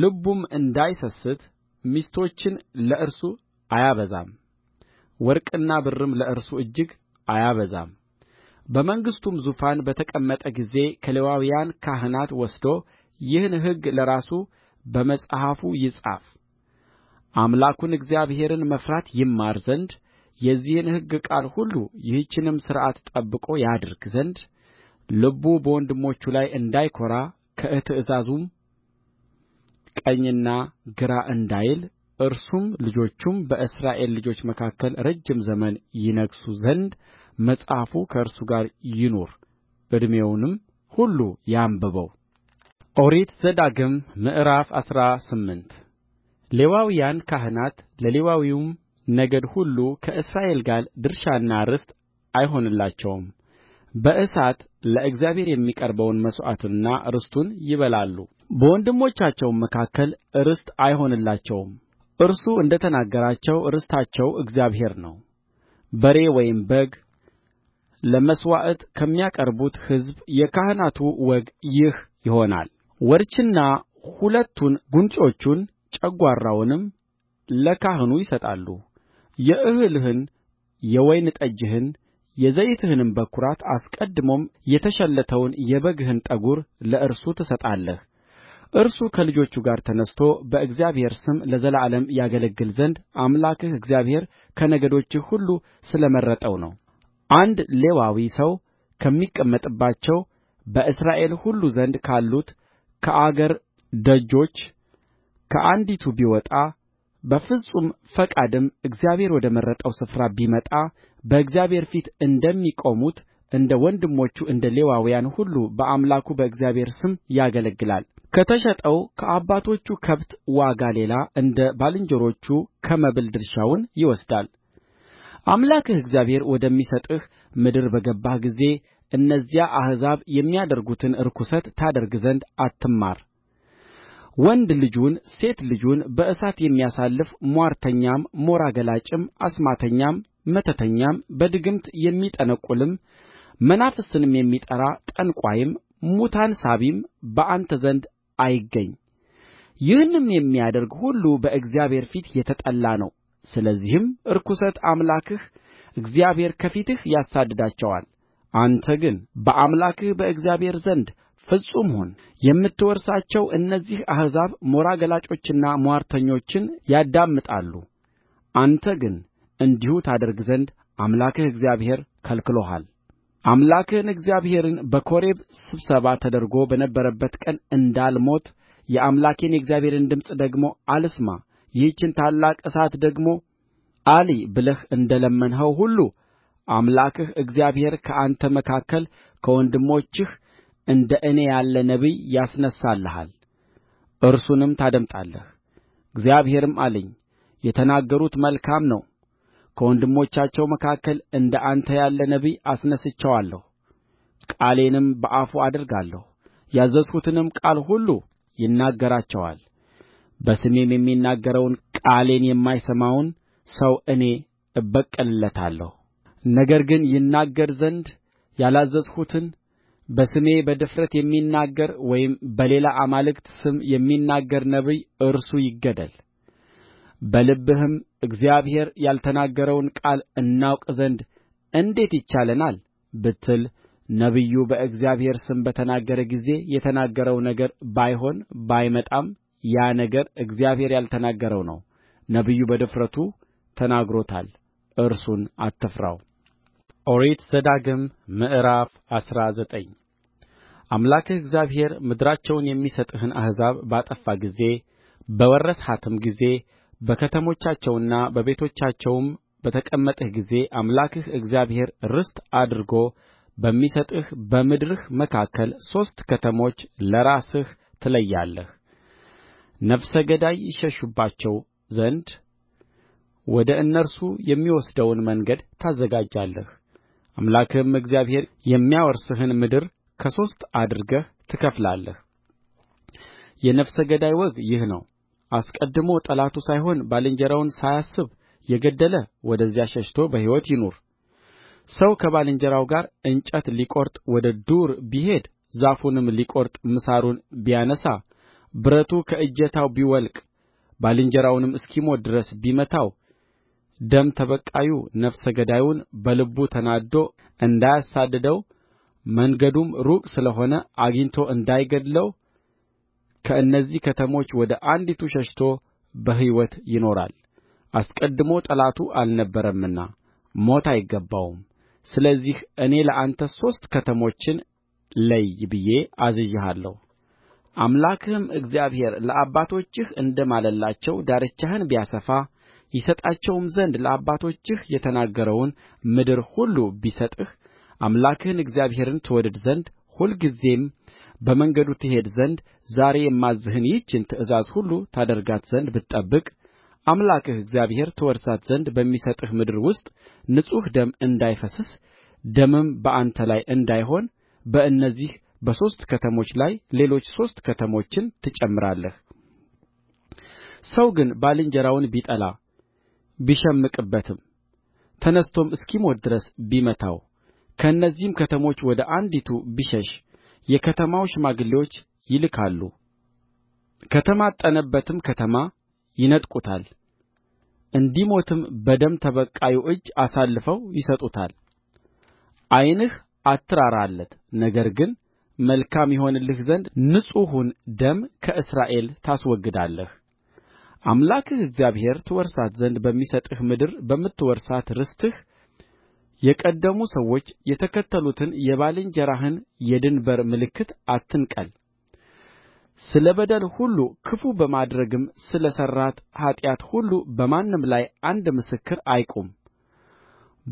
ልቡም እንዳይስት ሚስቶችን ለእርሱ አያበዛም ወርቅና ብርም ለእርሱ እጅግ አያበዛም በመንግሥቱም ዙፋን በተቀመጠ ጊዜ ከሌዋውያን ካህናት ወስዶ ይህን ሕግ ለራሱ በመጽሐፉ ይጻፍ አምላኩን እግዚአብሔርን መፍራት ይማር ዘንድ የዚህን ሕግ ቃል ሁሉ ይህችንም ሥርዓት ጠብቆ ያደርግ ዘንድ ልቡ በወንድሞቹ ላይ እንዳይኰራ ከትእዛዙም ቀኝና ግራ እንዳይል እርሱም ልጆቹም በእስራኤል ልጆች መካከል ረጅም ዘመን ይነግሡ ዘንድ መጽሐፉ ከእርሱ ጋር ይኑር ዕድሜውንም ሁሉ ያንብበው ኦሪት ዘዳግም ምዕራፍ አስራ ስምንት ሌዋውያን ካህናት ለሌዋዊውም ነገድ ሁሉ ከእስራኤል ጋር ድርሻና ርስት አይሆንላቸውም በእሳት ለእግዚአብሔር የሚቀርበውን መሥዋዕቱንና ርስቱን ይበላሉ በወንድሞቻቸውም መካከል ርስት አይሆንላቸውም እርሱ እንደ ተናገራቸው ርስታቸው እግዚአብሔር ነው በሬ ወይም በግ ለመሥዋዕት ከሚያቀርቡት ሕዝብ የካህናቱ ወግ ይህ ይሆናል ወርችና ሁለቱን ጉንጮቹን ጨጓራውንም ለካህኑ ይሰጣሉ የእህልህን የወይን ጠጅህን የዘይትህንም በኵራት አስቀድሞም የተሸለተውን የበግህን ጠጕር ለእርሱ ትሰጣለህ እርሱ ከልጆቹ ጋር ተነሥቶ በእግዚአብሔር ስም ለዘላለም ያገለግል ዘንድ አምላክህ እግዚአብሔር ከነገዶችህ ሁሉ ስለ መረጠው ነው አንድ ሌዋዊ ሰው ከሚቀመጥባቸው በእስራኤል ሁሉ ዘንድ ካሉት ከአገር ደጆች ከአንዲቱ ቢወጣ በፍጹም ፈቃድም እግዚአብሔር ወደ መረጠው ስፍራ ቢመጣ በእግዚአብሔር ፊት እንደሚቆሙት እንደ ወንድሞቹ እንደ ሌዋውያን ሁሉ በአምላኩ በእግዚአብሔር ስም ያገለግላል ከተሸጠው ከአባቶቹ ከብት ዋጋ ሌላ እንደ ባልንጀሮቹ ከመብል ድርሻውን ይወስዳል አምላክህ እግዚአብሔር ወደሚሰጥህ ምድር በገባህ ጊዜ እነዚያ አሕዛብ የሚያደርጉትን ርኵሰት ታደርግ ዘንድ አትማር ወንድ ልጁን ሴት ልጁን በእሳት የሚያሳልፍ ምዋርተኛም ሞራ ገላጭም አስማተኛም መተተኛም በድግምት የሚጠነቍልም መናፍስትንም የሚጠራ ጠንቋይም ሙታን ሳቢም በአንተ ዘንድ አይገኝ ይህንም የሚያደርግ ሁሉ በእግዚአብሔር ፊት የተጠላ ነው ስለዚህም ርኵሰት አምላክህ እግዚአብሔር ከፊትህ ያሳድዳቸዋል አንተ ግን በአምላክህ በእግዚአብሔር ዘንድ ፍጹም ሁን የምትወርሳቸው እነዚህ አሕዛብ ሞራ ገላጮችና ምዋርተኞችን ያዳምጣሉ አንተ ግን እንዲሁ ታደርግ ዘንድ አምላክህ እግዚአብሔር ከልክሎሃል አምላክህን እግዚአብሔርን በኮሬብ ስብሰባ ተደርጎ በነበረበት ቀን እንዳልሞት የአምላኬን የእግዚአብሔርን ድምፅ ደግሞ አልስማ ይህችን ታላቅ እሳት ደግሞ አልይ ብለህ እንደ ለመንኸው ሁሉ አምላክህ እግዚአብሔር ከአንተ መካከል ከወንድሞችህ እንደ እኔ ያለ ነቢይ ያስነሣልሃል እርሱንም ታደምጣለህ እግዚአብሔርም አለኝ የተናገሩት መልካም ነው ከወንድሞቻቸው መካከል እንደ አንተ ያለ ነቢይ አስነሥቼዋለሁ ቃሌንም በአፉ አደርጋለሁ ያዘዝሁትንም ቃል ሁሉ ይናገራቸዋል በስሜም የሚናገረውን ቃሌን የማይሰማውን ሰው እኔ እበቀልለታለሁ ነገር ግን ይናገር ዘንድ ያላዘዝሁትን በስሜ በድፍረት የሚናገር ወይም በሌላ አማልክት ስም የሚናገር ነቢይ እርሱ ይገደል በልብህም እግዚአብሔር ያልተናገረውን ቃል እናውቅ ዘንድ እንዴት ይቻለናል ብትል ነቢዩ በእግዚአብሔር ስም በተናገረ ጊዜ የተናገረው ነገር ባይሆን ባይመጣም ያ ነገር እግዚአብሔር ያልተናገረው ነው ነቢዩ በድፍረቱ ተናግሮታል እርሱን አትፍራው ኦሪት ዘዳግም ምዕራፍ አስራ ዘጠኝ አምላክህ እግዚአብሔር ምድራቸውን የሚሰጥህን አሕዛብ ባጠፋ ጊዜ በወረስሃትም ጊዜ በከተሞቻቸውና በቤቶቻቸውም በተቀመጥህ ጊዜ አምላክህ እግዚአብሔር ርስት አድርጎ በሚሰጥህ በምድርህ መካከል ሦስት ከተሞች ለራስህ ትለያለህ ነፍሰ ገዳይ ይሸሹባቸው ዘንድ ወደ እነርሱ የሚወስደውን መንገድ ታዘጋጃለህ አምላክህም እግዚአብሔር የሚያወርስህን ምድር ከሦስት አድርገህ ትከፍላለህ የነፍሰ ገዳይ ወግ ይህ ነው አስቀድሞ ጠላቱ ሳይሆን ባልንጀራውን ሳያስብ የገደለ ወደዚያ ሸሽቶ በሕይወት ይኑር ሰው ከባልንጀራው ጋር እንጨት ሊቈርጥ ወደ ዱር ቢሄድ ዛፉንም ሊቈርጥ ምሳሩን ቢያነሣ ብረቱ ከእጀታው ቢወልቅ ባልንጀራውንም እስኪሞት ድረስ ቢመታው ደም ተበቃዩ ነፍሰ ገዳዩን በልቡ ተናድዶ እንዳያሳድደው መንገዱም ሩቅ ስለ ሆነ አግኝቶ እንዳይገድለው ከእነዚህ ከተሞች ወደ አንዲቱ ሸሽቶ በሕይወት ይኖራል አስቀድሞ ጠላቱ አልነበረምና ሞት አይገባውም ስለዚህ እኔ ለአንተ ሦስት ከተሞችን ለይ ብዬ አዝዤሃለሁ አምላክህም እግዚአብሔር ለአባቶችህ እንደ ማለላቸው ዳርቻህን ቢያሰፋ ይሰጣቸውም ዘንድ ለአባቶችህ የተናገረውን ምድር ሁሉ ቢሰጥህ አምላክህን እግዚአብሔርን ትወድድ ዘንድ ሁልጊዜም በመንገዱ ትሄድ ዘንድ ዛሬ የማዝዝህን ይህችን ትእዛዝ ሁሉ ታደርጋት ዘንድ ብትጠብቅ አምላክህ እግዚአብሔር ትወርሳት ዘንድ በሚሰጥህ ምድር ውስጥ ንጹሕ ደም እንዳይፈስስ ደምም በአንተ ላይ እንዳይሆን በእነዚህ በሦስት ከተሞች ላይ ሌሎች ሦስት ከተሞችን ትጨምራለህ ሰው ግን ባልንጀራውን ቢጠላ ቢሸምቅበትም ተነሥቶም እስኪሞት ድረስ ቢመታው ከእነዚህም ከተሞች ወደ አንዲቱ ቢሸሽ የከተማው ሽማግሌዎች ይልካሉ ከተማጠነበትም ከተማ ይነጥቁታል እንዲሞትም በደም ተበቃዩ እጅ አሳልፈው ይሰጡታል ዓይንህ አትራራለት ነገር ግን መልካም ይሆንልህ ዘንድ ንጹሑን ደም ከእስራኤል ታስወግዳለህ አምላክህ እግዚአብሔር ትወርሳት ዘንድ በሚሰጥህ ምድር በምትወርሳት ርስትህ የቀደሙ ሰዎች የተከተሉትን የባልንጀራህን የድንበር ምልክት አትንቀል ስለ በደል ሁሉ ክፉ በማድረግም ስለ ሠራት ኃጢአት ሁሉ በማንም ላይ አንድ ምስክር አይቁም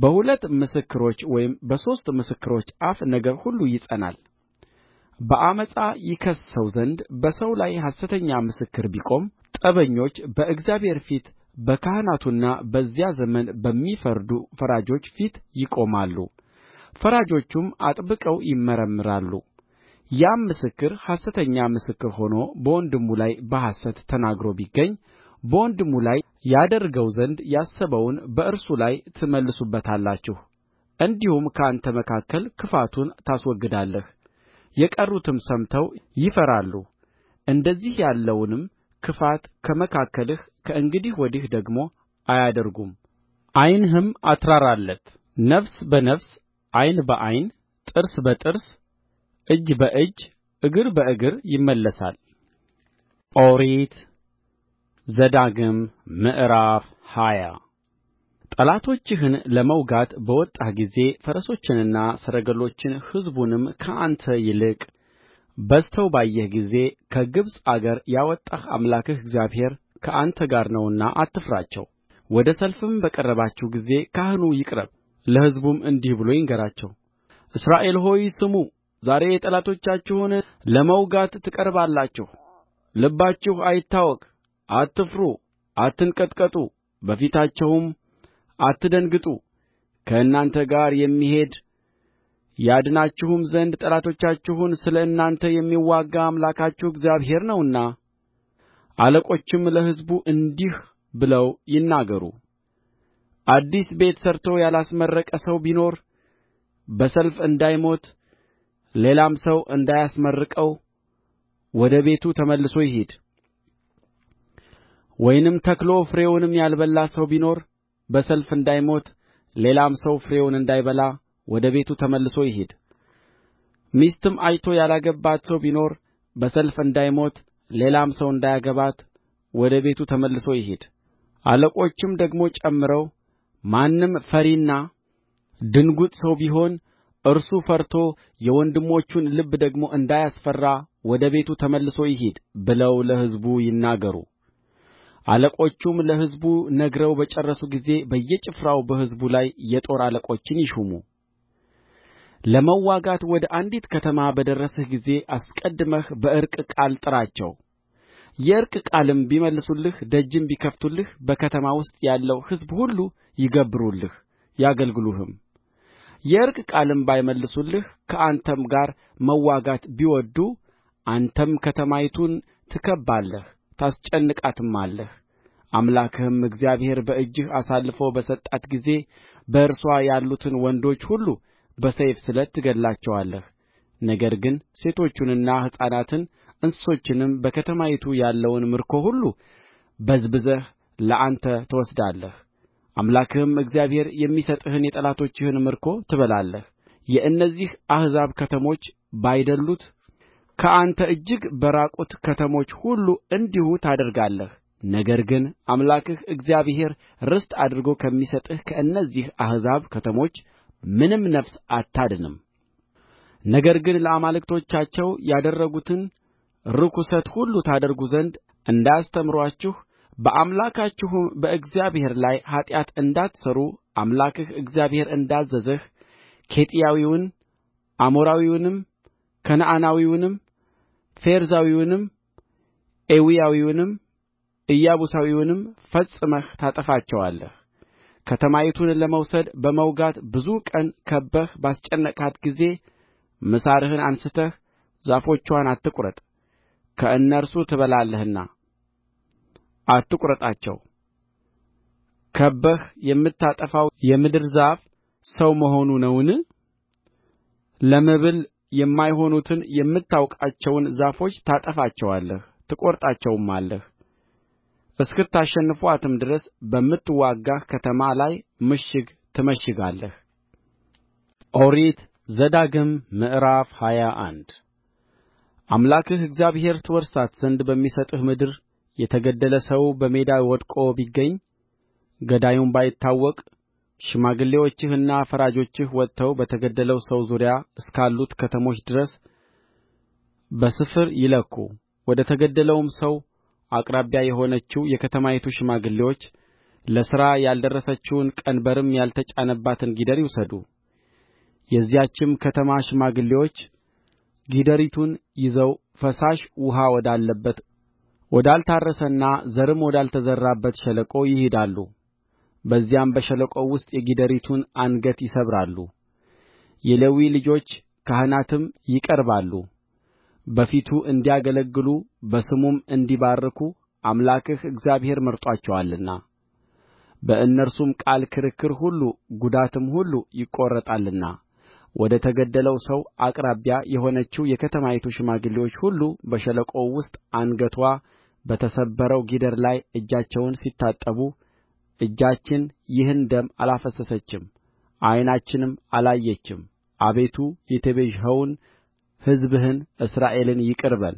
በሁለት ምስክሮች ወይም በሦስት ምስክሮች አፍ ነገር ሁሉ ይጸናል በዓመፃ ይከስሰው ዘንድ በሰው ላይ ሐሰተኛ ምስክር ቢቆም ጠበኞች በእግዚአብሔር ፊት በካህናቱና በዚያ ዘመን በሚፈርዱ ፈራጆች ፊት ይቆማሉ። ፈራጆቹም አጥብቀው ይመረምራሉ። ያም ምስክር ሐሰተኛ ምስክር ሆኖ በወንድሙ ላይ በሐሰት ተናግሮ ቢገኝ በወንድሙ ላይ ያደርገው ዘንድ ያሰበውን በእርሱ ላይ ትመልሱበታላችሁ። እንዲሁም ከአንተ መካከል ክፋቱን ታስወግዳለህ። የቀሩትም ሰምተው ይፈራሉ። እንደዚህ ያለውንም ክፋት ከመካከልህ ከእንግዲህ ወዲህ ደግሞ አያደርጉም ዓይንህም አትራራለት ነፍስ በነፍስ ዓይን በዓይን ጥርስ በጥርስ እጅ በእጅ እግር በእግር ይመለሳል ኦሪት ዘዳግም ምዕራፍ ሃያ ጠላቶችህን ለመውጋት በወጣህ ጊዜ ፈረሶችንና ሰረገሎችን ሕዝቡንም ከአንተ ይልቅ በዝተው ባየህ ጊዜ ከግብፅ አገር ያወጣህ አምላክህ እግዚአብሔር ከአንተ ጋር ነውና አትፍራቸው ወደ ሰልፍም በቀረባችሁ ጊዜ ካህኑ ይቅረብ ለሕዝቡም እንዲህ ብሎ ይንገራቸው እስራኤል ሆይ ስሙ ዛሬ ጠላቶቻችሁን ለመውጋት ትቀርባላችሁ ልባችሁ አይታወክ አትፍሩ አትንቀጥቀጡ በፊታቸውም አትደንግጡ ከእናንተ ጋር የሚሄድ ያድናችሁም ዘንድ ጠላቶቻችሁን ስለ እናንተ የሚዋጋ አምላካችሁ እግዚአብሔር ነውና አለቆችም ለሕዝቡ እንዲህ ብለው ይናገሩ አዲስ ቤት ሠርቶ ያላስመረቀ ሰው ቢኖር በሰልፍ እንዳይሞት ሌላም ሰው እንዳያስመርቀው ወደ ቤቱ ተመልሶ ይሂድ። ወይንም ተክሎ ፍሬውንም ያልበላ ሰው ቢኖር በሰልፍ እንዳይሞት ሌላም ሰው ፍሬውን እንዳይበላ ወደ ቤቱ ተመልሶ ይሂድ ሚስትም አጭቶ ያላገባት ሰው ቢኖር በሰልፍ እንዳይሞት ሌላም ሰው እንዳያገባት ወደ ቤቱ ተመልሶ ይሂድ አለቆችም ደግሞ ጨምረው ማንም ፈሪና ድንጉጥ ሰው ቢሆን እርሱ ፈርቶ የወንድሞቹን ልብ ደግሞ እንዳያስፈራ ወደ ቤቱ ተመልሶ ይሂድ ብለው ለሕዝቡ ይናገሩ። አለቆቹም ለሕዝቡ ነግረው በጨረሱ ጊዜ በየጭፍራው በሕዝቡ ላይ የጦር አለቆችን ይሹሙ። ለመዋጋት ወደ አንዲት ከተማ በደረስህ ጊዜ አስቀድመህ በዕርቅ ቃል ጥራቸው የዕርቅ ቃልም ቢመልሱልህ ደጅም ቢከፍቱልህ በከተማ ውስጥ ያለው ሕዝብ ሁሉ ይገብሩልህ ያገልግሉህም የዕርቅ ቃልም ባይመልሱልህ ከአንተም ጋር መዋጋት ቢወድዱ አንተም ከተማይቱን ትከብባለህ ታስጨንቃትማለህ አምላክህም እግዚአብሔር በእጅህ አሳልፎ በሰጣት ጊዜ በእርስዋ ያሉትን ወንዶች ሁሉ በሰይፍ ስለት ትገድላቸዋለህ ነገር ግን ሴቶቹንና ሕፃናትን እንስሶችንም በከተማይቱ ያለውን ምርኮ ሁሉ በዝብዘህ ለአንተ ትወስዳለህ አምላክህም እግዚአብሔር የሚሰጥህን የጠላቶችህን ምርኮ ትበላለህ የእነዚህ አሕዛብ ከተሞች ባይደሉት ከአንተ እጅግ በራቁት ከተሞች ሁሉ እንዲሁ ታደርጋለህ ነገር ግን አምላክህ እግዚአብሔር ርስት አድርጎ ከሚሰጥህ ከእነዚህ አሕዛብ ከተሞች ምንም ነፍስ አታድንም ነገር ግን ለአማልክቶቻቸው ያደረጉትን ርኵሰት ሁሉ ታደርጉ ዘንድ እንዳያስተምሩአችሁ በአምላካችሁም በእግዚአብሔር ላይ ኃጢአት እንዳትሠሩ አምላክህ እግዚአብሔር እንዳዘዘህ ኬጢያዊውን፣ አሞራዊውንም፣ ከነዓናዊውንም፣ ፌርዛዊውንም፣ ኤዊያዊውንም ኢያቡሳዊውንም ፈጽመህ ታጠፋቸዋለህ። ከተማይቱን ለመውሰድ በመውጋት ብዙ ቀን ከብበህ ባስጨነቅሃት ጊዜ ምሳርህን አንሥተህ ዛፎችዋን አትቍረጥ ከእነርሱ ትበላለህና አትቍረጣቸው ከብበህ የምታጠፋው የምድር ዛፍ ሰው መሆኑ ነውን? ለመብል የማይሆኑትን የምታውቃቸውን ዛፎች ታጠፋቸዋለህ ትቈርጣቸውማለህ እስክታሸንፉአትም ድረስ በምትዋጋህ ከተማ ላይ ምሽግ ትመሽጋለህ ኦሪት ዘዳግም ምዕራፍ ሃያ አንድ አምላክህ እግዚአብሔር ትወርሳት ዘንድ በሚሰጥህ ምድር የተገደለ ሰው በሜዳ ወድቆ ቢገኝ ገዳዩም ባይታወቅ ሽማግሌዎችህና ፈራጆችህ ወጥተው በተገደለው ሰው ዙሪያ እስካሉት ከተሞች ድረስ በስፍር ይለኩ ወደ ተገደለውም ሰው አቅራቢያ የሆነችው የከተማይቱ ሽማግሌዎች ለሥራ ያልደረሰችውን ቀንበርም ያልተጫነባትን ጊደር ይውሰዱ የዚያችም ከተማ ሽማግሌዎች ጊደሪቱን ይዘው ፈሳሽ ውኃ ወዳለበት ወዳልታረሰና ዘርም ወዳልተዘራበት ሸለቆ ይሄዳሉ በዚያም በሸለቆው ውስጥ የጊደሪቱን አንገት ይሰብራሉ የሌዊ ልጆች ካህናትም ይቀርባሉ በፊቱ እንዲያገለግሉ በስሙም እንዲባርኩ አምላክህ እግዚአብሔር መርጦአቸዋልና በእነርሱም ቃል ክርክር ሁሉ ጉዳትም ሁሉ ይቈረጣልና ወደ ተገደለው ሰው አቅራቢያ የሆነችው የከተማይቱ ሽማግሌዎች ሁሉ በሸለቆው ውስጥ አንገትዋ በተሰበረው ጊደር ላይ እጃቸውን ሲታጠቡ እጃችን ይህን ደም አላፈሰሰችም ዓይናችንም አላየችም አቤቱ የተቤዠኸውን ሕዝብህን እስራኤልን ይቅር በል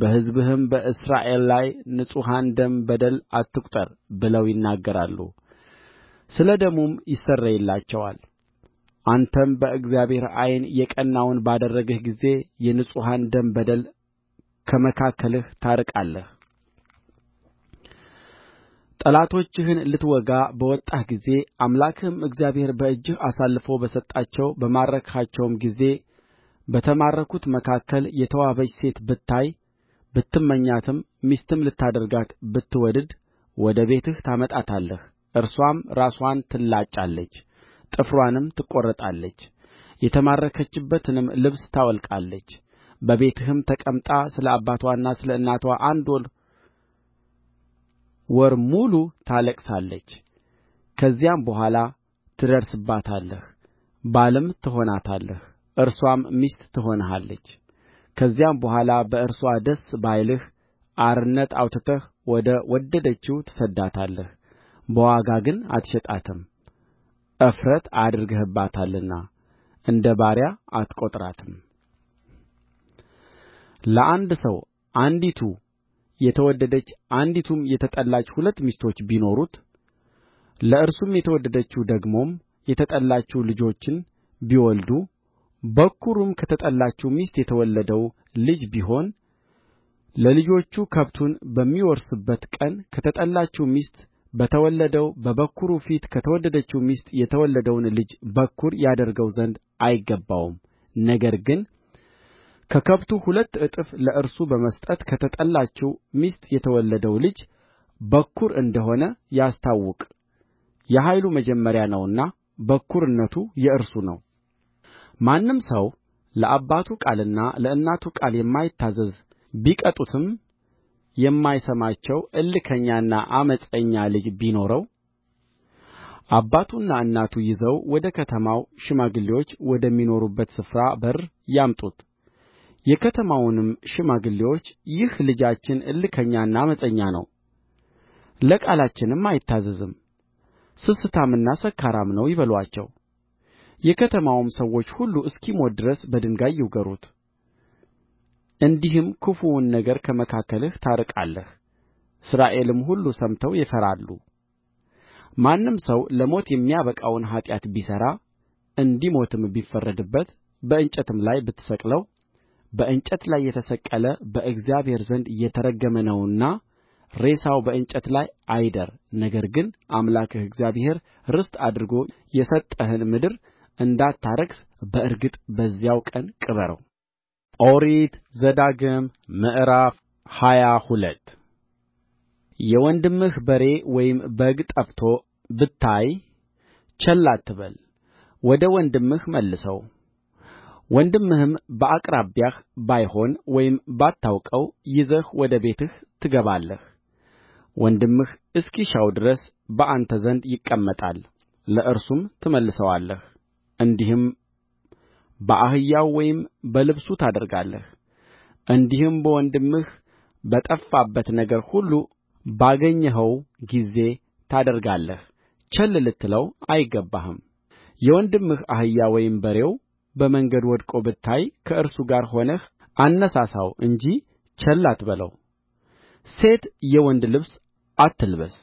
በሕዝብህም በእስራኤል ላይ የንጹሑን ደም በደል አትቍጠር ብለው ይናገራሉ ስለ ደሙም ይሰረይላቸዋል አንተም በእግዚአብሔር ዓይን የቀናውን ባደረግህ ጊዜ የንጹሑን ደም በደል ከመካከልህ ታርቃለህ ጠላቶችህን ልትወጋ በወጣህ ጊዜ አምላክህም እግዚአብሔር በእጅህ አሳልፎ በሰጣቸው በማረክሃቸውም ጊዜ በተማረኩት መካከል የተዋበች ሴት ብታይ ብትመኛትም ሚስትም ልታደርጋት ብትወድድ ወደ ቤትህ ታመጣታለህ እርስዋም ራስዋን ትላጫለች ጥፍርዋንም ትቈረጣለች የተማረከችበትንም ልብስ ታወልቃለች በቤትህም ተቀምጣ ስለ አባትዋና ስለ እናትዋ አንድ ወር ወር ሙሉ ታለቅሳለች ከዚያም በኋላ ትደርስባታለህ ባልም ትሆናታለህ እርስዋም ሚስት ትሆንሃለች ከዚያም በኋላ በእርስዋ ደስ ባይልህ አርነት አውጥተህ ወደ ወደደችው ትሰድዳታለህ በዋጋ ግን አትሸጣትም እፍረት አድርገህባታልና እንደ ባሪያ አትቈጥራትም ለአንድ ሰው አንዲቱ የተወደደች አንዲቱም የተጠላች ሁለት ሚስቶች ቢኖሩት ለእርሱም የተወደደችው ደግሞም የተጠላችው ልጆችን ቢወልዱ በኵሩም ከተጠላችው ሚስት የተወለደው ልጅ ቢሆን ለልጆቹ ከብቱን በሚወርስበት ቀን ከተጠላችው ሚስት በተወለደው በበኵሩ ፊት ከተወደደችው ሚስት የተወለደውን ልጅ በኵር ያደርገው ዘንድ አይገባውም ነገር ግን ከከብቱ ሁለት እጥፍ ለእርሱ በመስጠት ከተጠላችው ሚስት የተወለደው ልጅ በኵር እንደሆነ ያስታውቅ የኃይሉ መጀመሪያ ነውና በኵርነቱ የእርሱ ነው ማንም ሰው ለአባቱ ቃልና ለእናቱ ቃል የማይታዘዝ ቢቀጡትም የማይሰማቸው እልከኛና ዓመፀኛ ልጅ ቢኖረው አባቱና እናቱ ይዘው ወደ ከተማው ሽማግሌዎች ወደሚኖሩበት ስፍራ በር ያምጡት የከተማውንም ሽማግሌዎች ይህ ልጃችን እልከኛና ዓመፀኛ ነው ለቃላችንም አይታዘዝም ስስታምና ሰካራም ነው ይበሉአቸው የከተማውም ሰዎች ሁሉ እስኪሞት ድረስ በድንጋይ ይውገሩት እንዲህም ክፉውን ነገር ከመካከልህ ታርቃለህ እስራኤልም ሁሉ ሰምተው ይፈራሉ ማንም ሰው ለሞት የሚያበቃውን ኃጢአት ቢሠራ እንዲሞትም ቢፈረድበት በእንጨትም ላይ ብትሰቅለው በእንጨት ላይ የተሰቀለ በእግዚአብሔር ዘንድ የተረገመ ነውና ሬሳው በእንጨት ላይ አይደር ነገር ግን አምላክህ እግዚአብሔር ርስት አድርጎ የሰጠህን ምድር እንዳታረክስ በእርግጥ በዚያው ቀን ቅበረው ኦሪት ዘዳግም ምዕራፍ ሃያ ሁለት የወንድምህ በሬ ወይም በግ ጠፍቶ ብታይ ቸል አትበል ወደ ወንድምህ መልሰው ወንድምህም በአቅራቢያህ ባይሆን ወይም ባታውቀው ይዘህ ወደ ቤትህ ትገባለህ ወንድምህ እስኪሻው ድረስ በአንተ ዘንድ ይቀመጣል ለእርሱም ትመልሰዋለህ እንዲህም በአህያው ወይም በልብሱ ታደርጋለህ እንዲህም በወንድምህ በጠፋበት ነገር ሁሉ ባገኘኸው ጊዜ ታደርጋለህ ቸል ልትለው አይገባህም የወንድምህ አህያ ወይም በሬው በመንገድ ወድቆ ብታይ ከእርሱ ጋር ሆነህ አነሣሣው እንጂ ቸል አትበለው ሴት የወንድ ልብስ አትልበስ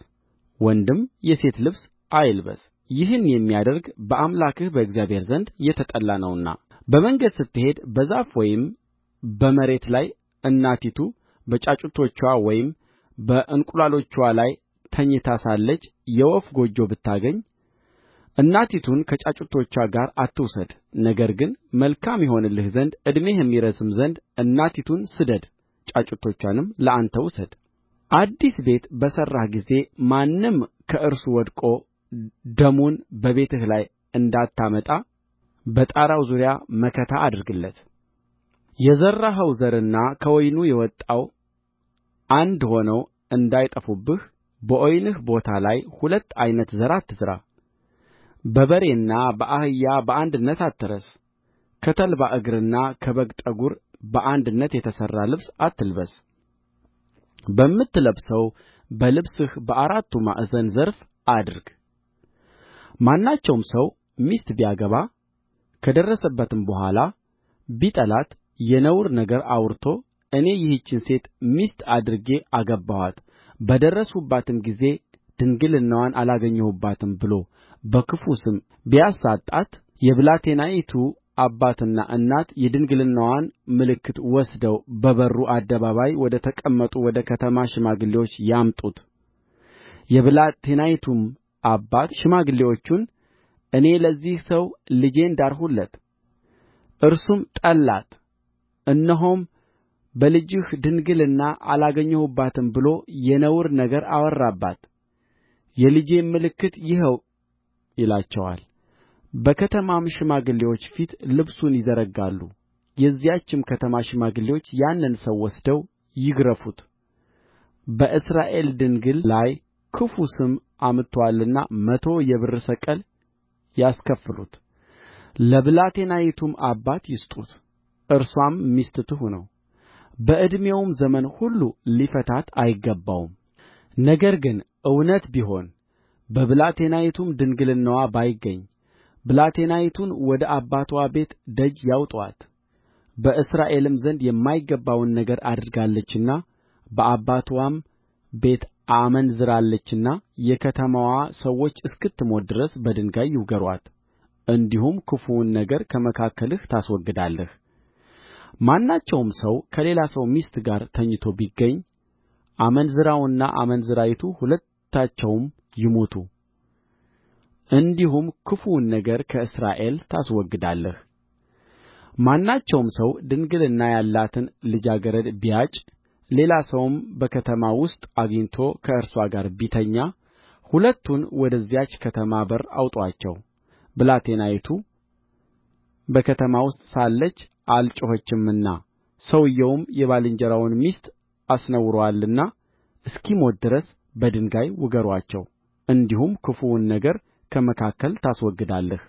ወንድም የሴት ልብስ አይልበስ ይህን የሚያደርግ በአምላክህ በእግዚአብሔር ዘንድ የተጠላ ነውና በመንገድ ስትሄድ በዛፍ ወይም በመሬት ላይ እናቲቱ በጫጩቶችዋ ወይም በእንቁላሎቿ ላይ ተኝታ ሳለች የወፍ ጎጆ ብታገኝ እናቲቱን ከጫጩቶችዋ ጋር አትውሰድ ነገር ግን መልካም ይሆንልህ ዘንድ ዕድሜህም ይረዝም ዘንድ እናቲቱን ስደድ ጫጩቶችዋንም ለአንተ ውሰድ አዲስ ቤት በሠራህ ጊዜ ማንም ከእርሱ ወድቆ ደሙን በቤትህ ላይ እንዳታመጣ በጣራው ዙሪያ መከታ አድርግለት የዘራኸው ዘርና ከወይኑ የወጣው አንድ ሆነው እንዳይጠፉብህ በወይንህ ቦታ ላይ ሁለት ዓይነት ዘር አትዝራ በበሬና በአህያ በአንድነት አትረስ ከተልባ እግርና ከበግ ጠጕር በአንድነት የተሠራ ልብስ አትልበስ በምትለብሰው በልብስህ በአራቱ ማዕዘን ዘርፍ አድርግ ማናቸውም ሰው ሚስት ቢያገባ ከደረሰባትም በኋላ ቢጠላት የነውር ነገር አውርቶ እኔ ይህችን ሴት ሚስት አድርጌ አገባኋት በደረስሁባትም ጊዜ ድንግልናዋን አላገኘሁባትም ብሎ በክፉ ስም ቢያሳጣት የብላቴናይቱ አባትና እናት የድንግልናዋን ምልክት ወስደው በበሩ አደባባይ ወደ ተቀመጡ ወደ ከተማ ሽማግሌዎች ያምጡት የብላቴናይቱም አባት ሽማግሌዎቹን እኔ ለዚህ ሰው ልጄን ዳርሁለት እርሱም ጠላት እነሆም በልጅህ ድንግልና አላገኘሁባትም ብሎ የነውር ነገር አወራባት የልጄም ምልክት ይኸው ይላቸዋል በከተማም ሽማግሌዎች ፊት ልብሱን ይዘረጋሉ የዚያችም ከተማ ሽማግሌዎች ያንን ሰው ወስደው ይግረፉት በእስራኤል ድንግል ላይ ክፉ ስም አምጥቶአልና መቶ የብር ሰቅል ያስከፍሉት ለብላቴናይቱም አባት ይስጡት እርስዋም ሚስት ትሁነው በዕድሜውም ዘመን ሁሉ ሊፈታት አይገባውም ነገር ግን እውነት ቢሆን በብላቴናይቱም ድንግልናዋ ባይገኝ ብላቴናይቱን ወደ አባትዋ ቤት ደጅ ያውጡአት በእስራኤልም ዘንድ የማይገባውን ነገር አድርጋለችና በአባትዋም ቤት አመንዝራለችና የከተማዋ ሰዎች እስክትሞት ድረስ በድንጋይ ይውገሩአት እንዲሁም ክፉውን ነገር ከመካከልህ ታስወግዳለህ ማናቸውም ሰው ከሌላ ሰው ሚስት ጋር ተኝቶ ቢገኝ አመንዝራውና አመንዝራይቱ ሁለታቸውም ይሙቱ እንዲሁም ክፉውን ነገር ከእስራኤል ታስወግዳለህ ማናቸውም ሰው ድንግልና ያላትን ልጃገረድ ቢያጭ ሌላ ሰውም በከተማ ውስጥ አግኝቶ ከእርስዋ ጋር ቢተኛ ሁለቱን ወደዚያች ከተማ በር አውጡአቸው ብላቴናይቱ በከተማ ውስጥ ሳለች አልጮኸችምና ሰውዮውም የባልንጀራውን ሚስት አስነውሮአልና እስኪሞት ድረስ በድንጋይ ውገሩአቸው እንዲሁም ክፉውን ነገር ከመካከልህ ታስወግዳለህ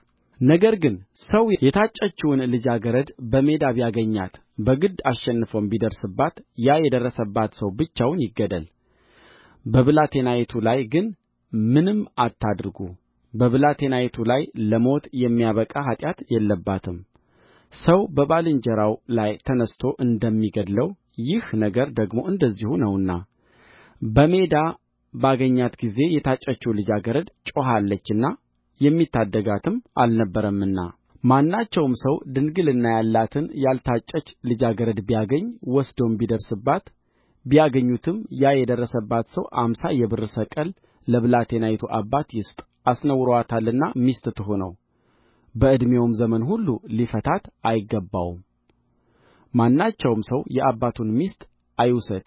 ነገር ግን ሰው የታጨችውን ልጃገረድ በሜዳ ቢያገኛት በግድ አሸንፎም ቢደርስባት ያ የደረሰባት ሰው ብቻውን ይገደል በብላቴናይቱ ላይ ግን ምንም አታድርጉ በብላቴናይቱ ላይ ለሞት የሚያበቃ ኃጢአት የለባትም ሰው በባልንጀራው ላይ ተነሥቶ እንደሚገድለው ይህ ነገር ደግሞ እንደዚሁ ነውና በሜዳ ባገኛት ጊዜ የታጨችው ልጃገረድ ጮኻለችና የሚታደጋትም አልነበረምና ማናቸውም ሰው ድንግልና ያላትን ያልታጨች ልጃገረድ ቢያገኝ ወስዶም ቢደርስባት ቢያገኙትም ያ የደረሰባት ሰው አምሳ የብር ሰቅል ለብላቴናይቱ አባት ይስጥ አስነውሮአታልና ሚስት ትሁነው በዕድሜውም ዘመን ሁሉ ሊፈታት አይገባውም ማናቸውም ሰው የአባቱን ሚስት አይውሰድ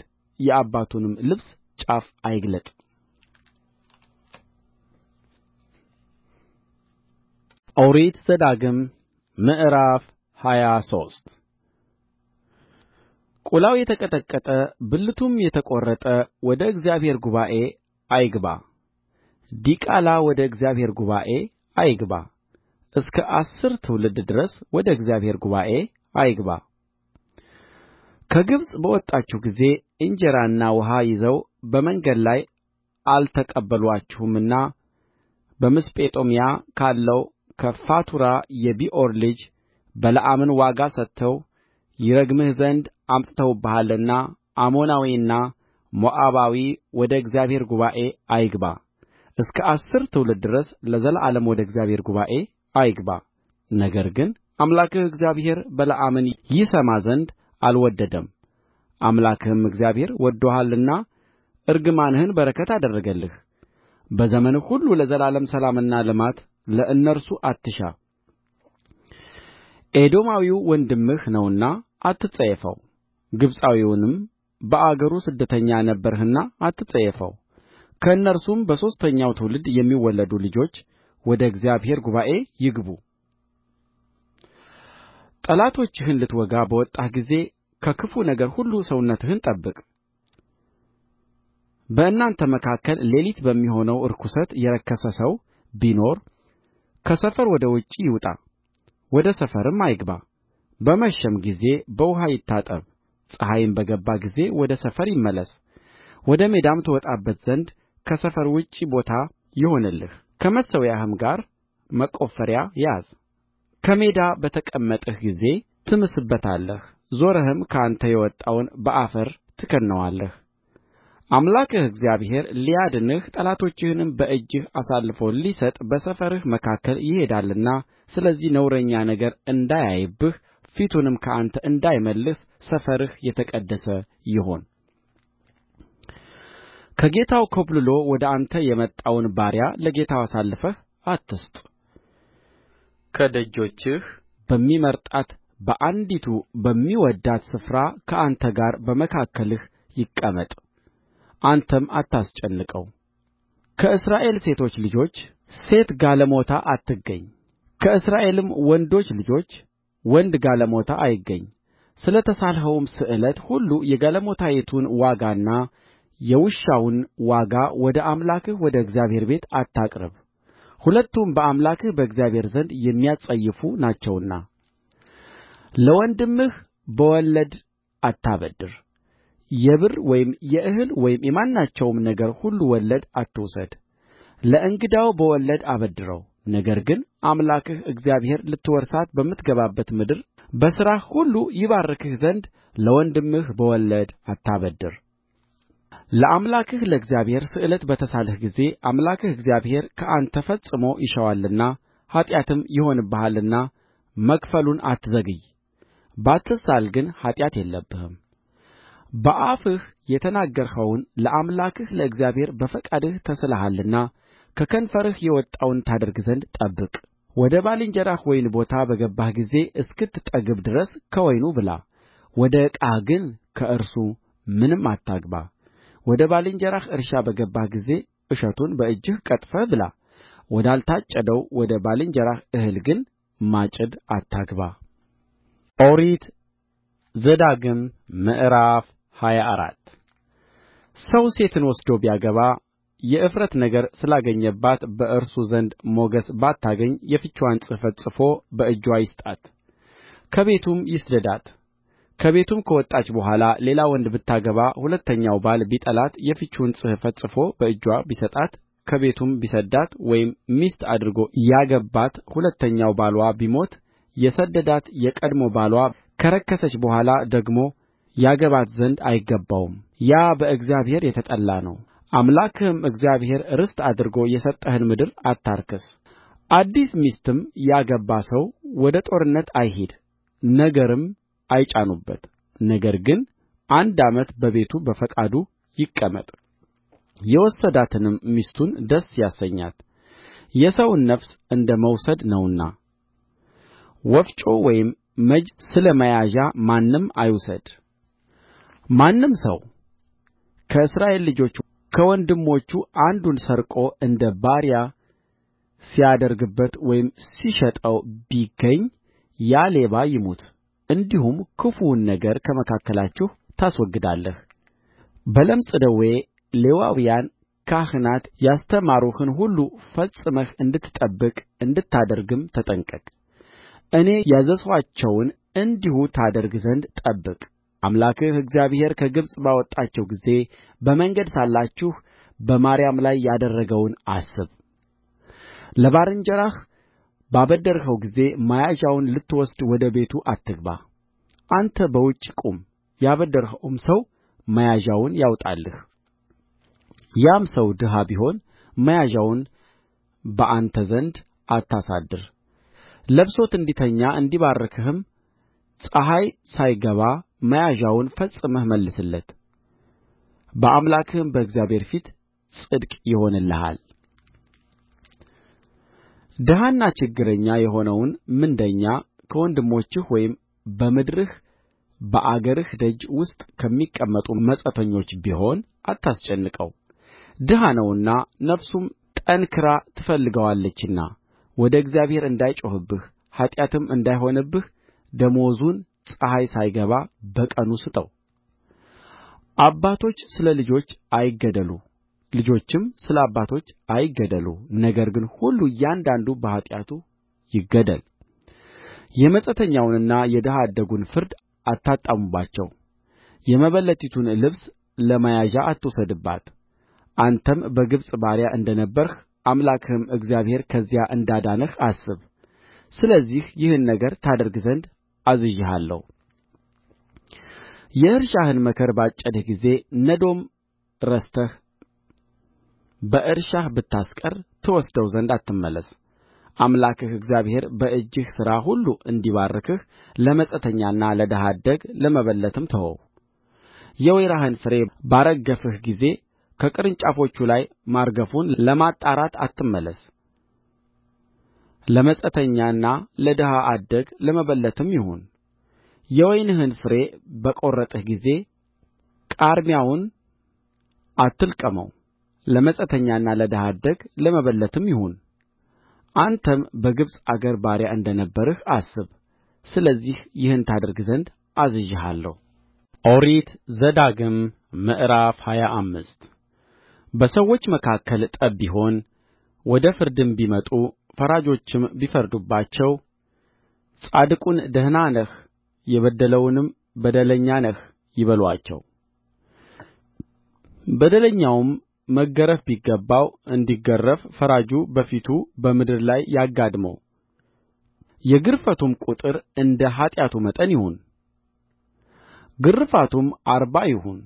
የአባቱንም ልብስ ጫፍ አይግለጥ ኦሪት ዘዳግም ምዕራፍ ሃያ ሶስት ቁላው የተቀጠቀጠ ብልቱም የተቈረጠ ወደ እግዚአብሔር ጉባኤ አይግባ። ዲቃላ ወደ እግዚአብሔር ጉባኤ አይግባ። እስከ አሥር ትውልድ ድረስ ወደ እግዚአብሔር ጉባኤ አይግባ። ከግብፅ በወጣችሁ ጊዜ እንጀራና ውኃ ይዘው በመንገድ ላይ አልተቀበሉአችሁምና በመስጴጦምያ ካለው ከፋቱራ የቢዖር ልጅ በለዓምን ዋጋ ሰጥተው ይረግምህ ዘንድ አምጥተውብሃልና አሞናዊና ሞዓባዊ ወደ እግዚአብሔር ጉባኤ አይግባ እስከ አሥር ትውልድ ድረስ ለዘላለም ወደ እግዚአብሔር ጉባኤ አይግባ ነገር ግን አምላክህ እግዚአብሔር በለዓምን ይሰማ ዘንድ አልወደደም አምላክህም እግዚአብሔር ወድዶሃልና እርግማንህን በረከት አደረገልህ በዘመንህ ሁሉ ለዘላለም ሰላምና ልማት ለእነርሱ አትሻ ኤዶማዊው ወንድምህ ነውና አትጸየፈው ግብፃዊውንም በአገሩ ስደተኛ ነበርህና አትጸየፈው ከእነርሱም በሦስተኛው ትውልድ የሚወለዱ ልጆች ወደ እግዚአብሔር ጉባኤ ይግቡ ጠላቶችህን ልትወጋ በወጣህ ጊዜ ከክፉ ነገር ሁሉ ሰውነትህን ጠብቅ በእናንተ መካከል ሌሊት በሚሆነው ርኵሰት የረከሰ ሰው ቢኖር ከሰፈር ወደ ውጭ ይውጣ ወደ ሰፈርም አይግባ በመሸም ጊዜ በውኃ ይታጠብ ፀሐይም በገባ ጊዜ ወደ ሰፈር ይመለስ ወደ ሜዳም ትወጣበት ዘንድ ከሰፈር ውጭ ቦታ ይሁንልህ ከመሠዊያህም ጋር መቈፈሪያ ያዝ ከሜዳ በተቀመጥህ ጊዜ ትምስበታለህ ዞረህም ከአንተ የወጣውን በአፈር ትከድነዋለህ አምላክህ እግዚአብሔር ሊያድንህ ጠላቶችህንም በእጅህ አሳልፎ ሊሰጥ በሰፈርህ መካከል ይሄዳልና ስለዚህ ነውረኛ ነገር እንዳያይብህ ፊቱንም ከአንተ እንዳይመልስ ሰፈርህ የተቀደሰ ይሁን ከጌታው ኮብልሎ ወደ አንተ የመጣውን ባሪያ ለጌታው አሳልፈህ አትስጥ ከደጆችህ በሚመርጣት በአንዲቱ በሚወድዳት ስፍራ ከአንተ ጋር በመካከልህ ይቀመጥ አንተም አታስጨንቀው ከእስራኤል ሴቶች ልጆች ሴት ጋለሞታ አትገኝ ከእስራኤልም ወንዶች ልጆች ወንድ ጋለሞታ አይገኝ ስለ ተሳልኸውም ስእለት ሁሉ የጋለሞታይቱን ዋጋና የውሻውን ዋጋ ወደ አምላክህ ወደ እግዚአብሔር ቤት አታቅርብ ሁለቱም በአምላክህ በእግዚአብሔር ዘንድ የሚያጸይፉ ናቸውና ለወንድምህ በወለድ አታበድር የብር ወይም የእህል ወይም የማናቸውም ነገር ሁሉ ወለድ አትውሰድ ለእንግዳው በወለድ አበድረው ነገር ግን አምላክህ እግዚአብሔር ልትወርሳት በምትገባባት ምድር በሥራህ ሁሉ ይባርክህ ዘንድ ለወንድምህ በወለድ አታበድር ለአምላክህ ለእግዚአብሔር ስእለት በተሳልህ ጊዜ አምላክህ እግዚአብሔር ከአንተ ፈጽሞ ይሻዋልና ኃጢአትም ይሆንብሃልና መክፈሉን አትዘግይ ባትሳል ግን ኃጢአት የለብህም በአፍህ የተናገርኸውን ለአምላክህ ለእግዚአብሔር በፈቃድህ ተስለሃልና ከከንፈርህ የወጣውን ታደርግ ዘንድ ጠብቅ ወደ ባልንጀራህ ወይን ቦታ በገባህ ጊዜ እስክትጠግብ ድረስ ከወይኑ ብላ ወደ ዕቃህ ግን ከእርሱ ምንም አታግባ ወደ ባልንጀራህ እርሻ በገባህ ጊዜ እሸቱን በእጅህ ቀጥፈህ ብላ ወዳልታጨደው ወደ ባልንጀራህ እህል ግን ማጭድ አታግባ ኦሪት ዘዳግም ምዕራፍ ሃያ አራት ሰው ሴትን ወስዶ ቢያገባ የእፍረት ነገር ስላገኘባት በእርሱ ዘንድ ሞገስ ባታገኝ የፍችዋን ጽሕፈት ጽፎ በእጅዋ ይስጣት ከቤቱም ይስደዳት ከቤቱም ከወጣች በኋላ ሌላ ወንድ ብታገባ ሁለተኛው ባል ቢጠላት የፍችዋን ጽሕፈት ጽፎ በእጅዋ ቢሰጣት ከቤቱም ቢሰዳት ወይም ሚስት አድርጎ ያገባት ሁለተኛው ባልዋ ቢሞት የሰደዳት የቀድሞ ባልዋ ከረከሰች በኋላ ደግሞ ያገባት ዘንድ አይገባውም ያ በእግዚአብሔር የተጠላ ነው አምላክህም እግዚአብሔር ርስት አድርጎ የሰጠህን ምድር አታርክስ አዲስ ሚስትም ያገባ ሰው ወደ ጦርነት አይሂድ ነገርም አይጫኑበት ነገር ግን አንድ ዓመት በቤቱ በፈቃዱ ይቀመጥ የወሰዳትንም ሚስቱን ደስ ያሰኛት የሰውን ነፍስ እንደ መውሰድ ነውና ወፍጮ ወይም መጅ ስለ መያዣ ማንም አይውሰድ ማንም ሰው ከእስራኤል ልጆች ከወንድሞቹ አንዱን ሰርቆ እንደ ባሪያ ሲያደርግበት ወይም ሲሸጠው ቢገኝ ያ ሌባ ይሙት እንዲሁም ክፉውን ነገር ከመካከላችሁ ታስወግዳለህ በለምጽ ደዌ ሌዋውያን ካህናት ያስተማሩህን ሁሉ ፈጽመህ እንድትጠብቅ እንድታደርግም ተጠንቀቅ እኔ ያዘዝኋቸውን እንዲሁ ታደርግ ዘንድ ጠብቅ አምላክህ እግዚአብሔር ከግብፅ ባወጣችሁ ጊዜ በመንገድ ሳላችሁ በማርያም ላይ ያደረገውን አስብ ለባልንጀራህ ባበደርኸው ጊዜ መያዣውን ልትወስድ ወደ ቤቱ አትግባ አንተ በውጭ ቁም ያበደርኸውም ሰው መያዣውን ያውጣልህ ያም ሰው ድሃ ቢሆን መያዣውን በአንተ ዘንድ አታሳድር ለብሶት እንዲተኛ እንዲባርክህም ፀሐይ ሳይገባ መያዣውን ፈጽመህ መልስለት በአምላክህም በእግዚአብሔር ፊት ጽድቅ ይሆንልሃል ድሀና ችግረኛ የሆነውን ምንደኛ ከወንድሞችህ ወይም በምድርህ በአገርህ ደጅ ውስጥ ከሚቀመጡ መጻተኞች ቢሆን አታስጨንቀው ድሀ ነውና ነፍሱም ጠንክራ ትፈልገዋለችና ወደ እግዚአብሔር እንዳይጮኽብህ ኃጢአትም እንዳይሆንብህ ደመወዙን ፀሐይ ሳይገባ በቀኑ ስጠው አባቶች ስለ ልጆች አይገደሉ ልጆችም ስለ አባቶች አይገደሉ ነገር ግን ሁሉ እያንዳንዱ በኃጢአቱ ይገደል የመጻተኛውንና የድሀ አደጉን ፍርድ አታጣምምባቸው የመበለቲቱን ልብስ ለመያዣ አትውሰድባት አንተም በግብፅ ባሪያ እንደ ነበርህ አምላክህም እግዚአብሔር ከዚያ እንዳዳነህ አስብ ስለዚህ ይህን ነገር ታደርግ ዘንድ አዝዤሃለሁ የእርሻህን መከር ባጨድህ ጊዜ ነዶም ረስተህ በእርሻህ ብታስቀር ትወስደው ዘንድ አትመለስ አምላክህ እግዚአብሔር በእጅህ ሥራ ሁሉ እንዲባርክህ ለመጻተኛና ለድሀ አደግ ለመበለትም ተወው። የወይራህን ፍሬ ባረገፍህ ጊዜ ከቅርንጫፎቹ ላይ ማርገፉን ለማጣራት አትመለስ ለመጻተኛና ለድሀ አደግ ለመበለትም ይሁን የወይንህን ፍሬ በቈረጥህ ጊዜ ቃርሚያውን አትልቀመው ለመጻተኛና ለድሀ አደግ ለመበለትም ይሁን አንተም በግብፅ አገር ባሪያ እንደ ነበርህ አስብ ስለዚህ ይህን ታደርግ ዘንድ አዝዤሃለሁ ኦሪት ዘዳግም ምዕራፍ ሃያ አምስት በሰዎች መካከል ጠብ ቢሆን ወደ ፍርድም ቢመጡ ፈራጆችም ቢፈርዱባቸው ጻድቁን ደኅና ነህ የበደለውንም በደለኛ ነህ ይበሉአቸው በደለኛውም መገረፍ ቢገባው እንዲገረፍ ፈራጁ በፊቱ በምድር ላይ ያጋድመው የግርፋቱም ቍጥር እንደ ኃጢአቱ መጠን ይሁን ግርፋቱም አርባ ይሁን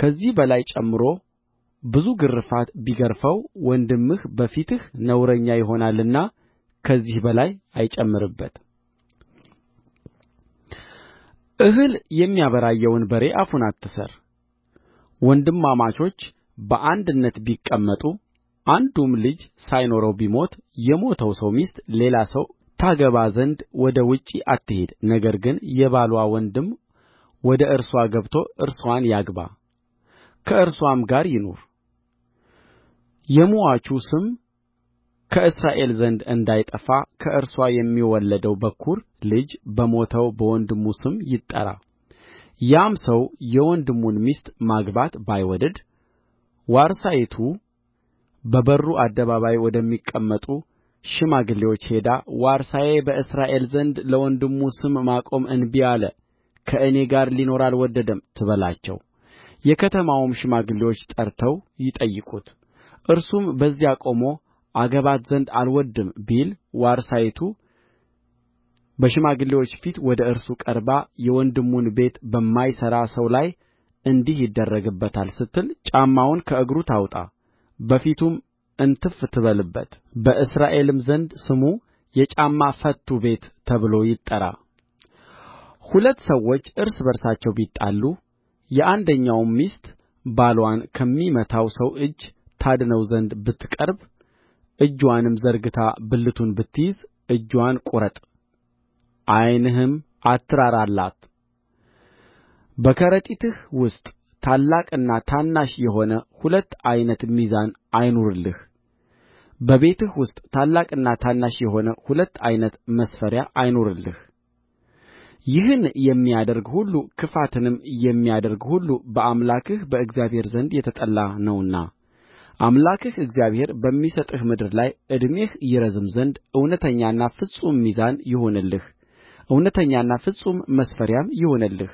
ከዚህ በላይ ጨምሮ ብዙ ግርፋት ቢገርፈው ወንድምህ በፊትህ ነውረኛ ይሆናልና ከዚህ በላይ አይጨምርበት እህል የሚያበራየውን በሬ አፉን አትሰር ወንድማማቾች በአንድነት ቢቀመጡ አንዱም ልጅ ሳይኖረው ቢሞት የሞተው ሰው ሚስት ሌላ ሰው ታገባ ዘንድ ወደ ውጭ አትሂድ ነገር ግን የባልዋ ወንድም ወደ እርሷ ገብቶ እርሷን ያግባ ከእርሷም ጋር ይኑር የምዋቹ ስም ከእስራኤል ዘንድ እንዳይጠፋ ከእርስዋ የሚወለደው በኵር ልጅ በሞተው በወንድሙ ስም ይጠራ ያም ሰው የወንድሙን ሚስት ማግባት ባይወድድ ዋርሳይቱ በበሩ አደባባይ ወደሚቀመጡ ሽማግሌዎች ሄዳ ዋርሳዬ በእስራኤል ዘንድ ለወንድሙ ስም ማቆም እንቢ አለ ከእኔ ጋር ሊኖር አልወደደም ትበላቸው የከተማውም ሽማግሌዎች ጠርተው ይጠይቁት እርሱም በዚያ ቆሞ አገባት ዘንድ አልወድድም ቢል ዋርሳይቱ በሽማግሌዎች ፊት ወደ እርሱ ቀርባ የወንድሙን ቤት በማይሠራ ሰው ላይ እንዲህ ይደረግበታል ስትል ጫማውን ከእግሩ ታውጣ በፊቱም እንትፍ ትበልበት በእስራኤልም ዘንድ ስሙ የጫማ ፈቱ ቤት ተብሎ ይጠራ ሁለት ሰዎች እርስ በርሳቸው ቢጣሉ የአንደኛውም ሚስት ባልዋን ከሚመታው ሰው እጅ ታድነው ዘንድ ብትቀርብ እጅዋንም ዘርግታ ብልቱን ብትይዝ እጅዋን ቍረጥ ዓይንህም አትራራላት በከረጢትህ ውስጥ ታላቅና ታናሽ የሆነ ሁለት ዓይነት ሚዛን አይኑርልህ በቤትህ ውስጥ ታላቅና ታናሽ የሆነ ሁለት ዓይነት መስፈሪያ አይኑርልህ ይህን የሚያደርግ ሁሉ ክፋትንም የሚያደርግ ሁሉ በአምላክህ በእግዚአብሔር ዘንድ የተጠላ ነውና አምላክህ እግዚአብሔር በሚሰጥህ ምድር ላይ ዕድሜህ ይረዝም ዘንድ እውነተኛና ፍጹም ሚዛን ይሁንልህ እውነተኛና ፍጹም መስፈሪያም ይሁንልህ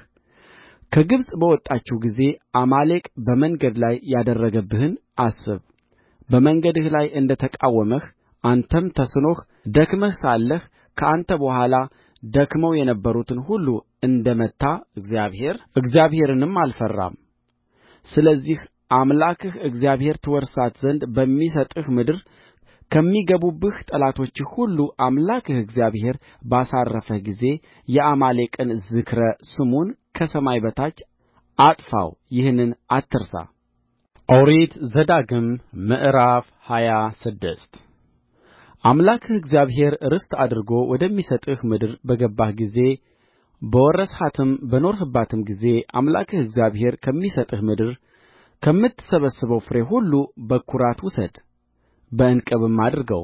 ከግብፅ በወጣችሁ ጊዜ አማሌቅ በመንገድ ላይ ያደረገብህን አስብ በመንገድህ ላይ እንደ ተቃወመህ አንተም ተስኖህ ደክመህ ሳለህ ከአንተ በኋላ ደክመው የነበሩትን ሁሉ እንደ መታ እግዚአብሔር እግዚአብሔርንም አልፈራም ስለዚህ አምላክህ እግዚአብሔር ትወርሳት ዘንድ በሚሰጥህ ምድር ከሚገቡብህ ጠላቶችህ ሁሉ አምላክህ እግዚአብሔር ባሳረፈህ ጊዜ የአማሌቅን ዝክረ ስሙን ከሰማይ በታች አጥፋው ይህንን አትርሳ ኦሪት ዘዳግም ምዕራፍ ሃያ ስድስት አምላክህ እግዚአብሔር ርስት አድርጎ ወደሚሰጥህ ምድር በገባህ ጊዜ በወረስሃትም በኖርህባትም ጊዜ አምላክህ እግዚአብሔር ከሚሰጥህ ምድር ከምትሰበስበው ፍሬ ሁሉ በኵራት ውሰድ በዕንቅብም አድርገው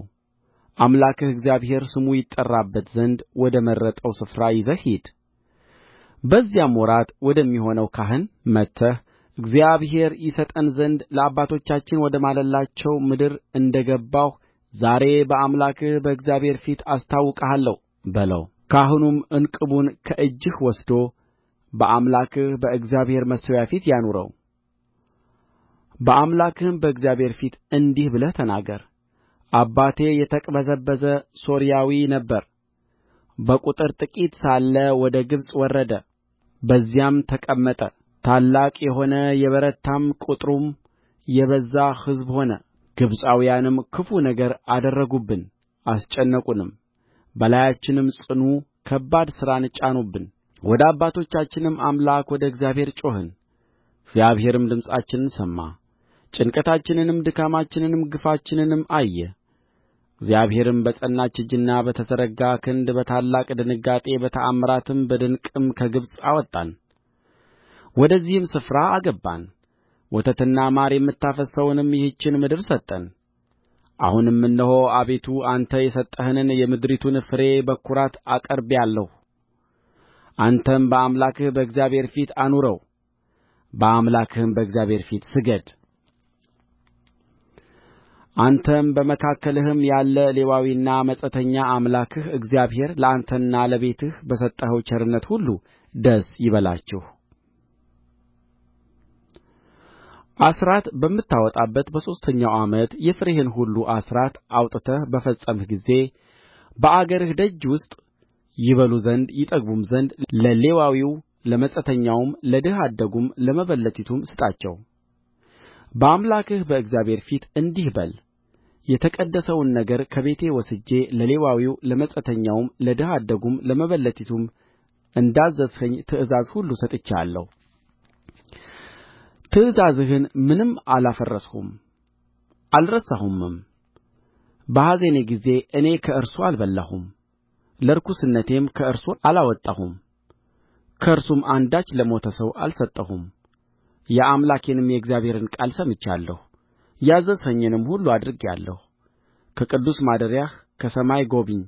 አምላክህ እግዚአብሔር ስሙ ይጠራበት ዘንድ ወደ መረጠው ስፍራ ይዘህ ሂድ በዚያም ወራት ወደሚሆነው ካህን መጥተህ እግዚአብሔር ይሰጠን ዘንድ ለአባቶቻችን ወደ ማለላቸው ምድር እንደ ገባሁ ዛሬ በአምላክህ በእግዚአብሔር ፊት አስታውቃለሁ በለው ካህኑም ዕንቅቡን ከእጅህ ወስዶ በአምላክህ በእግዚአብሔር መሠዊያ ፊት ያኑረው በአምላክህም በእግዚአብሔር ፊት እንዲህ ብለህ ተናገር አባቴ የተቅበዘበዘ ሶርያዊ ነበረ በቍጥር ጥቂት ሳለ ወደ ግብፅ ወረደ በዚያም ተቀመጠ ታላቅ የሆነ የበረታም ቍጥሩም የበዛ ሕዝብ ሆነ ግብፃውያንም ክፉ ነገር አደረጉብን አስጨነቁንም በላያችንም ጽኑ ከባድ ሥራን ጫኑብን ወደ አባቶቻችንም አምላክ ወደ እግዚአብሔር ጮኽን እግዚአብሔርም ድምፃችንን ሰማ ጭንቀታችንንም ድካማችንንም ግፋችንንም አየ እግዚአብሔርም በጸናች እጅና በተዘረጋ ክንድ በታላቅ ድንጋጤ በተአምራትም በድንቅም ከግብፅ አወጣን ወደዚህም ስፍራ አገባን ወተትና ማር የምታፈስሰውንም ይህችን ምድር ሰጠን አሁንም እነሆ አቤቱ አንተ የሰጠህንን የምድሪቱን ፍሬ በኵራት አቅርቤአለሁ አንተም በአምላክህ በእግዚአብሔር ፊት አኑረው በአምላክህም በእግዚአብሔር ፊት ስገድ አንተም በመካከልህም ያለ ሌዋዊና መጻተኛ አምላክህ እግዚአብሔር ለአንተና ለቤትህ በሰጠው ቸርነት ሁሉ ደስ ይበላችሁ አሥራት በምታወጣበት በሦስተኛው ዓመት የፍሬህን ሁሉ አሥራት አውጥተህ በፈጸምህ ጊዜ በአገርህ ደጅ ውስጥ ይበሉ ዘንድ ይጠግቡም ዘንድ ለሌዋዊው ለመጻተኛውም ለድሀ አደጉም ለመበለቲቱም ስጣቸው በአምላክህ በእግዚአብሔር ፊት እንዲህ በል የተቀደሰውን ነገር ከቤቴ ወስጄ ለሌዋዊው ለመጻተኛውም ለድሀ አደጉም ለመበለቲቱም እንዳዘዝኸኝ ትእዛዝ ሁሉ ሰጥቼአለሁ ትእዛዝህን ምንም አላፈረስሁም አልረሳሁምም በኀዘኔ ጊዜ እኔ ከእርሱ አልበላሁም ለርኵስነቴም ከእርሱ አላወጣሁም ከእርሱም አንዳች ለሞተ ሰው አልሰጠሁም የአምላኬንም የእግዚአብሔርን ቃል ሰምቻለሁ ያዘዝኸኝንም ሁሉ አድርጌአለሁ ከቅዱስ ማደሪያህ ከሰማይ ጐብኝ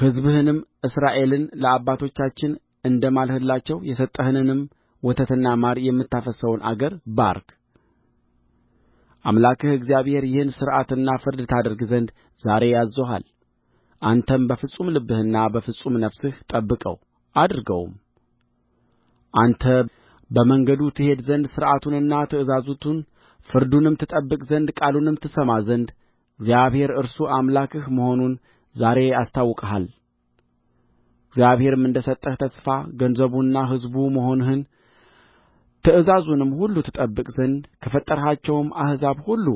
ሕዝብህንም እስራኤልን ለአባቶቻችን እንደ ማልህላቸው የሰጠህንንም ወተትና ማር የምታፈስሰውን አገር ባርክ አምላክህ እግዚአብሔር ይህን ሥርዓትና ፍርድ ታደርግ ዘንድ ዛሬ ያዝዞሃል አንተም በፍጹም ልብህና በፍጹም ነፍስህ ጠብቀው አድርገውም አንተ በመንገዱ ትሄድ ዘንድ ሥርዓቱንና ትእዛዙን ፍርዱንም ትጠብቅ ዘንድ ቃሉንም ትሰማ ዘንድ እግዚአብሔር እርሱ አምላክህ መሆኑን ዛሬ አስታውቀሃል እግዚአብሔርም እንደ ሰጠህ ተስፋ ገንዘቡና ሕዝቡ መሆንህን ትእዛዙንም ሁሉ ትጠብቅ ዘንድ ከፈጠርሃቸውም አሕዛብ ሁሉ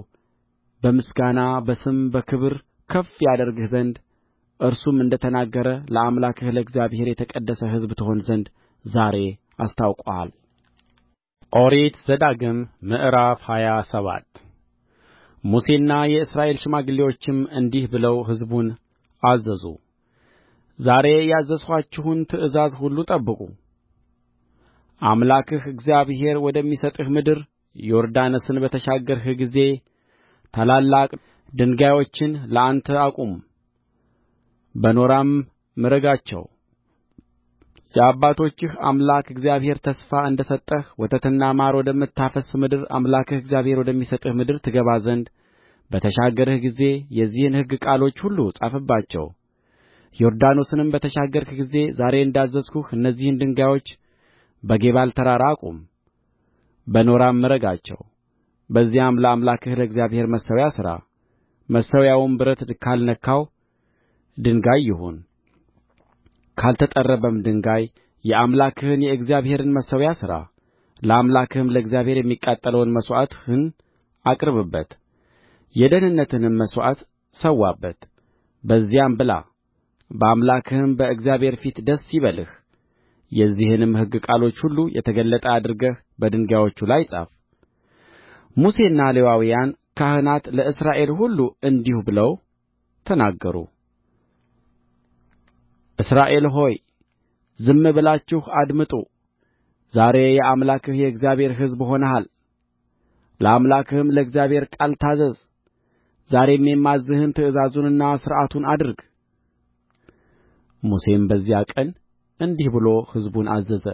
በምስጋና በስም በክብር ከፍ ያደርግህ ዘንድ እርሱም እንደ ተናገረ ለአምላክህ ለእግዚአብሔር የተቀደሰ ሕዝብ ትሆን ዘንድ ዛሬ አስታውቆሃል ኦሪት ዘዳግም ምዕራፍ ሃያ ሰባት ሙሴና የእስራኤል ሽማግሌዎችም እንዲህ ብለው ሕዝቡን አዘዙ። ዛሬ ያዘዝኋችሁን ትእዛዝ ሁሉ ጠብቁ። አምላክህ እግዚአብሔር ወደሚሰጥህ ምድር ዮርዳኖስን በተሻገርህ ጊዜ ታላላቅ ድንጋዮችን ለአንተ አቁም፣ በኖራም ምረጋቸው። የአባቶችህ አምላክ እግዚአብሔር ተስፋ እንደ ሰጠህ ወተትና ማር ወደምታፈስስ ምድር አምላክህ እግዚአብሔር ወደሚሰጥህ ምድር ትገባ ዘንድ በተሻገርህ ጊዜ የዚህን ሕግ ቃሎች ሁሉ ጻፍባቸው ዮርዳኖስንም በተሻገርህ ጊዜ ዛሬ እንዳዘዝሁህ እነዚህን ድንጋዮች በጌባል ተራራ አቁም በኖራም ምረጋቸው በዚያም ለአምላክህ ለእግዚአብሔር መሠዊያ ሥራ መሠዊያውም ብረት ካልነካው ድንጋይ ይሁን ካልተጠረበም ድንጋይ የአምላክህን የእግዚአብሔርን መሠዊያ ሥራ ለአምላክህም ለእግዚአብሔር የሚቃጠለውን መሥዋዕትህን አቅርብበት የደኅንነትንም መሥዋዕት ሠዋበት በዚያም ብላ በአምላክህም በእግዚአብሔር ፊት ደስ ይበልህ የዚህንም ሕግ ቃሎች ሁሉ የተገለጠ አድርገህ በድንጋዮቹ ላይ ጻፍ ሙሴና ሌዋውያን ካህናት ለእስራኤል ሁሉ እንዲህ ብለው ተናገሩ እስራኤል ሆይ ዝም ብላችሁ አድምጡ ዛሬ የአምላክህ የእግዚአብሔር ሕዝብ ሆነሃል ለአምላክህም ለእግዚአብሔር ቃል ታዘዝ ዛሬም የማዝዝህን ትእዛዙንና ሥርዓቱን አድርግ ሙሴም በዚያ ቀን እንዲህ ብሎ ሕዝቡን አዘዘ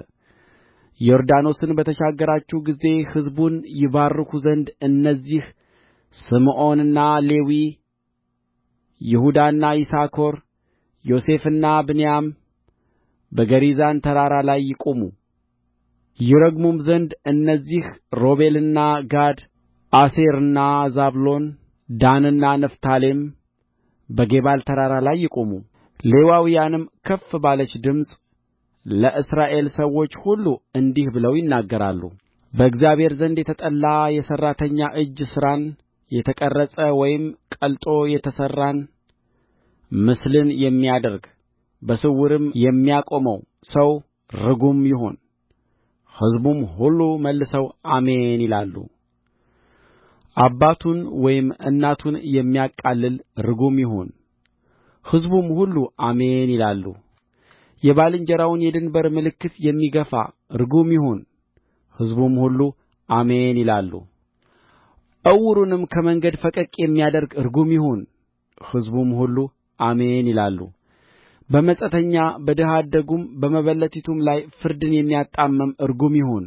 ዮርዳኖስን በተሻገራችሁ ጊዜ ሕዝቡን ይባርኩ ዘንድ እነዚህ ስምዖንና ሌዊ፣ ይሁዳና ይሳኮር ዮሴፍና ብንያም በገሪዛን ተራራ ላይ ይቁሙ ይረግሙም ዘንድ እነዚህ ሮቤልና ጋድ አሴርና ዛብሎን ዳንና ንፍታሌም በጌባል ተራራ ላይ ይቁሙ። ሌዋውያንም ከፍ ባለች ድምፅ ለእስራኤል ሰዎች ሁሉ እንዲህ ብለው ይናገራሉ። በእግዚአብሔር ዘንድ የተጠላ የሠራተኛ እጅ ሥራን የተቀረጸ ወይም ቀልጦ የተሠራን ምስልን የሚያደርግ በስውርም የሚያቆመው ሰው ርጉም ይሁን። ሕዝቡም ሁሉ መልሰው አሜን ይላሉ። አባቱን ወይም እናቱን የሚያቃልል ርጉም ይሁን። ሕዝቡም ሁሉ አሜን ይላሉ። የባልንጀራውን የድንበር ምልክት የሚገፋ ርጉም ይሁን። ሕዝቡም ሁሉ አሜን ይላሉ። ዕውሩንም ከመንገድ ፈቀቅ የሚያደርግ ርጉም ይሁን። ሕዝቡም ሁሉ አሜን ይላሉ በመጻተኛ በድሀ አደጉም በመበለቲቱም ላይ ፍርድን የሚያጣምም ርጉም ይሁን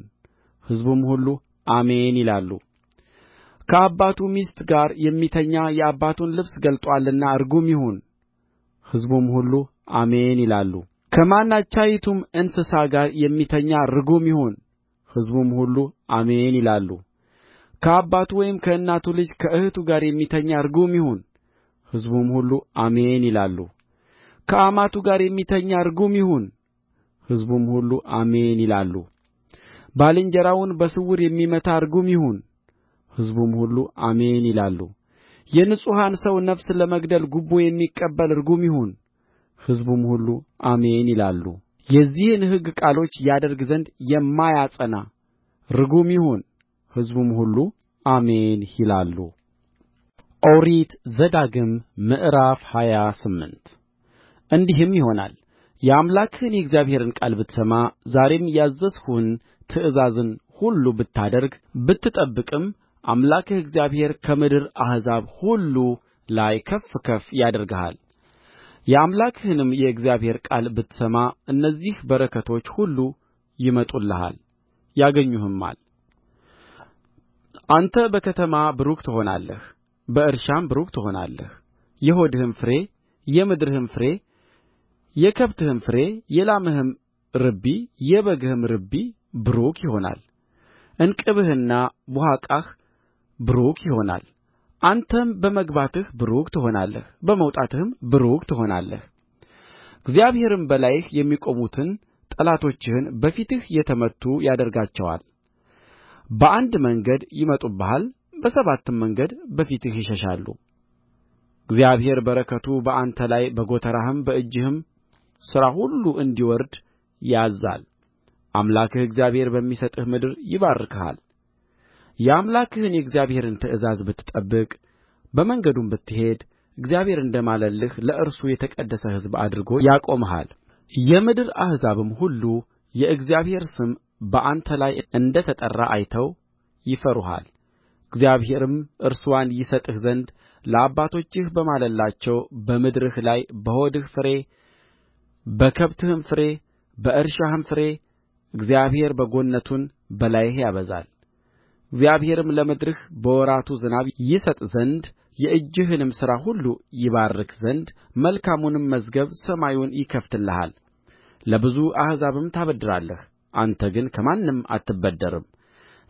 ሕዝቡም ሁሉ አሜን ይላሉ ከአባቱ ሚስት ጋር የሚተኛ የአባቱን ልብስ ገልጦአልና ርጉም ይሁን ሕዝቡም ሁሉ አሜን ይላሉ ከማናቸይቱም እንስሳ ጋር የሚተኛ ርጉም ይሁን ሕዝቡም ሁሉ አሜን ይላሉ ከአባቱ ወይም ከእናቱ ልጅ ከእኅቱ ጋር የሚተኛ ርጉም ይሁን ሕዝቡም ሁሉ አሜን ይላሉ ከአማቱ ጋር የሚተኛ ርጉም ይሁን ሕዝቡም ሁሉ አሜን ይላሉ ባልንጀራውን በስውር የሚመታ ርጉም ይሁን ሕዝቡም ሁሉ አሜን ይላሉ የንጹሑን ሰው ነፍስ ለመግደል ጉቦ የሚቀበል ርጉም ይሁን ሕዝቡም ሁሉ አሜን ይላሉ የዚህን ሕግ ቃሎች ያደርግ ዘንድ የማያጸና ርጉም ይሁን ሕዝቡም ሁሉ አሜን ይላሉ ኦሪት ዘዳግም ምዕራፍ ሃያ ስምንት እንዲህም ይሆናል የአምላክህን የእግዚአብሔርን ቃል ብትሰማ ዛሬም ያዘዝሁህን ትእዛዝን ሁሉ ብታደርግ ብትጠብቅም አምላክህ እግዚአብሔር ከምድር አሕዛብ ሁሉ ላይ ከፍ ከፍ ያደርግሃል የአምላክህንም የእግዚአብሔር ቃል ብትሰማ እነዚህ በረከቶች ሁሉ ይመጡልሃል ያገኙህማል አንተ በከተማ ቡሩክ ትሆናለህ በእርሻም ቡሩክ ትሆናለህ የሆድህም ፍሬ የምድርህም ፍሬ የከብትህም ፍሬ የላምህም ርቢ የበግህም ርቢ ቡሩክ ይሆናል እንቅብህና ቡሃቃህ ቡሩክ ይሆናል አንተም በመግባትህ ቡሩክ ትሆናለህ በመውጣትህም ቡሩክ ትሆናለህ እግዚአብሔርም በላይህ የሚቆሙትን ጠላቶችህን በፊትህ የተመቱ ያደርጋቸዋል በአንድ መንገድ ይመጡብሃል በሰባትም መንገድ በፊትህ ይሸሻሉ እግዚአብሔር በረከቱ በአንተ ላይ በጎተራህም በእጅህም ሥራ ሁሉ እንዲወርድ ያዝዛል አምላክህ እግዚአብሔር በሚሰጥህ ምድር ይባርክሃል የአምላክህን የእግዚአብሔርን ትእዛዝ ብትጠብቅ በመንገዱም ብትሄድ እግዚአብሔር እንደ ማለልህ ለእርሱ የተቀደሰ ሕዝብ አድርጎ ያቆምሃል። የምድር አሕዛብም ሁሉ የእግዚአብሔር ስም በአንተ ላይ እንደ ተጠራ አይተው ይፈሩሃል፣ እግዚአብሔርም እርስዋን ይሰጥህ ዘንድ ለአባቶችህ በማለላቸው በምድርህ ላይ በሆድህ ፍሬ በከብትህም ፍሬ በእርሻህም ፍሬ እግዚአብሔር በጎነቱን በላይህ ያበዛል። እግዚአብሔርም ለምድርህ በወራቱ ዝናብ ይሰጥ ዘንድ የእጅህንም ሥራ ሁሉ ይባርክ ዘንድ መልካሙንም መዝገብ ሰማዩን ይከፍትልሃል። ለብዙ አሕዛብም ታበድራለህ፣ አንተ ግን ከማንም አትበደርም።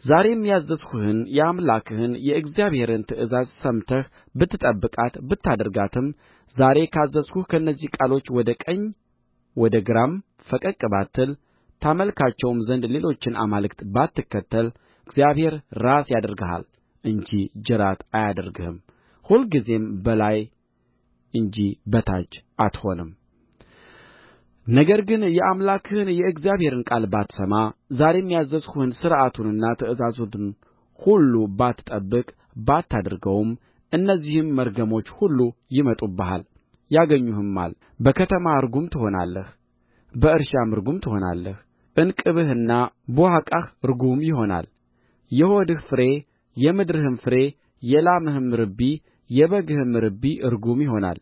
ዛሬም ያዘዝሁህን የአምላክህን የእግዚአብሔርን ትእዛዝ ሰምተህ ብትጠብቃት ብታደርጋትም ዛሬ ካዘዝሁህ ከእነዚህ ቃሎች ወደ ቀኝ ወደ ግራም ፈቀቅ ባትል ታመልካቸውም ዘንድ ሌሎችን አማልክት ባትከተል እግዚአብሔር ራስ ያደርግሃል እንጂ ጅራት አያደርግህም ሁልጊዜም በላይ እንጂ በታች አትሆንም ነገር ግን የአምላክህን የእግዚአብሔርን ቃል ባትሰማ ዛሬም ያዘዝሁህን ሥርዓቱንና ትእዛዙን ሁሉ ባትጠብቅ ባታደርገውም እነዚህም መርገሞች ሁሉ ይመጡብሃል ያገኙህማል በከተማ ርጉም ትሆናለህ በእርሻም ርጉም ትሆናለህ እንቅብህና ቡሃቃህ ርጉም ይሆናል የሆድህ ፍሬ የምድርህም ፍሬ የላምህም ርቢ የበግህም ርቢ ርጉም ይሆናል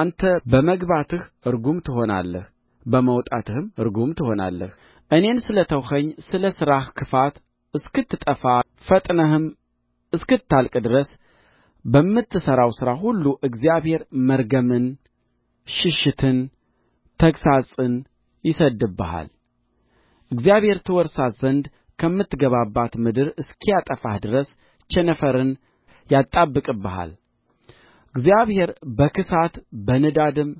አንተ በመግባትህ ርጉም ትሆናለህ በመውጣትህም ርጉም ትሆናለህ እኔን ስለ ተውኸኝ ስለ ሥራህ ክፋት እስክትጠፋ ፈጥነህም እስክታልቅ ድረስ በምትሠራው ሥራ ሁሉ እግዚአብሔር መርገምን ሽሽትን ተግሣጽን ይሰድድብሃል እግዚአብሔር ትወርሳት ዘንድ ከምትገባባት ምድር እስኪያጠፋህ ድረስ ቸነፈርን ያጣብቅብሃል እግዚአብሔር በክሳት በንዳድም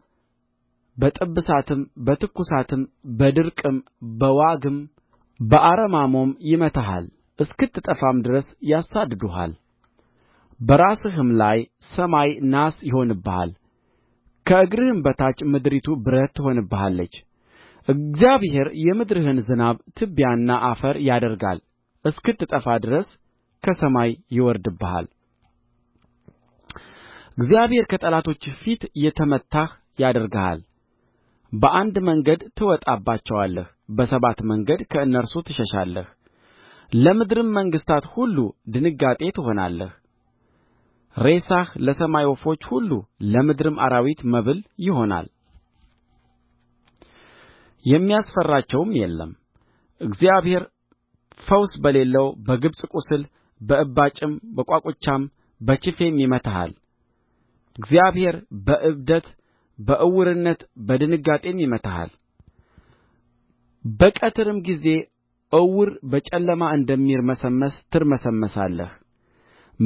በጥብሳትም በትኩሳትም፣ በድርቅም በዋግም በአረማሞም ይመታሃል እስክትጠፋም ድረስ ያሳድዱሃል በራስህም ላይ ሰማይ ናስ ይሆንብሃል ከእግርህም በታች ምድሪቱ ብረት ትሆንብሃለች እግዚአብሔር የምድርህን ዝናብ ትቢያና አፈር ያደርጋል እስክትጠፋ ድረስ ከሰማይ ይወርድብሃል እግዚአብሔር ከጠላቶችህ ፊት የተመታህ ያደርግሃል በአንድ መንገድ ትወጣባቸዋለህ በሰባት መንገድ ከእነርሱ ትሸሻለህ ለምድርም መንግሥታት ሁሉ ድንጋጤ ትሆናለህ ሬሳህ ለሰማይ ወፎች ሁሉ ለምድርም አራዊት መብል ይሆናል የሚያስፈራቸውም የለም እግዚአብሔር ፈውስ በሌለው በግብፅ ቍስል በእባጭም በቋቁቻም በችፌም ይመታሃል እግዚአብሔር በዕብደት በዕውርነት በድንጋጤም ይመታሃል በቀትርም ጊዜ ዕውር በጨለማ እንደሚርመሰመስ ትርመሰመሳለህ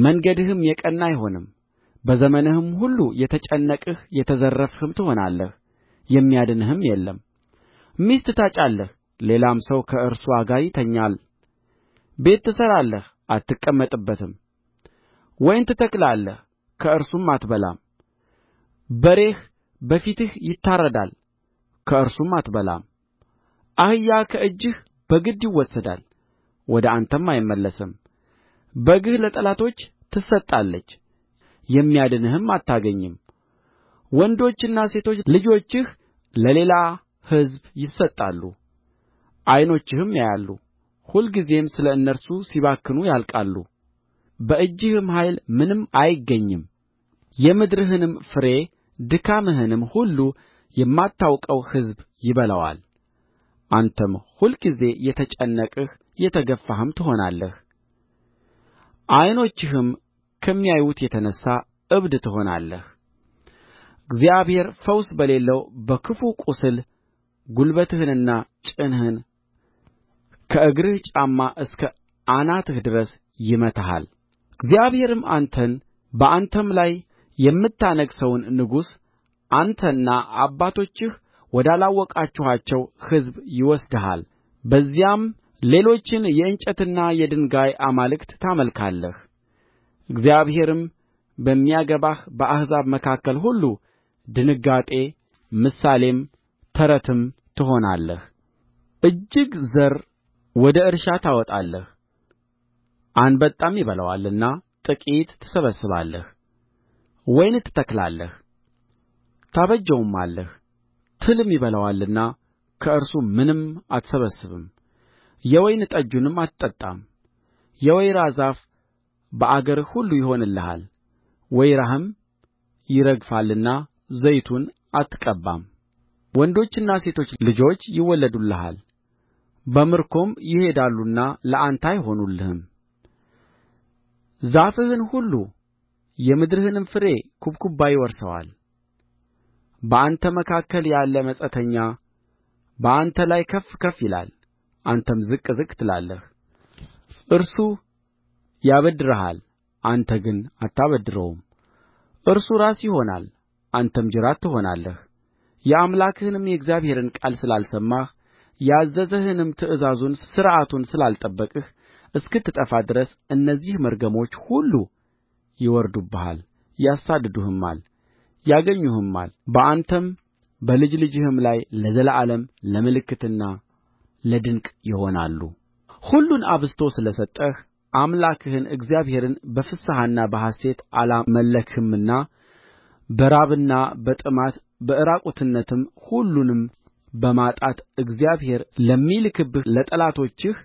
መንገድህም የቀና አይሆንም በዘመንህም ሁሉ የተጨነቅህ የተዘረፍህም ትሆናለህ የሚያድንህም የለም ሚስት ታጫለህ ሌላም ሰው ከእርስዋ ጋር ይተኛል ቤት ትሠራለህ አትቀመጥበትም ወይን ትተክላለህ ከእርሱም አትበላም በሬህ በፊትህ ይታረዳል ከእርሱም አትበላም አህያ ከእጅህ በግድ ይወሰዳል ወደ አንተም አይመለስም በግህ ለጠላቶች ትሰጣለች የሚያድንህም አታገኝም ወንዶችና ሴቶች ልጆችህ ለሌላ ሕዝብ ይሰጣሉ ዐይኖችህም ያያሉ ሁልጊዜም ስለ እነርሱ ሲባክኑ ያልቃሉ በእጅህም ኃይል ምንም አይገኝም የምድርህንም ፍሬ ድካምህንም ሁሉ የማታውቀው ሕዝብ ይበላዋል አንተም ሁልጊዜ የተጨነቅህ የተገፋህም ትሆናለህ ዓይኖችህም ከሚያዩት የተነሣ እብድ ትሆናለህ እግዚአብሔር ፈውስ በሌለው በክፉ ቍስል ጕልበትህንና ጭንህን ከእግርህ ጫማ እስከ አናትህ ድረስ ይመታሃል እግዚአብሔርም አንተን በአንተም ላይ የምታነግሠውን ንጉሥ አንተና አባቶችህ ወዳላወቃችኋቸው ሕዝብ ይወስድሃል በዚያም ሌሎችን የእንጨትና የድንጋይ አማልክት ታመልካለህ እግዚአብሔርም በሚያገባህ በአሕዛብ መካከል ሁሉ ድንጋጤ ምሳሌም ተረትም ትሆናለህ እጅግ ዘር ወደ እርሻ ታወጣለህ አንበጣም ይበላዋልና ጥቂት ትሰበስባለህ ወይን ትተክላለህ ታበጀውማለህ ትልም ይበላዋልና ከእርሱ ምንም አትሰበስብም የወይን ጠጁንም አትጠጣም የወይራ ዛፍ በአገርህ ሁሉ ይሆንልሃል ወይራህም ይረግፋልና ዘይቱን አትቀባም ወንዶችና ሴቶች ልጆች ይወለዱልሃል በምርኮም ይሄዳሉና ለአንተ አይሆኑልህም ዛፍህን ሁሉ የምድርህንም ፍሬ ኩብኩባ ይወርሰዋል በአንተ መካከል ያለ መጻተኛ በአንተ ላይ ከፍ ከፍ ይላል አንተም ዝቅ ዝቅ ትላለህ እርሱ ያበድርሃል አንተ ግን አታበድረውም እርሱ ራስ ይሆናል አንተም ጅራት ትሆናለህ የአምላክህንም የእግዚአብሔርን ቃል ስላልሰማህ ያዘዘህንም ትእዛዙን ሥርዓቱን ስላልጠበቅህ እስክትጠፋ ድረስ እነዚህ መርገሞች ሁሉ ይወርዱብሃል ያሳድዱህማል ያገኙህማል በአንተም በልጅ ልጅህም ላይ ለዘላለም ለምልክትና ለድንቅ ይሆናሉ ሁሉን አብዝቶ ስለ ሰጠህ አምላክህን እግዚአብሔርን በፍሥሐና በሐሤት አላመለክህምና በራብና በጥማት በዕራቁትነትም ሁሉንም በማጣት እግዚአብሔር ለሚልክብህ ለጠላቶችህ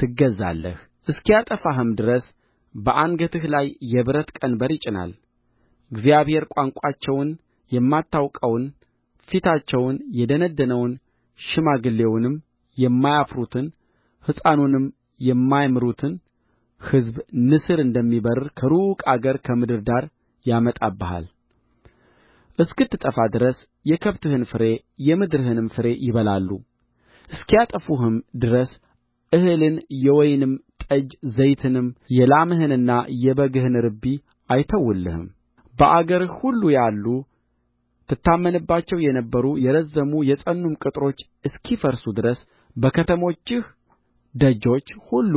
ትገዛለህ እስኪያጠፋህም ድረስ በአንገትህ ላይ የብረት ቀንበር ይጭናል እግዚአብሔር ቋንቋቸውን የማታውቀውን ፊታቸውን የደነደነውን ሽማግሌውንም የማያፍሩትን ሕፃኑንም የማይምሩትን ሕዝብ ንስር እንደሚበርር ከሩቅ አገር ከምድር ዳር ያመጣብሃል እስክትጠፋ ድረስ የከብትህን ፍሬ የምድርህንም ፍሬ ይበላሉ እስኪያጠፉህም ድረስ እህልን የወይንም ጠጅ ዘይትንም የላምህንና የበግህን ርቢ አይተውልህም በአገርህ ሁሉ ያሉ ትታመንባቸው የነበሩ የረዘሙ የጸኑም ቅጥሮች እስኪፈርሱ ድረስ በከተሞችህ ደጆች ሁሉ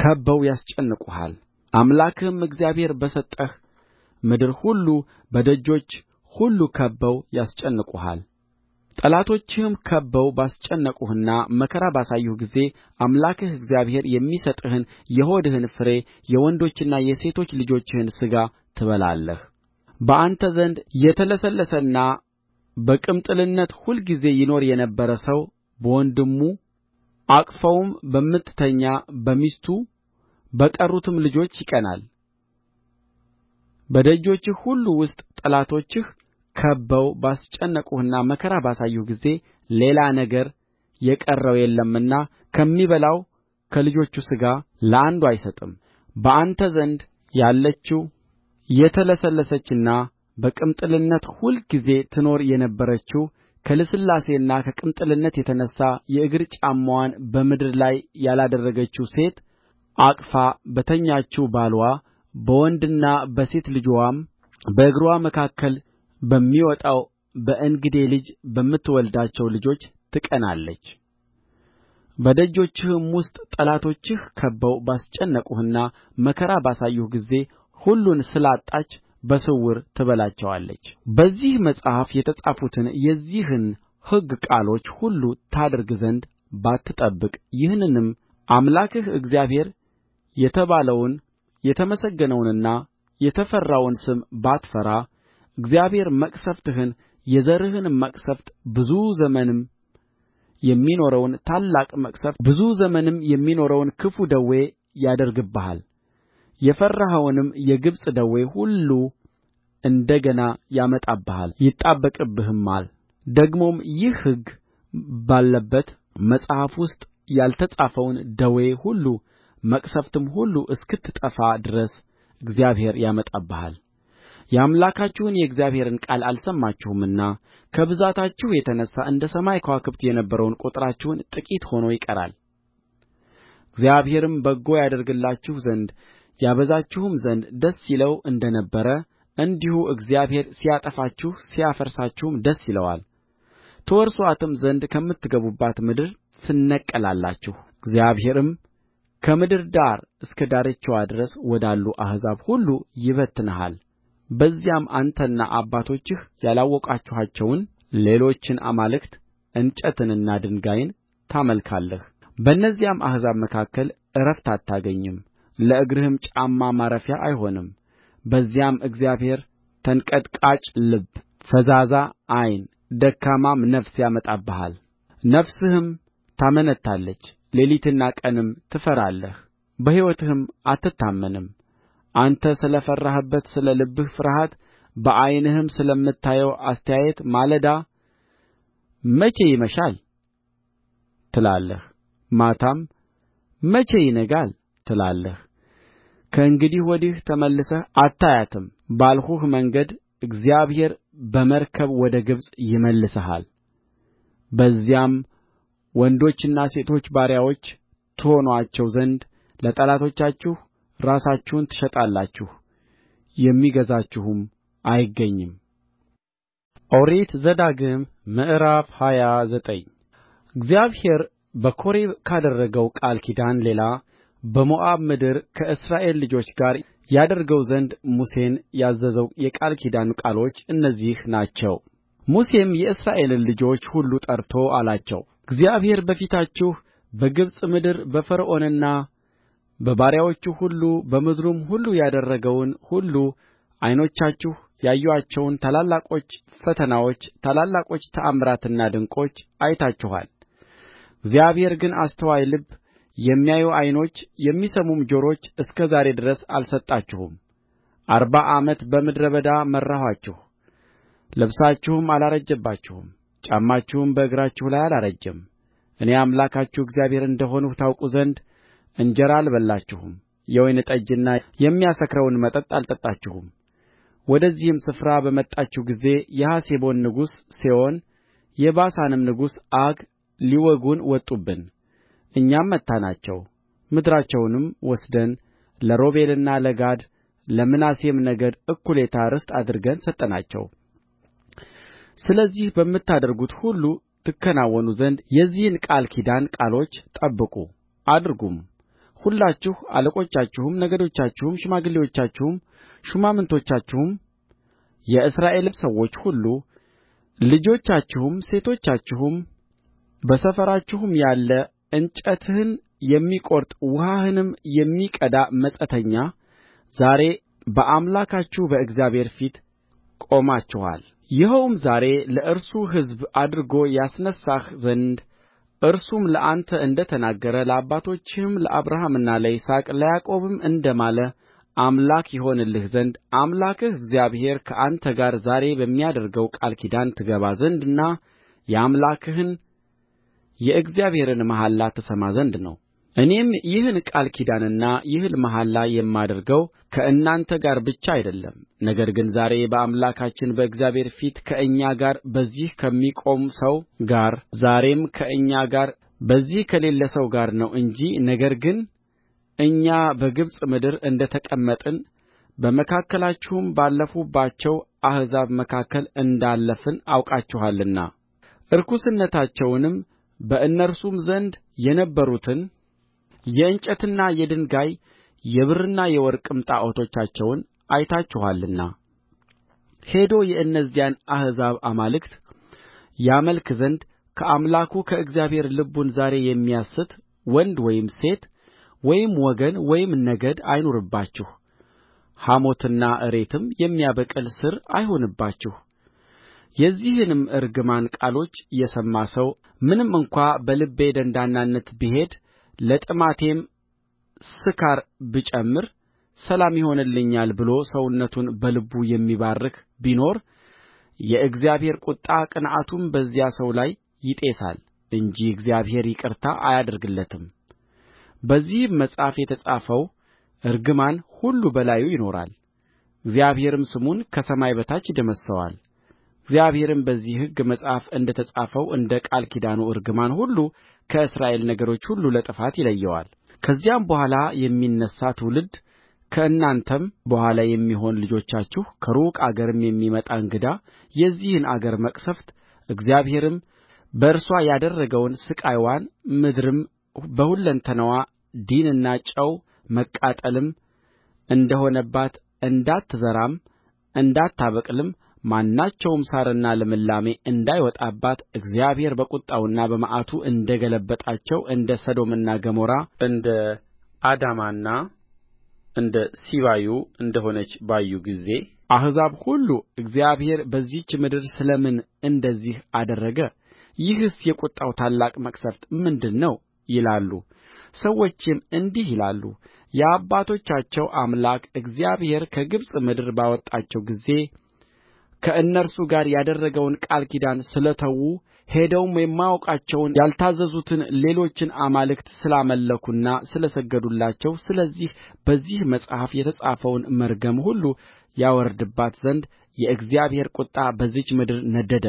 ከብበው ያስጨንቁሃል አምላክህም እግዚአብሔር በሰጠህ ምድር ሁሉ በደጆች ሁሉ ከብበው ያስጨንቁሃል ጠላቶችህም ከብበው ባስጨነቁህና መከራ ባሳዩህ ጊዜ አምላክህ እግዚአብሔር የሚሰጥህን የሆድህን ፍሬ የወንዶችና የሴቶች ልጆችህን ሥጋ ትበላለህ በአንተ ዘንድ የተለሳለሰና በቅምጥልነት ሁልጊዜ ይኖር የነበረ ሰው በወንድሙ አቅፋውም በምትተኛ በሚስቱ በቀሩትም ልጆች ይቀናል በደጆችህ ሁሉ ውስጥ ጠላቶችህ ከብበው ባስጨነቁህና መከራ ባሳዩህ ጊዜ ሌላ ነገር የቀረው የለምና ከሚበላው ከልጆቹ ሥጋ ለአንዱ አይሰጥም በአንተ ዘንድ ያለችው የተለሳለሰችና በቅምጥልነት ሁልጊዜ ትኖር የነበረችው ከልስላሴና ከቅምጥልነት የተነሣ የእግር ጫማዋን በምድር ላይ ያላደረገችው ሴት አቅፋ በተኛችው ባልዋ በወንድና በሴት ልጅዋም በእግርዋ መካከል በሚወጣው በእንግዴ ልጅ በምትወልዳቸው ልጆች ትቀናለች በደጆችህም ውስጥ ጠላቶችህ ከብበው ባስጨነቁህና መከራ ባሳዩህ ጊዜ ሁሉን ስላጣች በስውር ትበላቸዋለች በዚህ መጽሐፍ የተጻፉትን የዚህን ሕግ ቃሎች ሁሉ ታደርግ ዘንድ ባትጠብቅ ይህንንም አምላክህ እግዚአብሔር የተባለውን የተመሰገነውንና የተፈራውን ስም ባትፈራ እግዚአብሔር መቅሠፍትህን የዘርህንም መቅሠፍት ብዙ ዘመንም የሚኖረውን ታላቅ መቅሠፍት ብዙ ዘመንም የሚኖረውን ክፉ ደዌ ያደርግብሃል የፈራኸውንም የግብፅ ደዌ ሁሉ እንደ ገና ያመጣብሃል ይጣበቅብህማል ደግሞም ይህ ሕግ ባለበት መጽሐፍ ውስጥ ያልተጻፈውን ደዌ ሁሉ መቅሠፍትም ሁሉ እስክትጠፋ ድረስ እግዚአብሔር ያመጣብሃል የአምላካችሁን የእግዚአብሔርን ቃል አልሰማችሁምና ከብዛታችሁ የተነሣ እንደ ሰማይ ከዋክብት የነበረውን ቍጥራችሁ ጥቂት ሆኖ ይቀራል እግዚአብሔርም በጎ ያደርግላችሁ ዘንድ ያበዛችሁም ዘንድ ደስ ይለው እንደ ነበረ እንዲሁ እግዚአብሔር ሲያጠፋችሁ ሲያፈርሳችሁም ደስ ይለዋል። ትወርሱአትም ዘንድ ከምትገቡባት ምድር ትነቀላላችሁ። እግዚአብሔርም ከምድር ዳር እስከ ዳርቻዋ ድረስ ወዳሉ አሕዛብ ሁሉ ይበትንሃል። በዚያም አንተና አባቶችህ ያላወቃችኋቸውን ሌሎችን አማልክት እንጨትንና ድንጋይን ታመልካለህ በእነዚያም አሕዛብ መካከል ዕረፍት አታገኝም ለእግርህም ጫማ ማረፊያ አይሆንም በዚያም እግዚአብሔር ተንቀጥቃጭ ልብ ፈዛዛ ዓይን ደካማም ነፍስ ያመጣብሃል ነፍስህም ታመነታለች ሌሊትና ቀንም ትፈራለህ በሕይወትህም አትታመንም አንተ ስለ ፈራህበት ስለ ልብህ ፍርሃት በዓይንህም ስለምታየው አስተያየት ማለዳ መቼ ይመሻል ትላለህ ማታም መቼ ይነጋል ትላለህ ከእንግዲህ ወዲህ ተመልሰህ አታያትም ባልሁህ መንገድ እግዚአብሔር በመርከብ ወደ ግብፅ ይመልስሃል በዚያም ወንዶችና ሴቶች ባሪያዎች ትሆኑአቸው ዘንድ ለጠላቶቻችሁ ራሳችሁን ትሸጣላችሁ የሚገዛችሁም አይገኝም ኦሪት ዘዳግም ምዕራፍ ሃያ ዘጠኝ እግዚአብሔር በኮሬብ ካደረገው ቃል ኪዳን ሌላ በሞዓብ ምድር ከእስራኤል ልጆች ጋር ያደርገው ዘንድ ሙሴን ያዘዘው የቃል ኪዳኑ ቃሎች እነዚህ ናቸው። ሙሴም የእስራኤልን ልጆች ሁሉ ጠርቶ አላቸው፣ እግዚአብሔር በፊታችሁ በግብፅ ምድር በፈርዖንና በባሪያዎቹ ሁሉ በምድሩም ሁሉ ያደረገውን ሁሉ ዓይኖቻችሁ ያዩአቸውን ታላላቆች ፈተናዎች ታላላቆች ተአምራትና ድንቆች አይታችኋል እግዚአብሔር ግን አስተዋይ ልብ የሚያዩ ዓይኖች የሚሰሙም ጆሮች እስከ ዛሬ ድረስ አልሰጣችሁም አርባ ዓመት በምድረ በዳ መራኋችሁ ልብሳችሁም አላረጀባችሁም ጫማችሁም በእግራችሁ ላይ አላረጀም እኔ አምላካችሁ እግዚአብሔር እንደ ሆንሁ ታውቁ ዘንድ እንጀራ አልበላችሁም የወይን ጠጅና የሚያሰክረውን መጠጥ አልጠጣችሁም ወደዚህም ስፍራ በመጣችሁ ጊዜ የሐሴቦን ንጉሥ ሴዎን የባሳንም ንጉሥ ዐግ ሊወጉን ወጡብን እኛም መታናቸው ምድራቸውንም ወስደን ለሮቤልና ለጋድ ለምናሴም ነገድ እኩሌታ ርስት አድርገን ሰጠናቸው ስለዚህ በምታደርጉት ሁሉ ትከናወኑ ዘንድ የዚህን ቃል ኪዳን ቃሎች ጠብቁ አድርጉም ሁላችሁ አለቆቻችሁም ነገዶቻችሁም ሽማግሌዎቻችሁም ሹማምቶቻችሁም የእስራኤልም ሰዎች ሁሉ ልጆቻችሁም ሴቶቻችሁም በሰፈራችሁም ያለ እንጨትህን የሚቈርጥ ውኃህንም የሚቀዳ መጻተኛ ዛሬ በአምላካችሁ በእግዚአብሔር ፊት ቆማችኋል። ይኸውም ዛሬ ለእርሱ ሕዝብ አድርጎ ያስነሣህ ዘንድ እርሱም ለአንተ እንደ ተናገረ ለአባቶችህም ለአብርሃምና ለይስሐቅ ለያዕቆብም እንደ ማለ አምላክ ይሆንልህ ዘንድ አምላክህ እግዚአብሔር ከአንተ ጋር ዛሬ በሚያደርገው ቃል ኪዳን ትገባ ዘንድና የአምላክህን የእግዚአብሔርን መሐላ ትሰማ ዘንድ ነው እኔም ይህን ቃል ኪዳንና ይህን መሐላ የማደርገው ከእናንተ ጋር ብቻ አይደለም ነገር ግን ዛሬ በአምላካችን በእግዚአብሔር ፊት ከእኛ ጋር በዚህ ከሚቆም ሰው ጋር ዛሬም ከእኛ ጋር በዚህ ከሌለ ሰው ጋር ነው እንጂ ነገር ግን እኛ በግብፅ ምድር እንደ ተቀመጥን በመካከላችሁም ባለፉባቸው አሕዛብ መካከል እንዳለፍን አውቃችኋልና ርኩስነታቸውንም በእነርሱም ዘንድ የነበሩትን የእንጨትና የድንጋይ የብርና የወርቅም ጣዖቶቻቸውን አይታችኋልና ሄዶ የእነዚያን አሕዛብ አማልክት ያመልክ ዘንድ ከአምላኩ ከእግዚአብሔር ልቡን ዛሬ የሚያስት ወንድ ወይም ሴት ወይም ወገን ወይም ነገድ አይኑርባችሁ። ሐሞትና እሬትም የሚያበቅል ሥር አይሁንባችሁ። የዚህንም እርግማን ቃሎች የሰማ ሰው ምንም እንኳ በልቤ ደንዳንነት ብሄድ ለጥማቴም ስካር ብጨምር ሰላም ይሆንልኛል ብሎ ሰውነቱን በልቡ የሚባርክ ቢኖር የእግዚአብሔር ቍጣ ቅንዓቱም በዚያ ሰው ላይ ይጤሳል እንጂ እግዚአብሔር ይቅርታ አያደርግለትም በዚህም መጽሐፍ የተጻፈው እርግማን ሁሉ በላዩ ይኖራል እግዚአብሔርም ስሙን ከሰማይ በታች ይደመስሰዋል እግዚአብሔርም በዚህ ሕግ መጽሐፍ እንደ ተጻፈው እንደ ቃል ኪዳኑ እርግማን ሁሉ ከእስራኤል ነገዶች ሁሉ ለጥፋት ይለየዋል ከዚያም በኋላ የሚነሣ ትውልድ ከእናንተም በኋላ የሚሆን ልጆቻችሁ ከሩቅ አገርም የሚመጣ እንግዳ የዚህን አገር መቅሠፍት እግዚአብሔርም በእርስዋ ያደረገውን ሥቃይዋን ምድርም በሁለንተናዋ ዲንና ጨው መቃጠልም እንደ ሆነባት እንዳትዘራም እንዳታበቅልም ማናቸውም ሣርና ልምላሜ እንዳይወጣባት እግዚአብሔር በቍጣውና በመዓቱ እንደ ገለበጣቸው እንደ ሰዶምና ገሞራ እንደ አዳማና እንደ ሲባዮ እንደ ሆነች ባዩ ጊዜ አሕዛብ ሁሉ እግዚአብሔር በዚህች ምድር ስለ ምን እንደዚህ አደረገ ይህስ የቍጣው ታላቅ መቅሠፍት ምንድር ነው ይላሉ ሰዎችም እንዲህ ይላሉ የአባቶቻቸው አምላክ እግዚአብሔር ከግብፅ ምድር ባወጣቸው ጊዜ ከእነርሱ ጋር ያደረገውን ቃል ኪዳን ስለ ተዉ ሄደውም የማያውቋቸውን ያልታዘዙትን ሌሎችን አማልክት ስላመለኩና ስለ ሰገዱላቸው ስለዚህ በዚህ መጽሐፍ የተጻፈውን መርገም ሁሉ ያወርድባት ዘንድ የእግዚአብሔር ቍጣ በዚህች ምድር ነደደ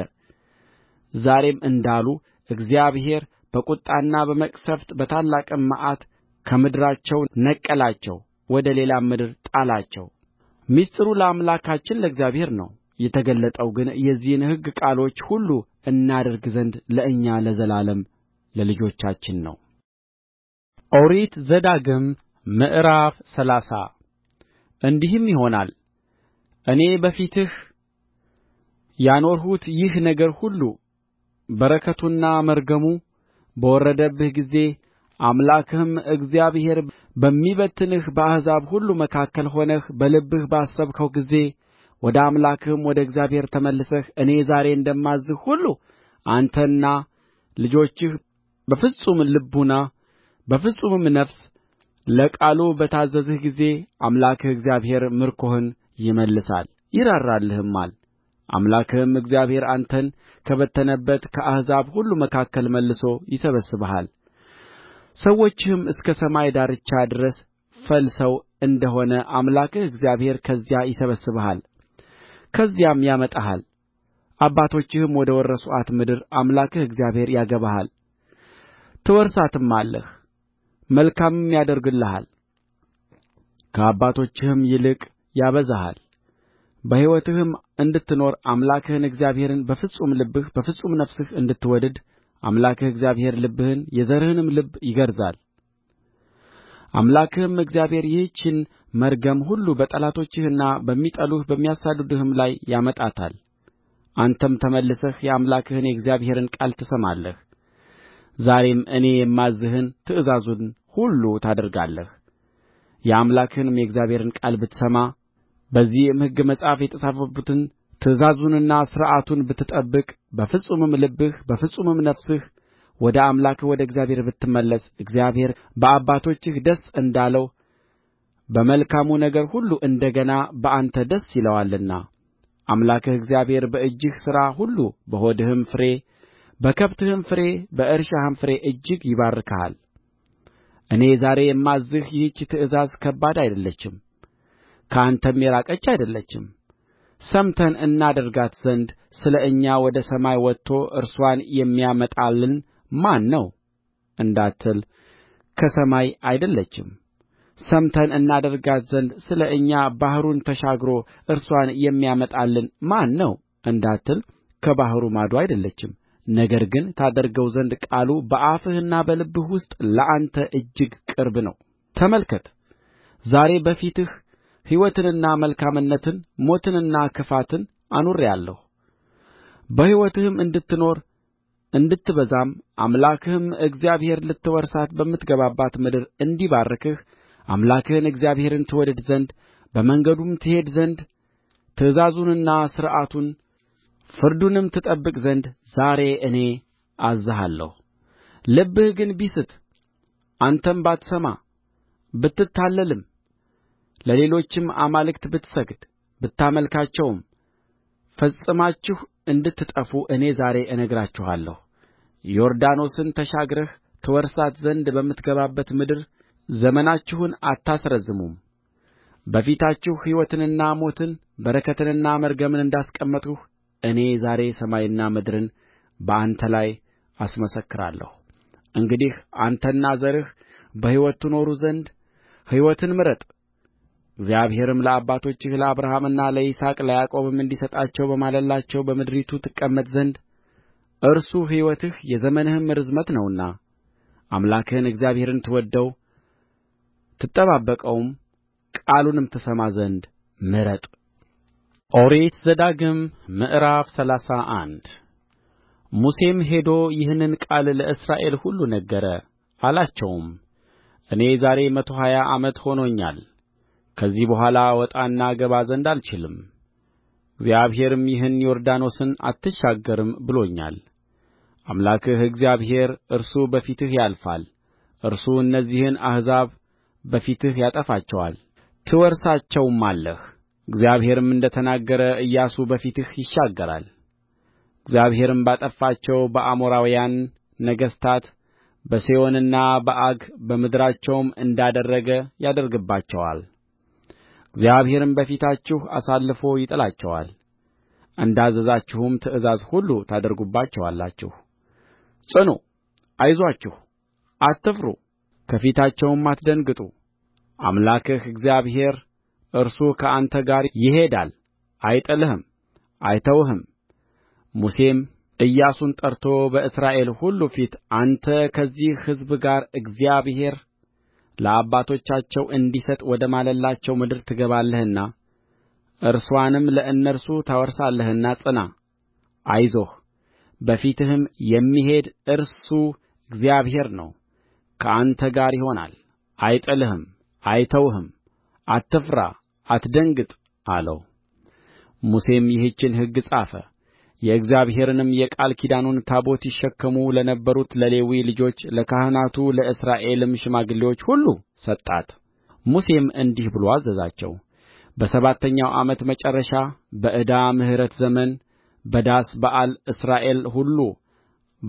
ዛሬም እንዳሉ እግዚአብሔር በቍጣና በመቅሠፍት በታላቅም መዓት ከምድራቸው ነቀላቸው ወደ ሌላም ምድር ጣላቸው ምሥጢሩ ለአምላካችን ለእግዚአብሔር ነው የተገለጠው ግን የዚህን ሕግ ቃሎች ሁሉ እናደርግ ዘንድ ለእኛ ለዘላለም ለልጆቻችን ነው ኦሪት ዘዳግም ምዕራፍ ሰላሳ እንዲህም ይሆናል እኔ በፊትህ ያኖርሁት ይህ ነገር ሁሉ በረከቱና መርገሙ በወረደብህ ጊዜ አምላክህም እግዚአብሔር በሚበትንህ በአሕዛብ ሁሉ መካከል ሆነህ በልብህ ባሰብኸው ጊዜ ወደ አምላክህም ወደ እግዚአብሔር ተመልሰህ እኔ ዛሬ እንደማዝዝህ ሁሉ አንተና ልጆችህ በፍጹም ልቡና በፍጹምም ነፍስ ለቃሉ በታዘዝህ ጊዜ አምላክህ እግዚአብሔር ምርኮህን ይመልሳል ይራራልህማል። አምላክህም እግዚአብሔር አንተን ከበተነበት ከአሕዛብ ሁሉ መካከል መልሶ ይሰበስብሃል። ሰዎችህም እስከ ሰማይ ዳርቻ ድረስ ፈልሰው እንደሆነ አምላክህ እግዚአብሔር ከዚያ ይሰበስብሃል። ከዚያም ያመጣሃል አባቶችህም ወደ ወረሱአት ምድር አምላክህ እግዚአብሔር ያገባሃል ትወርሳትማለህ መልካምም ያደርግልሃል ከአባቶችህም ይልቅ ያበዛሃል በሕይወትህም እንድትኖር አምላክህን እግዚአብሔርን በፍጹም ልብህ በፍጹም ነፍስህ እንድትወድድ አምላክህ እግዚአብሔር ልብህን የዘርህንም ልብ ይገርዛል አምላክህም እግዚአብሔር ይህችን መርገም ሁሉ በጠላቶችህና በሚጠሉህ በሚያሳድዱህም ላይ ያመጣታል አንተም ተመልሰህ የአምላክህን የእግዚአብሔርን ቃል ትሰማለህ ዛሬም እኔ የማዝዝህን ትእዛዙን ሁሉ ታደርጋለህ የአምላክህንም የእግዚአብሔርን ቃል ብትሰማ በዚህም ሕግ መጽሐፍ የተጻፉትን ትእዛዙንና ሥርዓቱን ብትጠብቅ በፍጹምም ልብህ በፍጹምም ነፍስህ ወደ አምላክህ ወደ እግዚአብሔር ብትመለስ እግዚአብሔር በአባቶችህ ደስ እንዳለው በመልካሙ ነገር ሁሉ እንደ ገና በአንተ ደስ ይለዋልና አምላክህ እግዚአብሔር በእጅህ ሥራ ሁሉ በሆድህም ፍሬ በከብትህም ፍሬ በእርሻህም ፍሬ እጅግ ይባርክሃል። እኔ ዛሬ የማዝዝህ ይህች ትእዛዝ ከባድ አይደለችም፣ ከአንተም የራቀች አይደለችም። ሰምተን እናደርጋት ዘንድ ስለ እኛ ወደ ሰማይ ወጥቶ እርሷን የሚያመጣልን ማን ነው እንዳትል ከሰማይ አይደለችም ሰምተን እናደርጋት ዘንድ ስለ እኛ ባሕሩን ተሻግሮ እርስዋን የሚያመጣልን ማን ነው እንዳትል ከባሕሩ ማዶ አይደለችም ነገር ግን ታደርገው ዘንድ ቃሉ በአፍህና በልብህ ውስጥ ለአንተ እጅግ ቅርብ ነው ተመልከት ዛሬ በፊትህ ሕይወትንና መልካምነትን ሞትንና ክፋትን አኑሬአለሁ በሕይወትህም እንድትኖር እንድትበዛም አምላክህም እግዚአብሔር ልትወርሳት በምትገባባት ምድር እንዲባርክህ አምላክህን እግዚአብሔርን ትወድድ ዘንድ በመንገዱም ትሄድ ዘንድ ትእዛዙንና ሥርዓቱን ፍርዱንም ትጠብቅ ዘንድ ዛሬ እኔ አዝዝሃለሁ። ልብህ ግን ቢስት አንተም ባትሰማ ብትታለልም ለሌሎችም አማልክት ብትሰግድ ብታመልካቸውም ፈጽማችሁ እንድትጠፉ እኔ ዛሬ እነግራችኋለሁ። ዮርዳኖስን ተሻግረህ ትወርሳት ዘንድ በምትገባባት ምድር ዘመናችሁን አታስረዝሙም በፊታችሁ ሕይወትንና ሞትን በረከትንና መርገምን እንዳስቀመጥሁ እኔ ዛሬ ሰማይንና ምድርን በአንተ ላይ አስመሰክራለሁ እንግዲህ አንተና ዘርህ በሕይወት ትኖሩ ዘንድ ሕይወትን ምረጥ እግዚአብሔርም ለአባቶችህ ለአብርሃምና ለይስሐቅ ለያዕቆብም እንዲሰጣቸው በማለላቸው በምድሪቱ ትቀመጥ ዘንድ እርሱ ሕይወትህ የዘመንህም ርዝመት ነውና አምላክህን እግዚአብሔርን ትወድደው ትጠባበቀውም ቃሉንም ትሰማ ዘንድ ምረጥ ኦሪት ዘዳግም ምዕራፍ ሰላሳ አንድ ሙሴም ሄዶ ይህንን ቃል ለእስራኤል ሁሉ ነገረ አላቸውም እኔ ዛሬ መቶ ሀያ ዓመት ሆኖኛል ከዚህ በኋላ ወጣና ገባ ዘንድ አልችልም እግዚአብሔርም ይህን ዮርዳኖስን አትሻገርም ብሎኛል አምላክህ እግዚአብሔር እርሱ በፊትህ ያልፋል እርሱ እነዚህን አሕዛብ በፊትህ ያጠፋቸዋል ትወርሳቸውማለህ እግዚአብሔርም እንደ ተናገረ ኢያሱ በፊትህ ይሻገራል እግዚአብሔርም ባጠፋቸው በአሞራውያን ነገሥታት በሴዎንና በዐግ በምድራቸውም እንዳደረገ ያደርግባቸዋል እግዚአብሔርም በፊታችሁ አሳልፎ ይጥላቸዋል እንዳዘዛችሁም ትእዛዝ ሁሉ ታደርጉባቸዋላችሁ ጽኑ አይዞአችሁ አትፍሩ ከፊታቸውም አትደንግጡ አምላክህ እግዚአብሔር እርሱ ከአንተ ጋር ይሄዳል አይጥልህም አይተውህም ሙሴም ኢያሱን ጠርቶ በእስራኤል ሁሉ ፊት አንተ ከዚህ ሕዝብ ጋር እግዚአብሔር ለአባቶቻቸው እንዲሰጥ ወደ ማለላቸው ምድር ትገባለህና እርሷንም ለእነርሱ ታወርሳለህና ጽና፣ አይዞህ፣ በፊትህም የሚሄድ እርሱ እግዚአብሔር ነው ከአንተ ጋር ይሆናል አይጥልህም አይተውህም አትፍራ አትደንግጥ አለው ሙሴም ይህችን ሕግ ጻፈ የእግዚአብሔርንም የቃል ኪዳኑን ታቦት ይሸከሙ ለነበሩት ለሌዊ ልጆች ለካህናቱ ለእስራኤልም ሽማግሌዎች ሁሉ ሰጣት ሙሴም እንዲህ ብሎ አዘዛቸው በሰባተኛው ዓመት መጨረሻ በዕዳ ምሕረት ዘመን በዳስ በዓል እስራኤል ሁሉ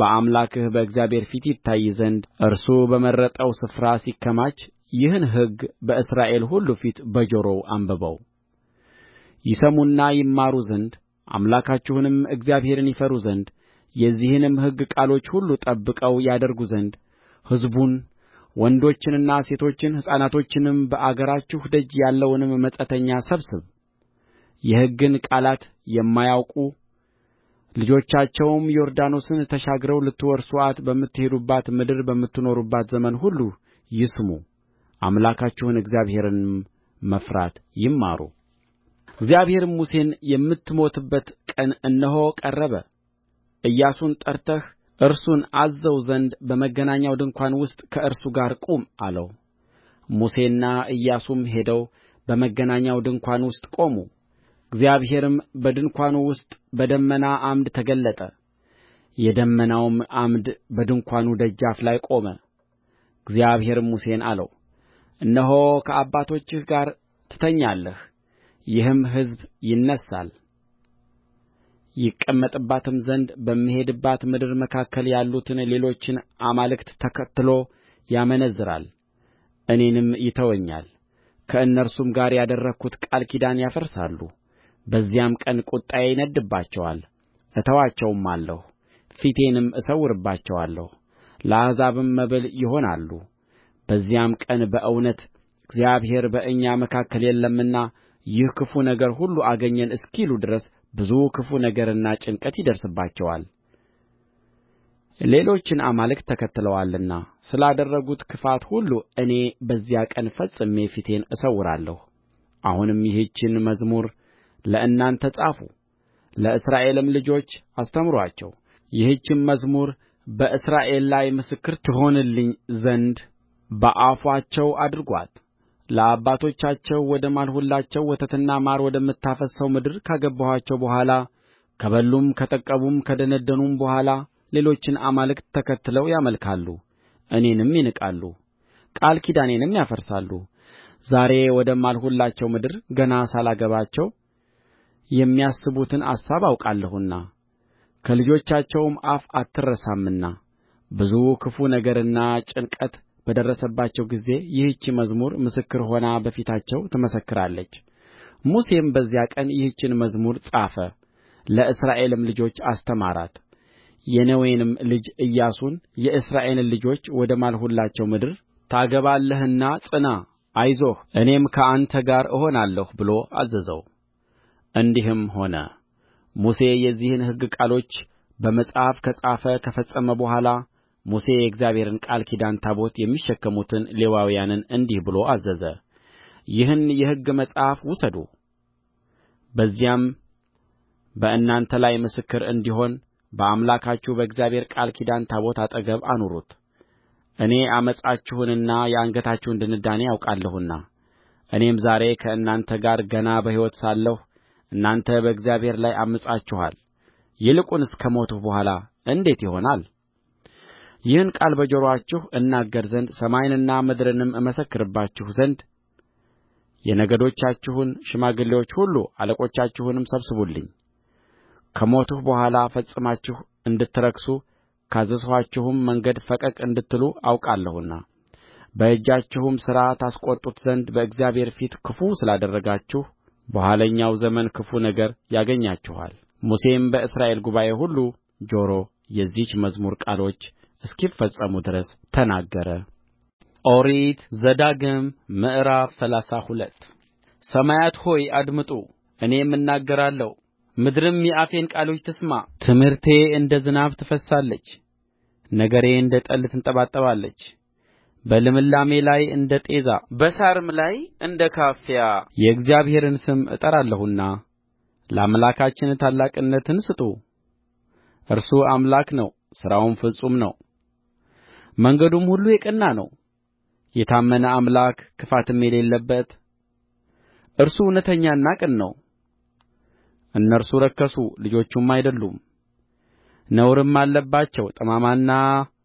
በአምላክህ በእግዚአብሔር ፊት ይታይ ዘንድ እርሱ በመረጠው ስፍራ ሲከማች ይህን ሕግ በእስራኤል ሁሉ ፊት በጆሮው አንብበው ይሰሙና ይማሩ ዘንድ አምላካችሁንም እግዚአብሔርን ይፈሩ ዘንድ የዚህንም ሕግ ቃሎች ሁሉ ጠብቀው ያደርጉ ዘንድ ሕዝቡን ወንዶችንና ሴቶችን ሕፃናቶችንም በአገራችሁ ደጅ ያለውንም መጻተኛ ሰብስብ። የሕግን ቃላት የማያውቁ ልጆቻቸውም ዮርዳኖስን ተሻግረው ልትወርሱአት በምትሄዱባት ምድር በምትኖሩበት ዘመን ሁሉ ይስሙ አምላካችሁን እግዚአብሔርንም መፍራት ይማሩ እግዚአብሔርም ሙሴን የምትሞትበት ቀን እነሆ ቀረበ ኢያሱን ጠርተህ እርሱን አዝዘው ዘንድ በመገናኛው ድንኳን ውስጥ ከእርሱ ጋር ቁም አለው ሙሴና ኢያሱም ሄደው በመገናኛው ድንኳን ውስጥ ቆሙ እግዚአብሔርም በድንኳኑ ውስጥ በደመና ዓምድ ተገለጠ የደመናውም ዓምድ በድንኳኑ ደጃፍ ላይ ቆመ እግዚአብሔርም ሙሴን አለው እነሆ ከአባቶችህ ጋር ትተኛለህ ይህም ሕዝብ ይነሣል ይቀመጥባትም ዘንድ በሚሄድባት ምድር መካከል ያሉትን ሌሎችን አማልክት ተከትሎ ያመነዝራል እኔንም ይተወኛል ከእነርሱም ጋር ያደረግሁት ቃል ኪዳን ያፈርሳሉ በዚያም ቀን ቍጣዬ ይነድድባቸዋል እተዋቸውማለሁ ፊቴንም እሰውርባቸዋለሁ ለአሕዛብም መብል ይሆናሉ በዚያም ቀን በእውነት እግዚአብሔር በእኛ መካከል የለምና ይህ ክፉ ነገር ሁሉ አገኘን እስኪሉ ድረስ ብዙ ክፉ ነገርና ጭንቀት ይደርስባቸዋል ሌሎችን አማልክት ተከትለዋልና ስላደረጉት ክፋት ሁሉ እኔ በዚያ ቀን ፈጽሜ ፊቴን እሰውራለሁ አሁንም ይህችን መዝሙር ለእናንተ ጻፉ ለእስራኤልም ልጆች አስተምሩአቸው ይህችም መዝሙር በእስራኤል ላይ ምስክር ትሆንልኝ ዘንድ በአፋቸው አድርጓት ለአባቶቻቸው ወደ ማልሁላቸው ወተትና ማር ወደምታፈስሰው ምድር ካገባኋቸው በኋላ ከበሉም ከጠገቡም ከደነደኑም በኋላ ሌሎችን አማልክት ተከትለው ያመልካሉ እኔንም ይንቃሉ ቃል ኪዳኔንም ያፈርሳሉ ዛሬ ወደ ማልሁላቸው ምድር ገና ሳላገባቸው የሚያስቡትን አሳብ አውቃለሁና ከልጆቻቸውም አፍ አትረሳምና ብዙ ክፉ ነገርና ጭንቀት በደረሰባቸው ጊዜ ይህች መዝሙር ምስክር ሆና በፊታቸው ትመሰክራለች ሙሴም በዚያ ቀን ይህችን መዝሙር ጻፈ ለእስራኤልም ልጆች አስተማራት የነዌንም ልጅ ኢያሱን የእስራኤልን ልጆች ወደ ማልሁላቸው ምድር ታገባለህና ጽና አይዞህ እኔም ከአንተ ጋር እሆናለሁ ብሎ አዘዘው እንዲህም ሆነ ሙሴ የዚህን ሕግ ቃሎች በመጽሐፍ ከጻፈ ከፈጸመ በኋላ ሙሴ የእግዚአብሔርን ቃል ኪዳን ታቦት የሚሸከሙትን ሌዋውያንን እንዲህ ብሎ አዘዘ። ይህን የሕግ መጽሐፍ ውሰዱ፣ በዚያም በእናንተ ላይ ምስክር እንዲሆን በአምላካችሁ በእግዚአብሔር ቃል ኪዳን ታቦት አጠገብ አኑሩት። እኔ ዓመፃችሁንና የአንገታችሁን ድንዳኔ አውቃለሁና እኔም ዛሬ ከእናንተ ጋር ገና በሕይወት ሳለሁ እናንተ በእግዚአብሔር ላይ ዐምፃችኋል ይልቁንስ ከሞትሁ በኋላ እንዴት ይሆናል ይህን ቃል በጆሮአችሁ እናገር ዘንድ ሰማይንና ምድርንም እመሰክርባችሁ ዘንድ የነገዶቻችሁን ሽማግሌዎች ሁሉ አለቆቻችሁንም ሰብስቡልኝ ከሞትሁ በኋላ ፈጽማችሁ እንድትረክሱ ካዘዝኋችሁም መንገድ ፈቀቅ እንድትሉ አውቃለሁና በእጃችሁም ሥራ ታስቈጡት ዘንድ በእግዚአብሔር ፊት ክፉ ስላደረጋችሁ በኋለኛው ዘመን ክፉ ነገር ያገኛችኋል ሙሴም በእስራኤል ጉባኤ ሁሉ ጆሮ የዚህች መዝሙር ቃሎች እስኪፈጸሙ ድረስ ተናገረ ኦሪት ዘዳግም ምዕራፍ ሰላሳ ሁለት ሰማያት ሆይ አድምጡ እኔም እናገራለሁ ምድርም የአፌን ቃሎች ትስማ ትምህርቴ እንደ ዝናብ ትፈስሳለች ነገሬ እንደ ጠል ትንጠባጠባለች በልምላሜ ላይ እንደ ጤዛ በሣርም ላይ እንደ ካፊያ የእግዚአብሔርን ስም እጠራለሁና ለአምላካችን ታላቅነትን ስጡ እርሱ አምላክ ነው ሥራውም ፍጹም ነው መንገዱም ሁሉ የቀና ነው የታመነ አምላክ ክፋትም የሌለበት እርሱ እውነተኛና ቅን ነው እነርሱ ረከሱ ልጆቹም አይደሉም ነውርም አለባቸው ጠማማና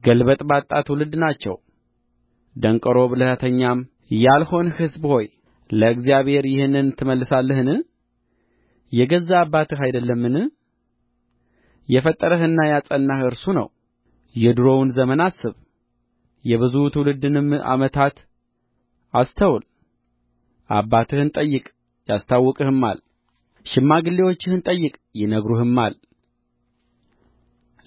ገልበጥባጣ ትውልድ ናቸው ደንቆሮ ብልሃተኛም ያልሆንህ ሕዝብ ሆይ ለእግዚአብሔር ይህንን ትመልሳለህን የገዛ አባትህ አይደለምን የፈጠረህና ያጸናህ እርሱ ነው የዱሮውን ዘመን አስብ የብዙ ትውልድንም ዓመታት አስተውል አባትህን ጠይቅ ያስታውቅህማል ሽማግሌዎችህን ጠይቅ ይነግሩህማል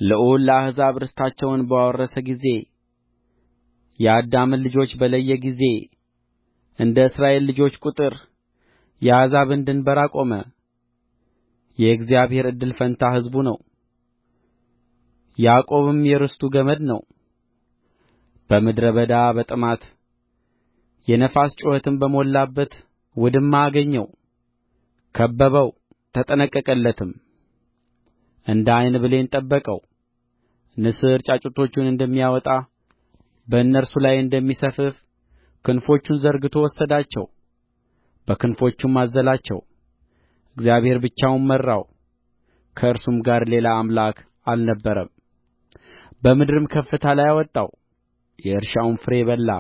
ልዑል ለአሕዛብ ርስታቸውን ባወረሰ ጊዜ የአዳምን ልጆች በለየ ጊዜ እንደ እስራኤል ልጆች ቍጥር የአሕዛብን ድንበር አቆመ የእግዚአብሔር እድል ፈንታ ሕዝቡ ነው ያዕቆብም የርስቱ ገመድ ነው በምድረ በዳ በጥማት የነፋስ ጩኸትም በሞላበት ውድማ አገኘው ከበበው ተጠነቀቀለትም እንደ ዓይን ብሌን ጠበቀው ንስር ጫጩቶቹን እንደሚያወጣ በእነርሱ ላይ እንደሚሰፍፍ ክንፎቹን ዘርግቶ ወሰዳቸው በክንፎቹም አዘላቸው እግዚአብሔር ብቻውን መራው ከእርሱም ጋር ሌላ አምላክ አልነበረም በምድርም ከፍታ ላይ አወጣው የእርሻውን ፍሬ በላ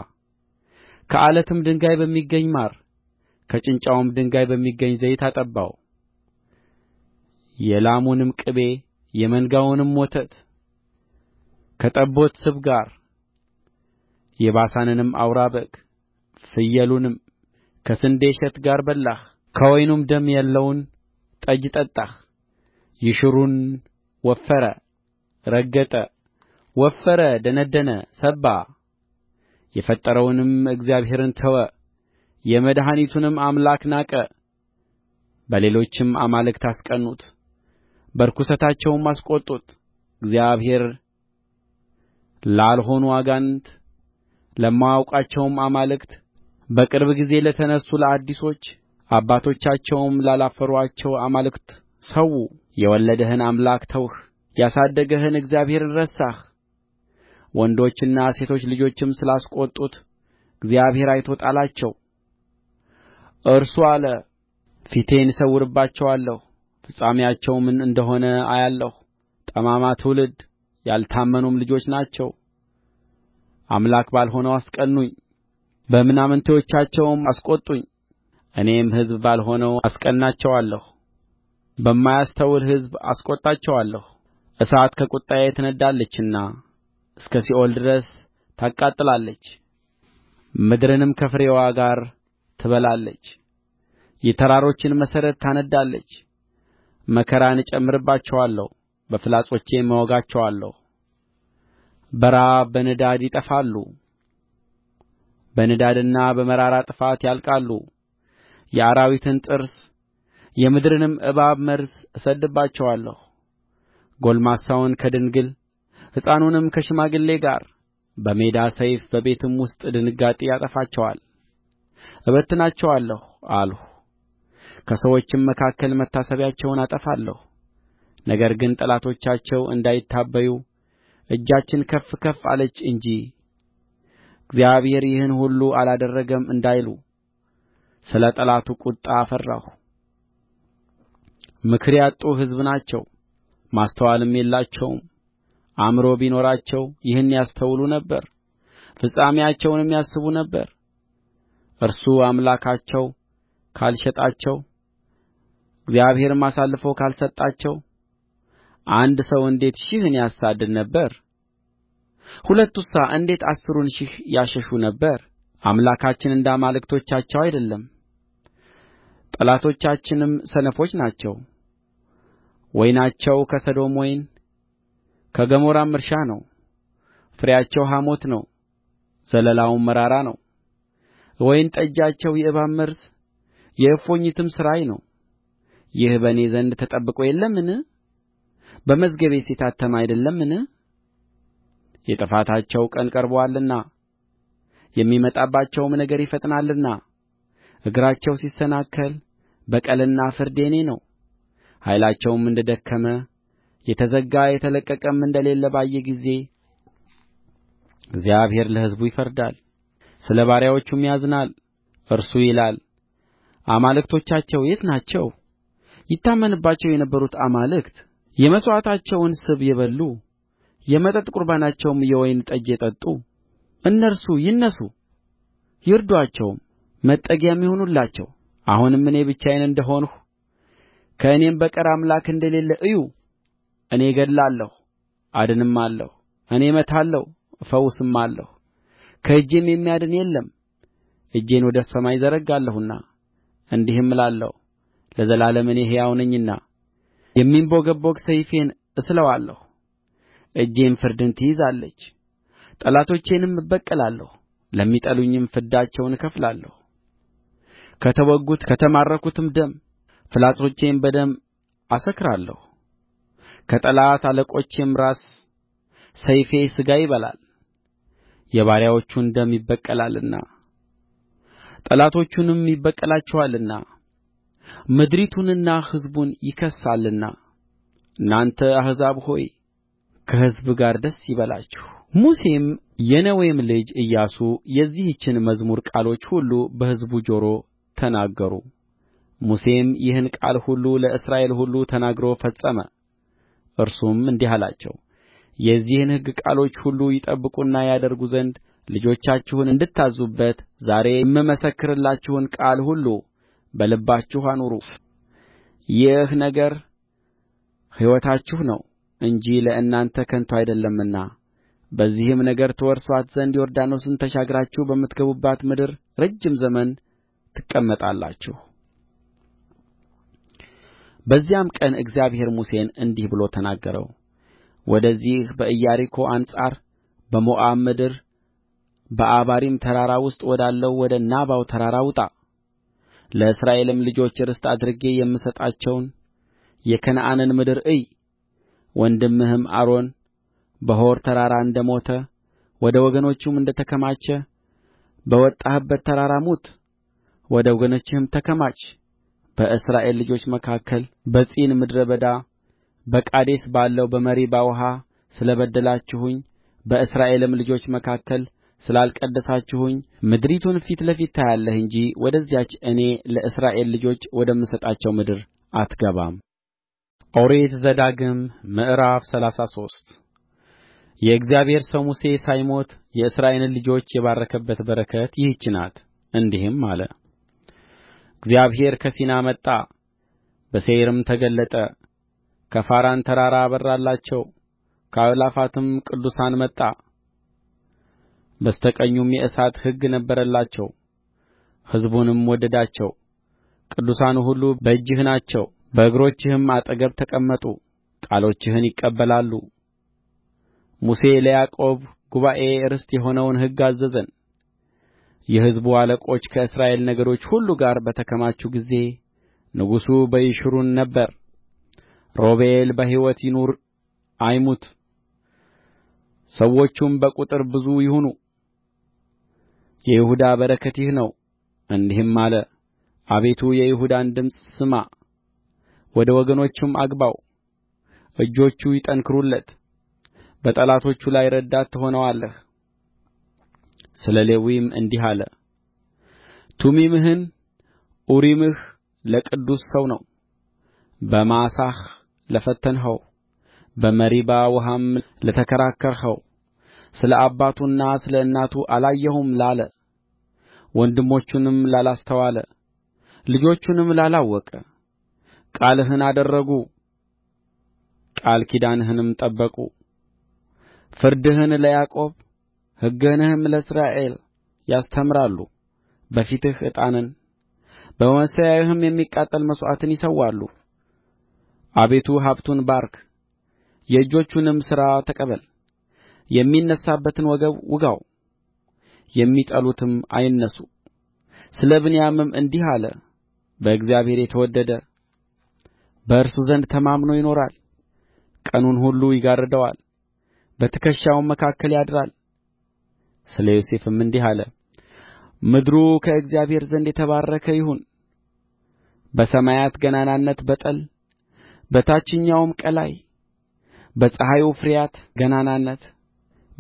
ከዓለትም ድንጋይ በሚገኝ ማር ከጭንጫውም ድንጋይ በሚገኝ ዘይት አጠባው የላሙንም ቅቤ የመንጋውንም ወተት ከጠቦት ስብ ጋር የባሳንንም አውራ በግ ፍየሉንም ከስንዴ እሸት ጋር በላህ ከወይኑም ደም ያለውን ጠጅ ጠጣህ። ይሹሩን ወፈረ፣ ረገጠ፣ ወፈረ፣ ደነደነ፣ ሰባ። የፈጠረውንም እግዚአብሔርን ተወ፣ የመድኃኒቱንም አምላክ ናቀ። በሌሎችም አማልክት አስቀኑት፣ በርኵሰታቸውም አስቈጡት። እግዚአብሔር ላልሆኑ አጋንንት ለማያውቋቸውም አማልክት በቅርብ ጊዜ ለተነሡ ለአዲሶች አባቶቻቸውም ላልፈሩአቸው አማልክት ሠዉ የወለደህን አምላክ ተውህ ያሳደገህን እግዚአብሔርን ረሳህ ወንዶችና ሴቶች ልጆችም ስላስቈጡት እግዚአብሔር አይቶ ጣላቸው እርሱ አለ ፊቴን እሰውርባቸዋለሁ ፍጻሜያቸው ምን እንደ ሆነ አያለሁ ጠማማ ትውልድ ያልታመኑም ልጆች ናቸው አምላክ ባልሆነው አስቀኑኝ በምናምንቴዎቻቸውም አስቈጡኝ እኔም ሕዝብ ባልሆነው አስቀናቸዋለሁ በማያስተውል ሕዝብ አስቈጣቸዋለሁ እሳት ከቍጣዬ ትነድዳለችና እስከ ሲኦል ድረስ ታቃጥላለች ምድርንም ከፍሬዋ ጋር ትበላለች የተራሮችን መሠረት ታነድዳለች መከራን እጨምርባቸዋለሁ በፍላጾቼም እወጋቸዋለሁ በራብ በንዳድ ይጠፋሉ በንዳድና በመራራ ጥፋት ያልቃሉ የአራዊትን ጥርስ የምድርንም እባብ መርዝ እሰድድባቸዋለሁ ጕልማሳውን ከድንግል ሕፃኑንም ከሽማግሌ ጋር በሜዳ ሰይፍ በቤትም ውስጥ ድንጋጤ ያጠፋቸዋል እበትናቸዋለሁ አልሁ ከሰዎችም መካከል መታሰቢያቸውን አጠፋለሁ ነገር ግን ጠላቶቻቸው እንዳይታበዩ እጃችን ከፍ ከፍ አለች እንጂ እግዚአብሔር ይህን ሁሉ አላደረገም እንዳይሉ ስለ ጠላቱ ቍጣ ፈራሁ ምክር ያጡ ሕዝብ ናቸው ማስተዋልም የላቸውም አእምሮ ቢኖራቸው ይህን ያስተውሉ ነበር ፍጻሜያቸውንም ያስቡ ነበር እርሱ አምላካቸው ካልሸጣቸው እግዚአብሔርም አሳልፎ ካልሰጣቸው አንድ ሰው እንዴት ሺህን ያሳድድ ነበር ሁለቱሳ እንዴት አሥሩን ሺህ ያሸሹ ነበር አምላካችን እንደ አማልክቶቻቸው አይደለም ጠላቶቻችንም ሰነፎች ናቸው ወይናቸው ከሰዶም ወይን ከገሞራም እርሻ ነው ፍሬያቸው ሐሞት ነው ዘለላውም መራራ ነው ወይን ጠጃቸው የእባብ መርዝ የእፉኝትም ሥራይ ነው ይህ በእኔ ዘንድ ተጠብቆ የለምን በመዝገቤስ የታተመ አይደለምን የጥፋታቸው ቀን ቀርቦአልና የሚመጣባቸውም ነገር ይፈጥናልና እግራቸው ሲሰናከል በቀልና ፍርድ የእኔ ነው ኃይላቸውም እንደ ደከመ የተዘጋ የተለቀቀም እንደሌለ ባየ ጊዜ እግዚአብሔር ለሕዝቡ ይፈርዳል ስለ ባሪያዎቹም ያዝናል እርሱ ይላል አማልክቶቻቸው የት ናቸው ይታመንባቸው የነበሩት አማልክት የመሥዋዕታቸውን ስብ የበሉ የመጠጥ ቁርባናቸውም የወይን ጠጅ የጠጡ እነርሱ ይነሡ ይርዱአቸውም መጠጊያም ይሁኑላቸው አሁንም እኔ ብቻዬን እንደ ሆንሁ ከእኔም በቀር አምላክ እንደሌለ እዩ እኔ እገድላለሁ አድንማለሁ እኔ እመታለሁ እፈውስማለሁ ከእጄም የሚያድን የለም እጄን ወደ ሰማይ እዘረጋለሁና እንዲህም እላለሁ ለዘላለም እኔ ሕያው ነኝና የሚንቦገቦግ ሰይፌን እስለዋለሁ እጄም ፍርድን ትይዛለች ጠላቶቼንም እበቀላለሁ ለሚጠሉኝም ፍዳቸውን እከፍላለሁ ከተወጉት ከተማረኩትም ደም ፍላጾቼን በደም አሰክራለሁ ከጠላት አለቆችም ራስ ሰይፌ ሥጋ ይበላል የባሪያዎቹን ደም ይበቀላልና ጠላቶቹንም ይበቀላቸዋልና ምድሪቱንና ሕዝቡን ይክሳልና እናንተ አሕዛብ ሆይ ከሕዝብ ጋር ደስ ይበላችሁ ሙሴም የነዌም ልጅ ኢያሱ የዚህችን መዝሙር ቃሎች ሁሉ በሕዝቡ ጆሮ ተናገሩ ሙሴም ይህን ቃል ሁሉ ለእስራኤል ሁሉ ተናግሮ ፈጸመ እርሱም እንዲህ አላቸው የዚህን ሕግ ቃሎች ሁሉ ይጠብቁና ያደርጉ ዘንድ ልጆቻችሁን እንድታዝዙበት ዛሬ የምመሰክርላችሁን ቃል ሁሉ በልባችሁ አኑሩ ይህ ነገር ሕይወታችሁ ነው እንጂ ለእናንተ ከንቱ አይደለምና በዚህም ነገር ትወርሱአት ዘንድ ዮርዳኖስን ተሻግራችሁ በምትገቡባት ምድር ረጅም ዘመን ትቀመጣላችሁ በዚያም ቀን እግዚአብሔር ሙሴን እንዲህ ብሎ ተናገረው ወደዚህ በኢያሪኮ አንጻር በሞዓብ ምድር በዓባሪም ተራራ ውስጥ ወዳለው ወደ ናባው ተራራ ውጣ ለእስራኤልም ልጆች ርስት አድርጌ የምሰጣቸውን የከነዓንን ምድር እይ ወንድምህም አሮን በሖር ተራራ እንደ ሞተ ወደ ወገኖቹም እንደ ተከማቸ በወጣህበት ተራራ ሙት፣ ወደ ወገኖችህም ተከማች። በእስራኤል ልጆች መካከል በጺን ምድረ በዳ በቃዴስ ባለው በመሪባ ውኃ ስለ በደላችሁኝ በእስራኤልም ልጆች መካከል ስላልቀደሳችሁኝ ምድሪቱን ፊት ለፊት ታያለህ እንጂ ወደዚያች እኔ ለእስራኤል ልጆች ወደምሰጣቸው ምድር አትገባም ኦሪት ዘዳግም ምዕራፍ ሰላሳ ሶስት የእግዚአብሔር ሰው ሙሴ ሳይሞት የእስራኤልን ልጆች የባረከበት በረከት ይህች ናት እንዲህም አለ እግዚአብሔር ከሲና መጣ በሴይርም ተገለጠ ከፋራን ተራራ አበራላቸው ከአእላፋትም ቅዱሳን መጣ በስተ ቀኙም የእሳት ሕግ ነበረላቸው ሕዝቡንም ወደዳቸው። ቅዱሳኑ ሁሉ በእጅህ ናቸው፣ በእግሮችህም አጠገብ ተቀመጡ፣ ቃሎችህን ይቀበላሉ። ሙሴ ለያዕቆብ ጉባኤ ርስት የሆነውን ሕግ አዘዘን። የሕዝቡ አለቆች ከእስራኤል ነገዶች ሁሉ ጋር በተከማቹ ጊዜ ንጉሡ በይሹሩን ነበር። ሮቤል በሕይወት ይኑር አይሙት፣ ሰዎቹም በቍጥር ብዙ ይሁኑ የይሁዳ በረከት ይህ ነው እንዲህም አለ አቤቱ የይሁዳን ድምፅ ስማ ወደ ወገኖቹም አግባው እጆቹ ይጠንክሩለት በጠላቶቹ ላይ ረዳት ትሆነዋለህ ስለ ሌዊም እንዲህ አለ ቱሚምህን ኡሪምህ ለቅዱስ ሰው ነው በማሳህ ለፈተንኸው በመሪባ ውኃም ለተከራከርኸው ስለ አባቱና ስለ እናቱ አላየሁም ላለ ወንድሞቹንም ላላስተዋለ ልጆቹንም ላላወቀ ቃልህን አደረጉ ቃል ኪዳንህንም ጠበቁ ፍርድህን ለያዕቆብ ሕግህንም ለእስራኤል ያስተምራሉ በፊትህ ዕጣንን በመሠዊያህም የሚቃጠል መሥዋዕትን ይሠዋሉ አቤቱ ሀብቱን ባርክ የእጆቹንም ሥራ ተቀበል የሚነሣበትን ወገብ ውጋው የሚጠሉትም አይነሡ ስለ ብንያምም እንዲህ አለ በእግዚአብሔር የተወደደ በእርሱ ዘንድ ተማምኖ ይኖራል ቀኑን ሁሉ ይጋርደዋል በትከሻውም መካከል ያድራል ስለ ዮሴፍም እንዲህ አለ ምድሩ ከእግዚአብሔር ዘንድ የተባረከ ይሁን በሰማያት ገናንነት በጠል በታችኛውም ቀላይ በፀሐዩ ፍሬያት ገናንነት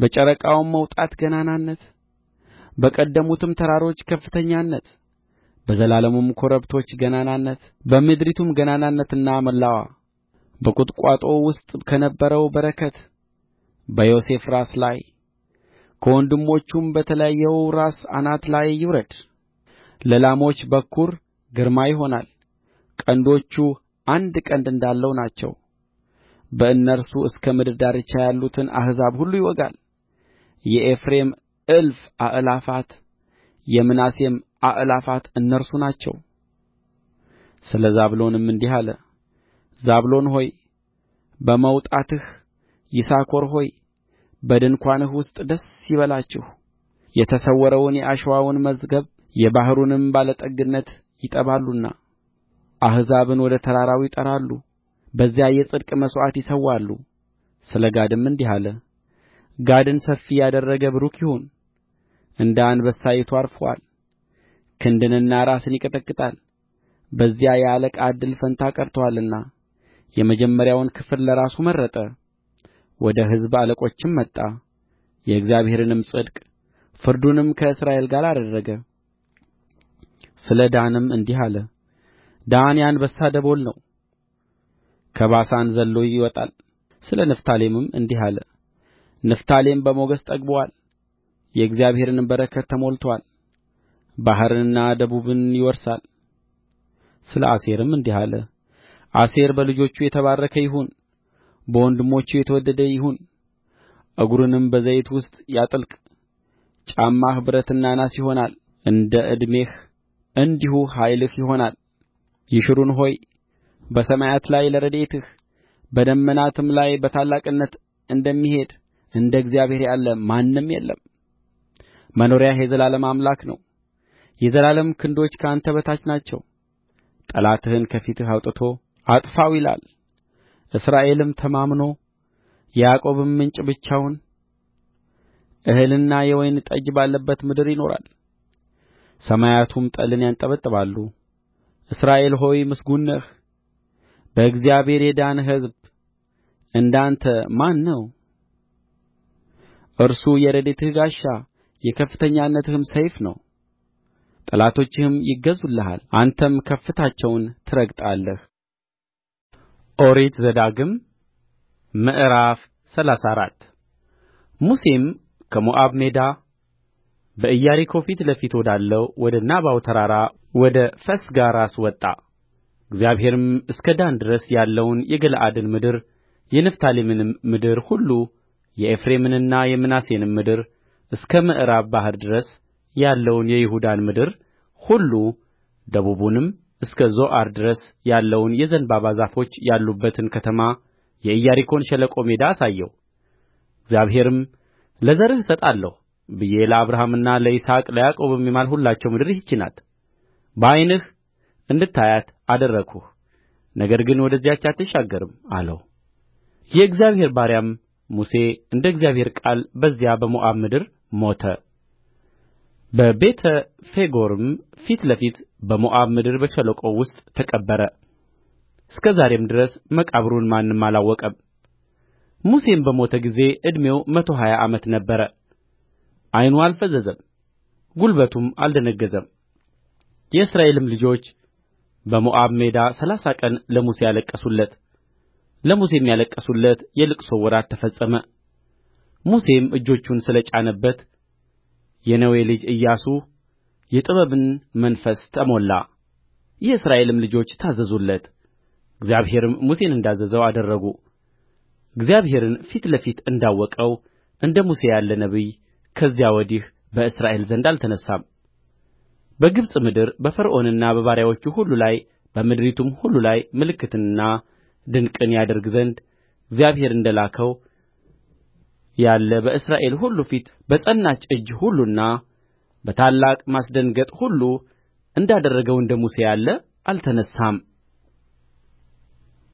በጨረቃውም መውጣት ገናንነት በቀደሙትም ተራሮች ከፍተኛነት በዘላለሙም ኮረብቶች ገናንነት በምድሪቱም ገናንነትና ሞላዋ በቍጥቋጦው ውስጥ ከነበረው በረከት በዮሴፍ ራስ ላይ ከወንድሞቹም በተለየው ራስ አናት ላይ ይውረድ ለላሞች በኵር ግርማ ይሆናል ቀንዶቹ አንድ ቀንድ እንዳለው ናቸው በእነርሱ እስከ ምድር ዳርቻ ያሉትን አሕዛብ ሁሉ ይወጋል የኤፍሬም እልፍ አእላፋት የምናሴም አእላፋት እነርሱ ናቸው ስለ ዛብሎንም እንዲህ አለ ዛብሎን ሆይ በመውጣትህ ይሳኮር ሆይ በድንኳንህ ውስጥ ደስ ይበላችሁ የተሰወረውን የአሸዋውን መዝገብ የባሕሩንም ባለጠግነት ይጠባሉና አሕዛብን ወደ ተራራው ይጠራሉ በዚያ የጽድቅ መሥዋዕት ይሠዋሉ ስለ ጋድም እንዲህ አለ ጋድን ሰፊ ያደረገ ቡሩክ ይሁን እንደ አንበሳይቱ ዐርፎአል ክንድንና ራስን ይቀጠቅጣል በዚያ የአለቃ እድል ፈንታ ቀርቶአልና የመጀመሪያውን ክፍል ለራሱ መረጠ ወደ ሕዝብ አለቆችም መጣ የእግዚአብሔርንም ጽድቅ ፍርዱንም ከእስራኤል ጋር አደረገ ስለ ዳንም እንዲህ አለ ዳን የአንበሳ ደቦል ነው ከባሳን ዘሎ ይወጣል ስለ ንፍታሌምም እንዲህ አለ ንፍታሌም በሞገስ ጠግቦአል የእግዚአብሔርንም በረከት ተሞልቶአል ባሕርንና ደቡብን ይወርሳል ስለ አሴርም እንዲህ አለ አሴር በልጆቹ የተባረከ ይሁን በወንድሞቹ የተወደደ ይሁን እግሩንም በዘይት ውስጥ ያጥልቅ ጫማህ ብረትና ናስ ይሆናል እንደ ዕድሜህ እንዲሁ ኃይልህ ይሆናል ይሹሩን ሆይ በሰማያት ላይ ለረድኤትህ በደመናትም ላይ በታላቅነት እንደሚሄድ እንደ እግዚአብሔር ያለ ማንም የለም መኖሪያህ የዘላለም አምላክ ነው የዘላለም ክንዶች ከአንተ በታች ናቸው ጠላትህን ከፊትህ አውጥቶ አጥፋው ይላል እስራኤልም ተማምኖ የያዕቆብም ምንጭ ብቻውን እህልና የወይን ጠጅ ባለበት ምድር ይኖራል ሰማያቱም ጠልን ያንጠበጥባሉ እስራኤል ሆይ ምስጉን ነህ በእግዚአብሔር የዳነ ሕዝብ እንደ አንተ ማን ነው እርሱ የረድኤትህ ጋሻ የከፍተኛነትህም ሰይፍ ነው ጠላቶችህም ይገዙልሃል አንተም ከፍታቸውን ትረግጣለህ ኦሪት ዘዳግም ምዕራፍ ሰላሳ አራት ሙሴም ከሞዓብ ሜዳ በኢያሪኮ ፊት ለፊት ወዳለው ወደ ናባው ተራራ ወደ ፈስጋ ራስ ወጣ እግዚአብሔርም እስከ ዳን ድረስ ያለውን የገለዓድን ምድር የንፍታሌምንም ምድር ሁሉ የኤፍሬምንና የምናሴንም ምድር እስከ ምዕራብ ባሕር ድረስ ያለውን የይሁዳን ምድር ሁሉ ደቡቡንም እስከ ዞዓር ድረስ ያለውን የዘንባባ ዛፎች ያሉበትን ከተማ የኢያሪኮን ሸለቆ ሜዳ አሳየው እግዚአብሔርም ለዘርህ እሰጣለሁ ብዬ ለአብርሃምና ለይስሐቅ ለያዕቆብም የማልሁላቸው ምድር ይህች ናት በዓይንህ እንድታያት አደረግሁህ ነገር ግን ወደዚያች አትሻገርም አለው የእግዚአብሔር ባሪያም ሙሴ እንደ እግዚአብሔር ቃል በዚያ በሞዓብ ምድር ሞተ። በቤተ ፌጎርም ፊት ለፊት በሞዓብ ምድር በሸለቆው ውስጥ ተቀበረ። እስከ ዛሬም ድረስ መቃብሩን ማንም አላወቀም። ሙሴም በሞተ ጊዜ ዕድሜው መቶ ሀያ ዓመት ነበረ። ዐይኑ አልፈዘዘም፣ ጉልበቱም አልደነገዘም። የእስራኤልም ልጆች በሞዓብ ሜዳ ሠላሳ ቀን ለሙሴ አለቀሱለት። ለሙሴም ያለቀሱለት የልቅሶው ወራት ተፈጸመ ሙሴም እጆቹን ስለ ጫነበት የነዌ ልጅ ኢያሱ የጥበብን መንፈስ ተሞላ የእስራኤልም ልጆች ታዘዙለት እግዚአብሔርም ሙሴን እንዳዘዘው አደረጉ እግዚአብሔርን ፊት ለፊት እንዳወቀው እንደ ሙሴ ያለ ነቢይ ከዚያ ወዲህ በእስራኤል ዘንድ አልተነሣም በግብፅ ምድር በፈርዖንና በባሪያዎቹ ሁሉ ላይ በምድሪቱም ሁሉ ላይ ምልክትንና ድንቅን ያደርግ ዘንድ እግዚአብሔር እንደ ላከው ያለ በእስራኤል ሁሉ ፊት በጸናች እጅ ሁሉና በታላቅ ማስደንገጥ ሁሉ እንዳደረገው እንደ ሙሴ ያለ አልተነሣም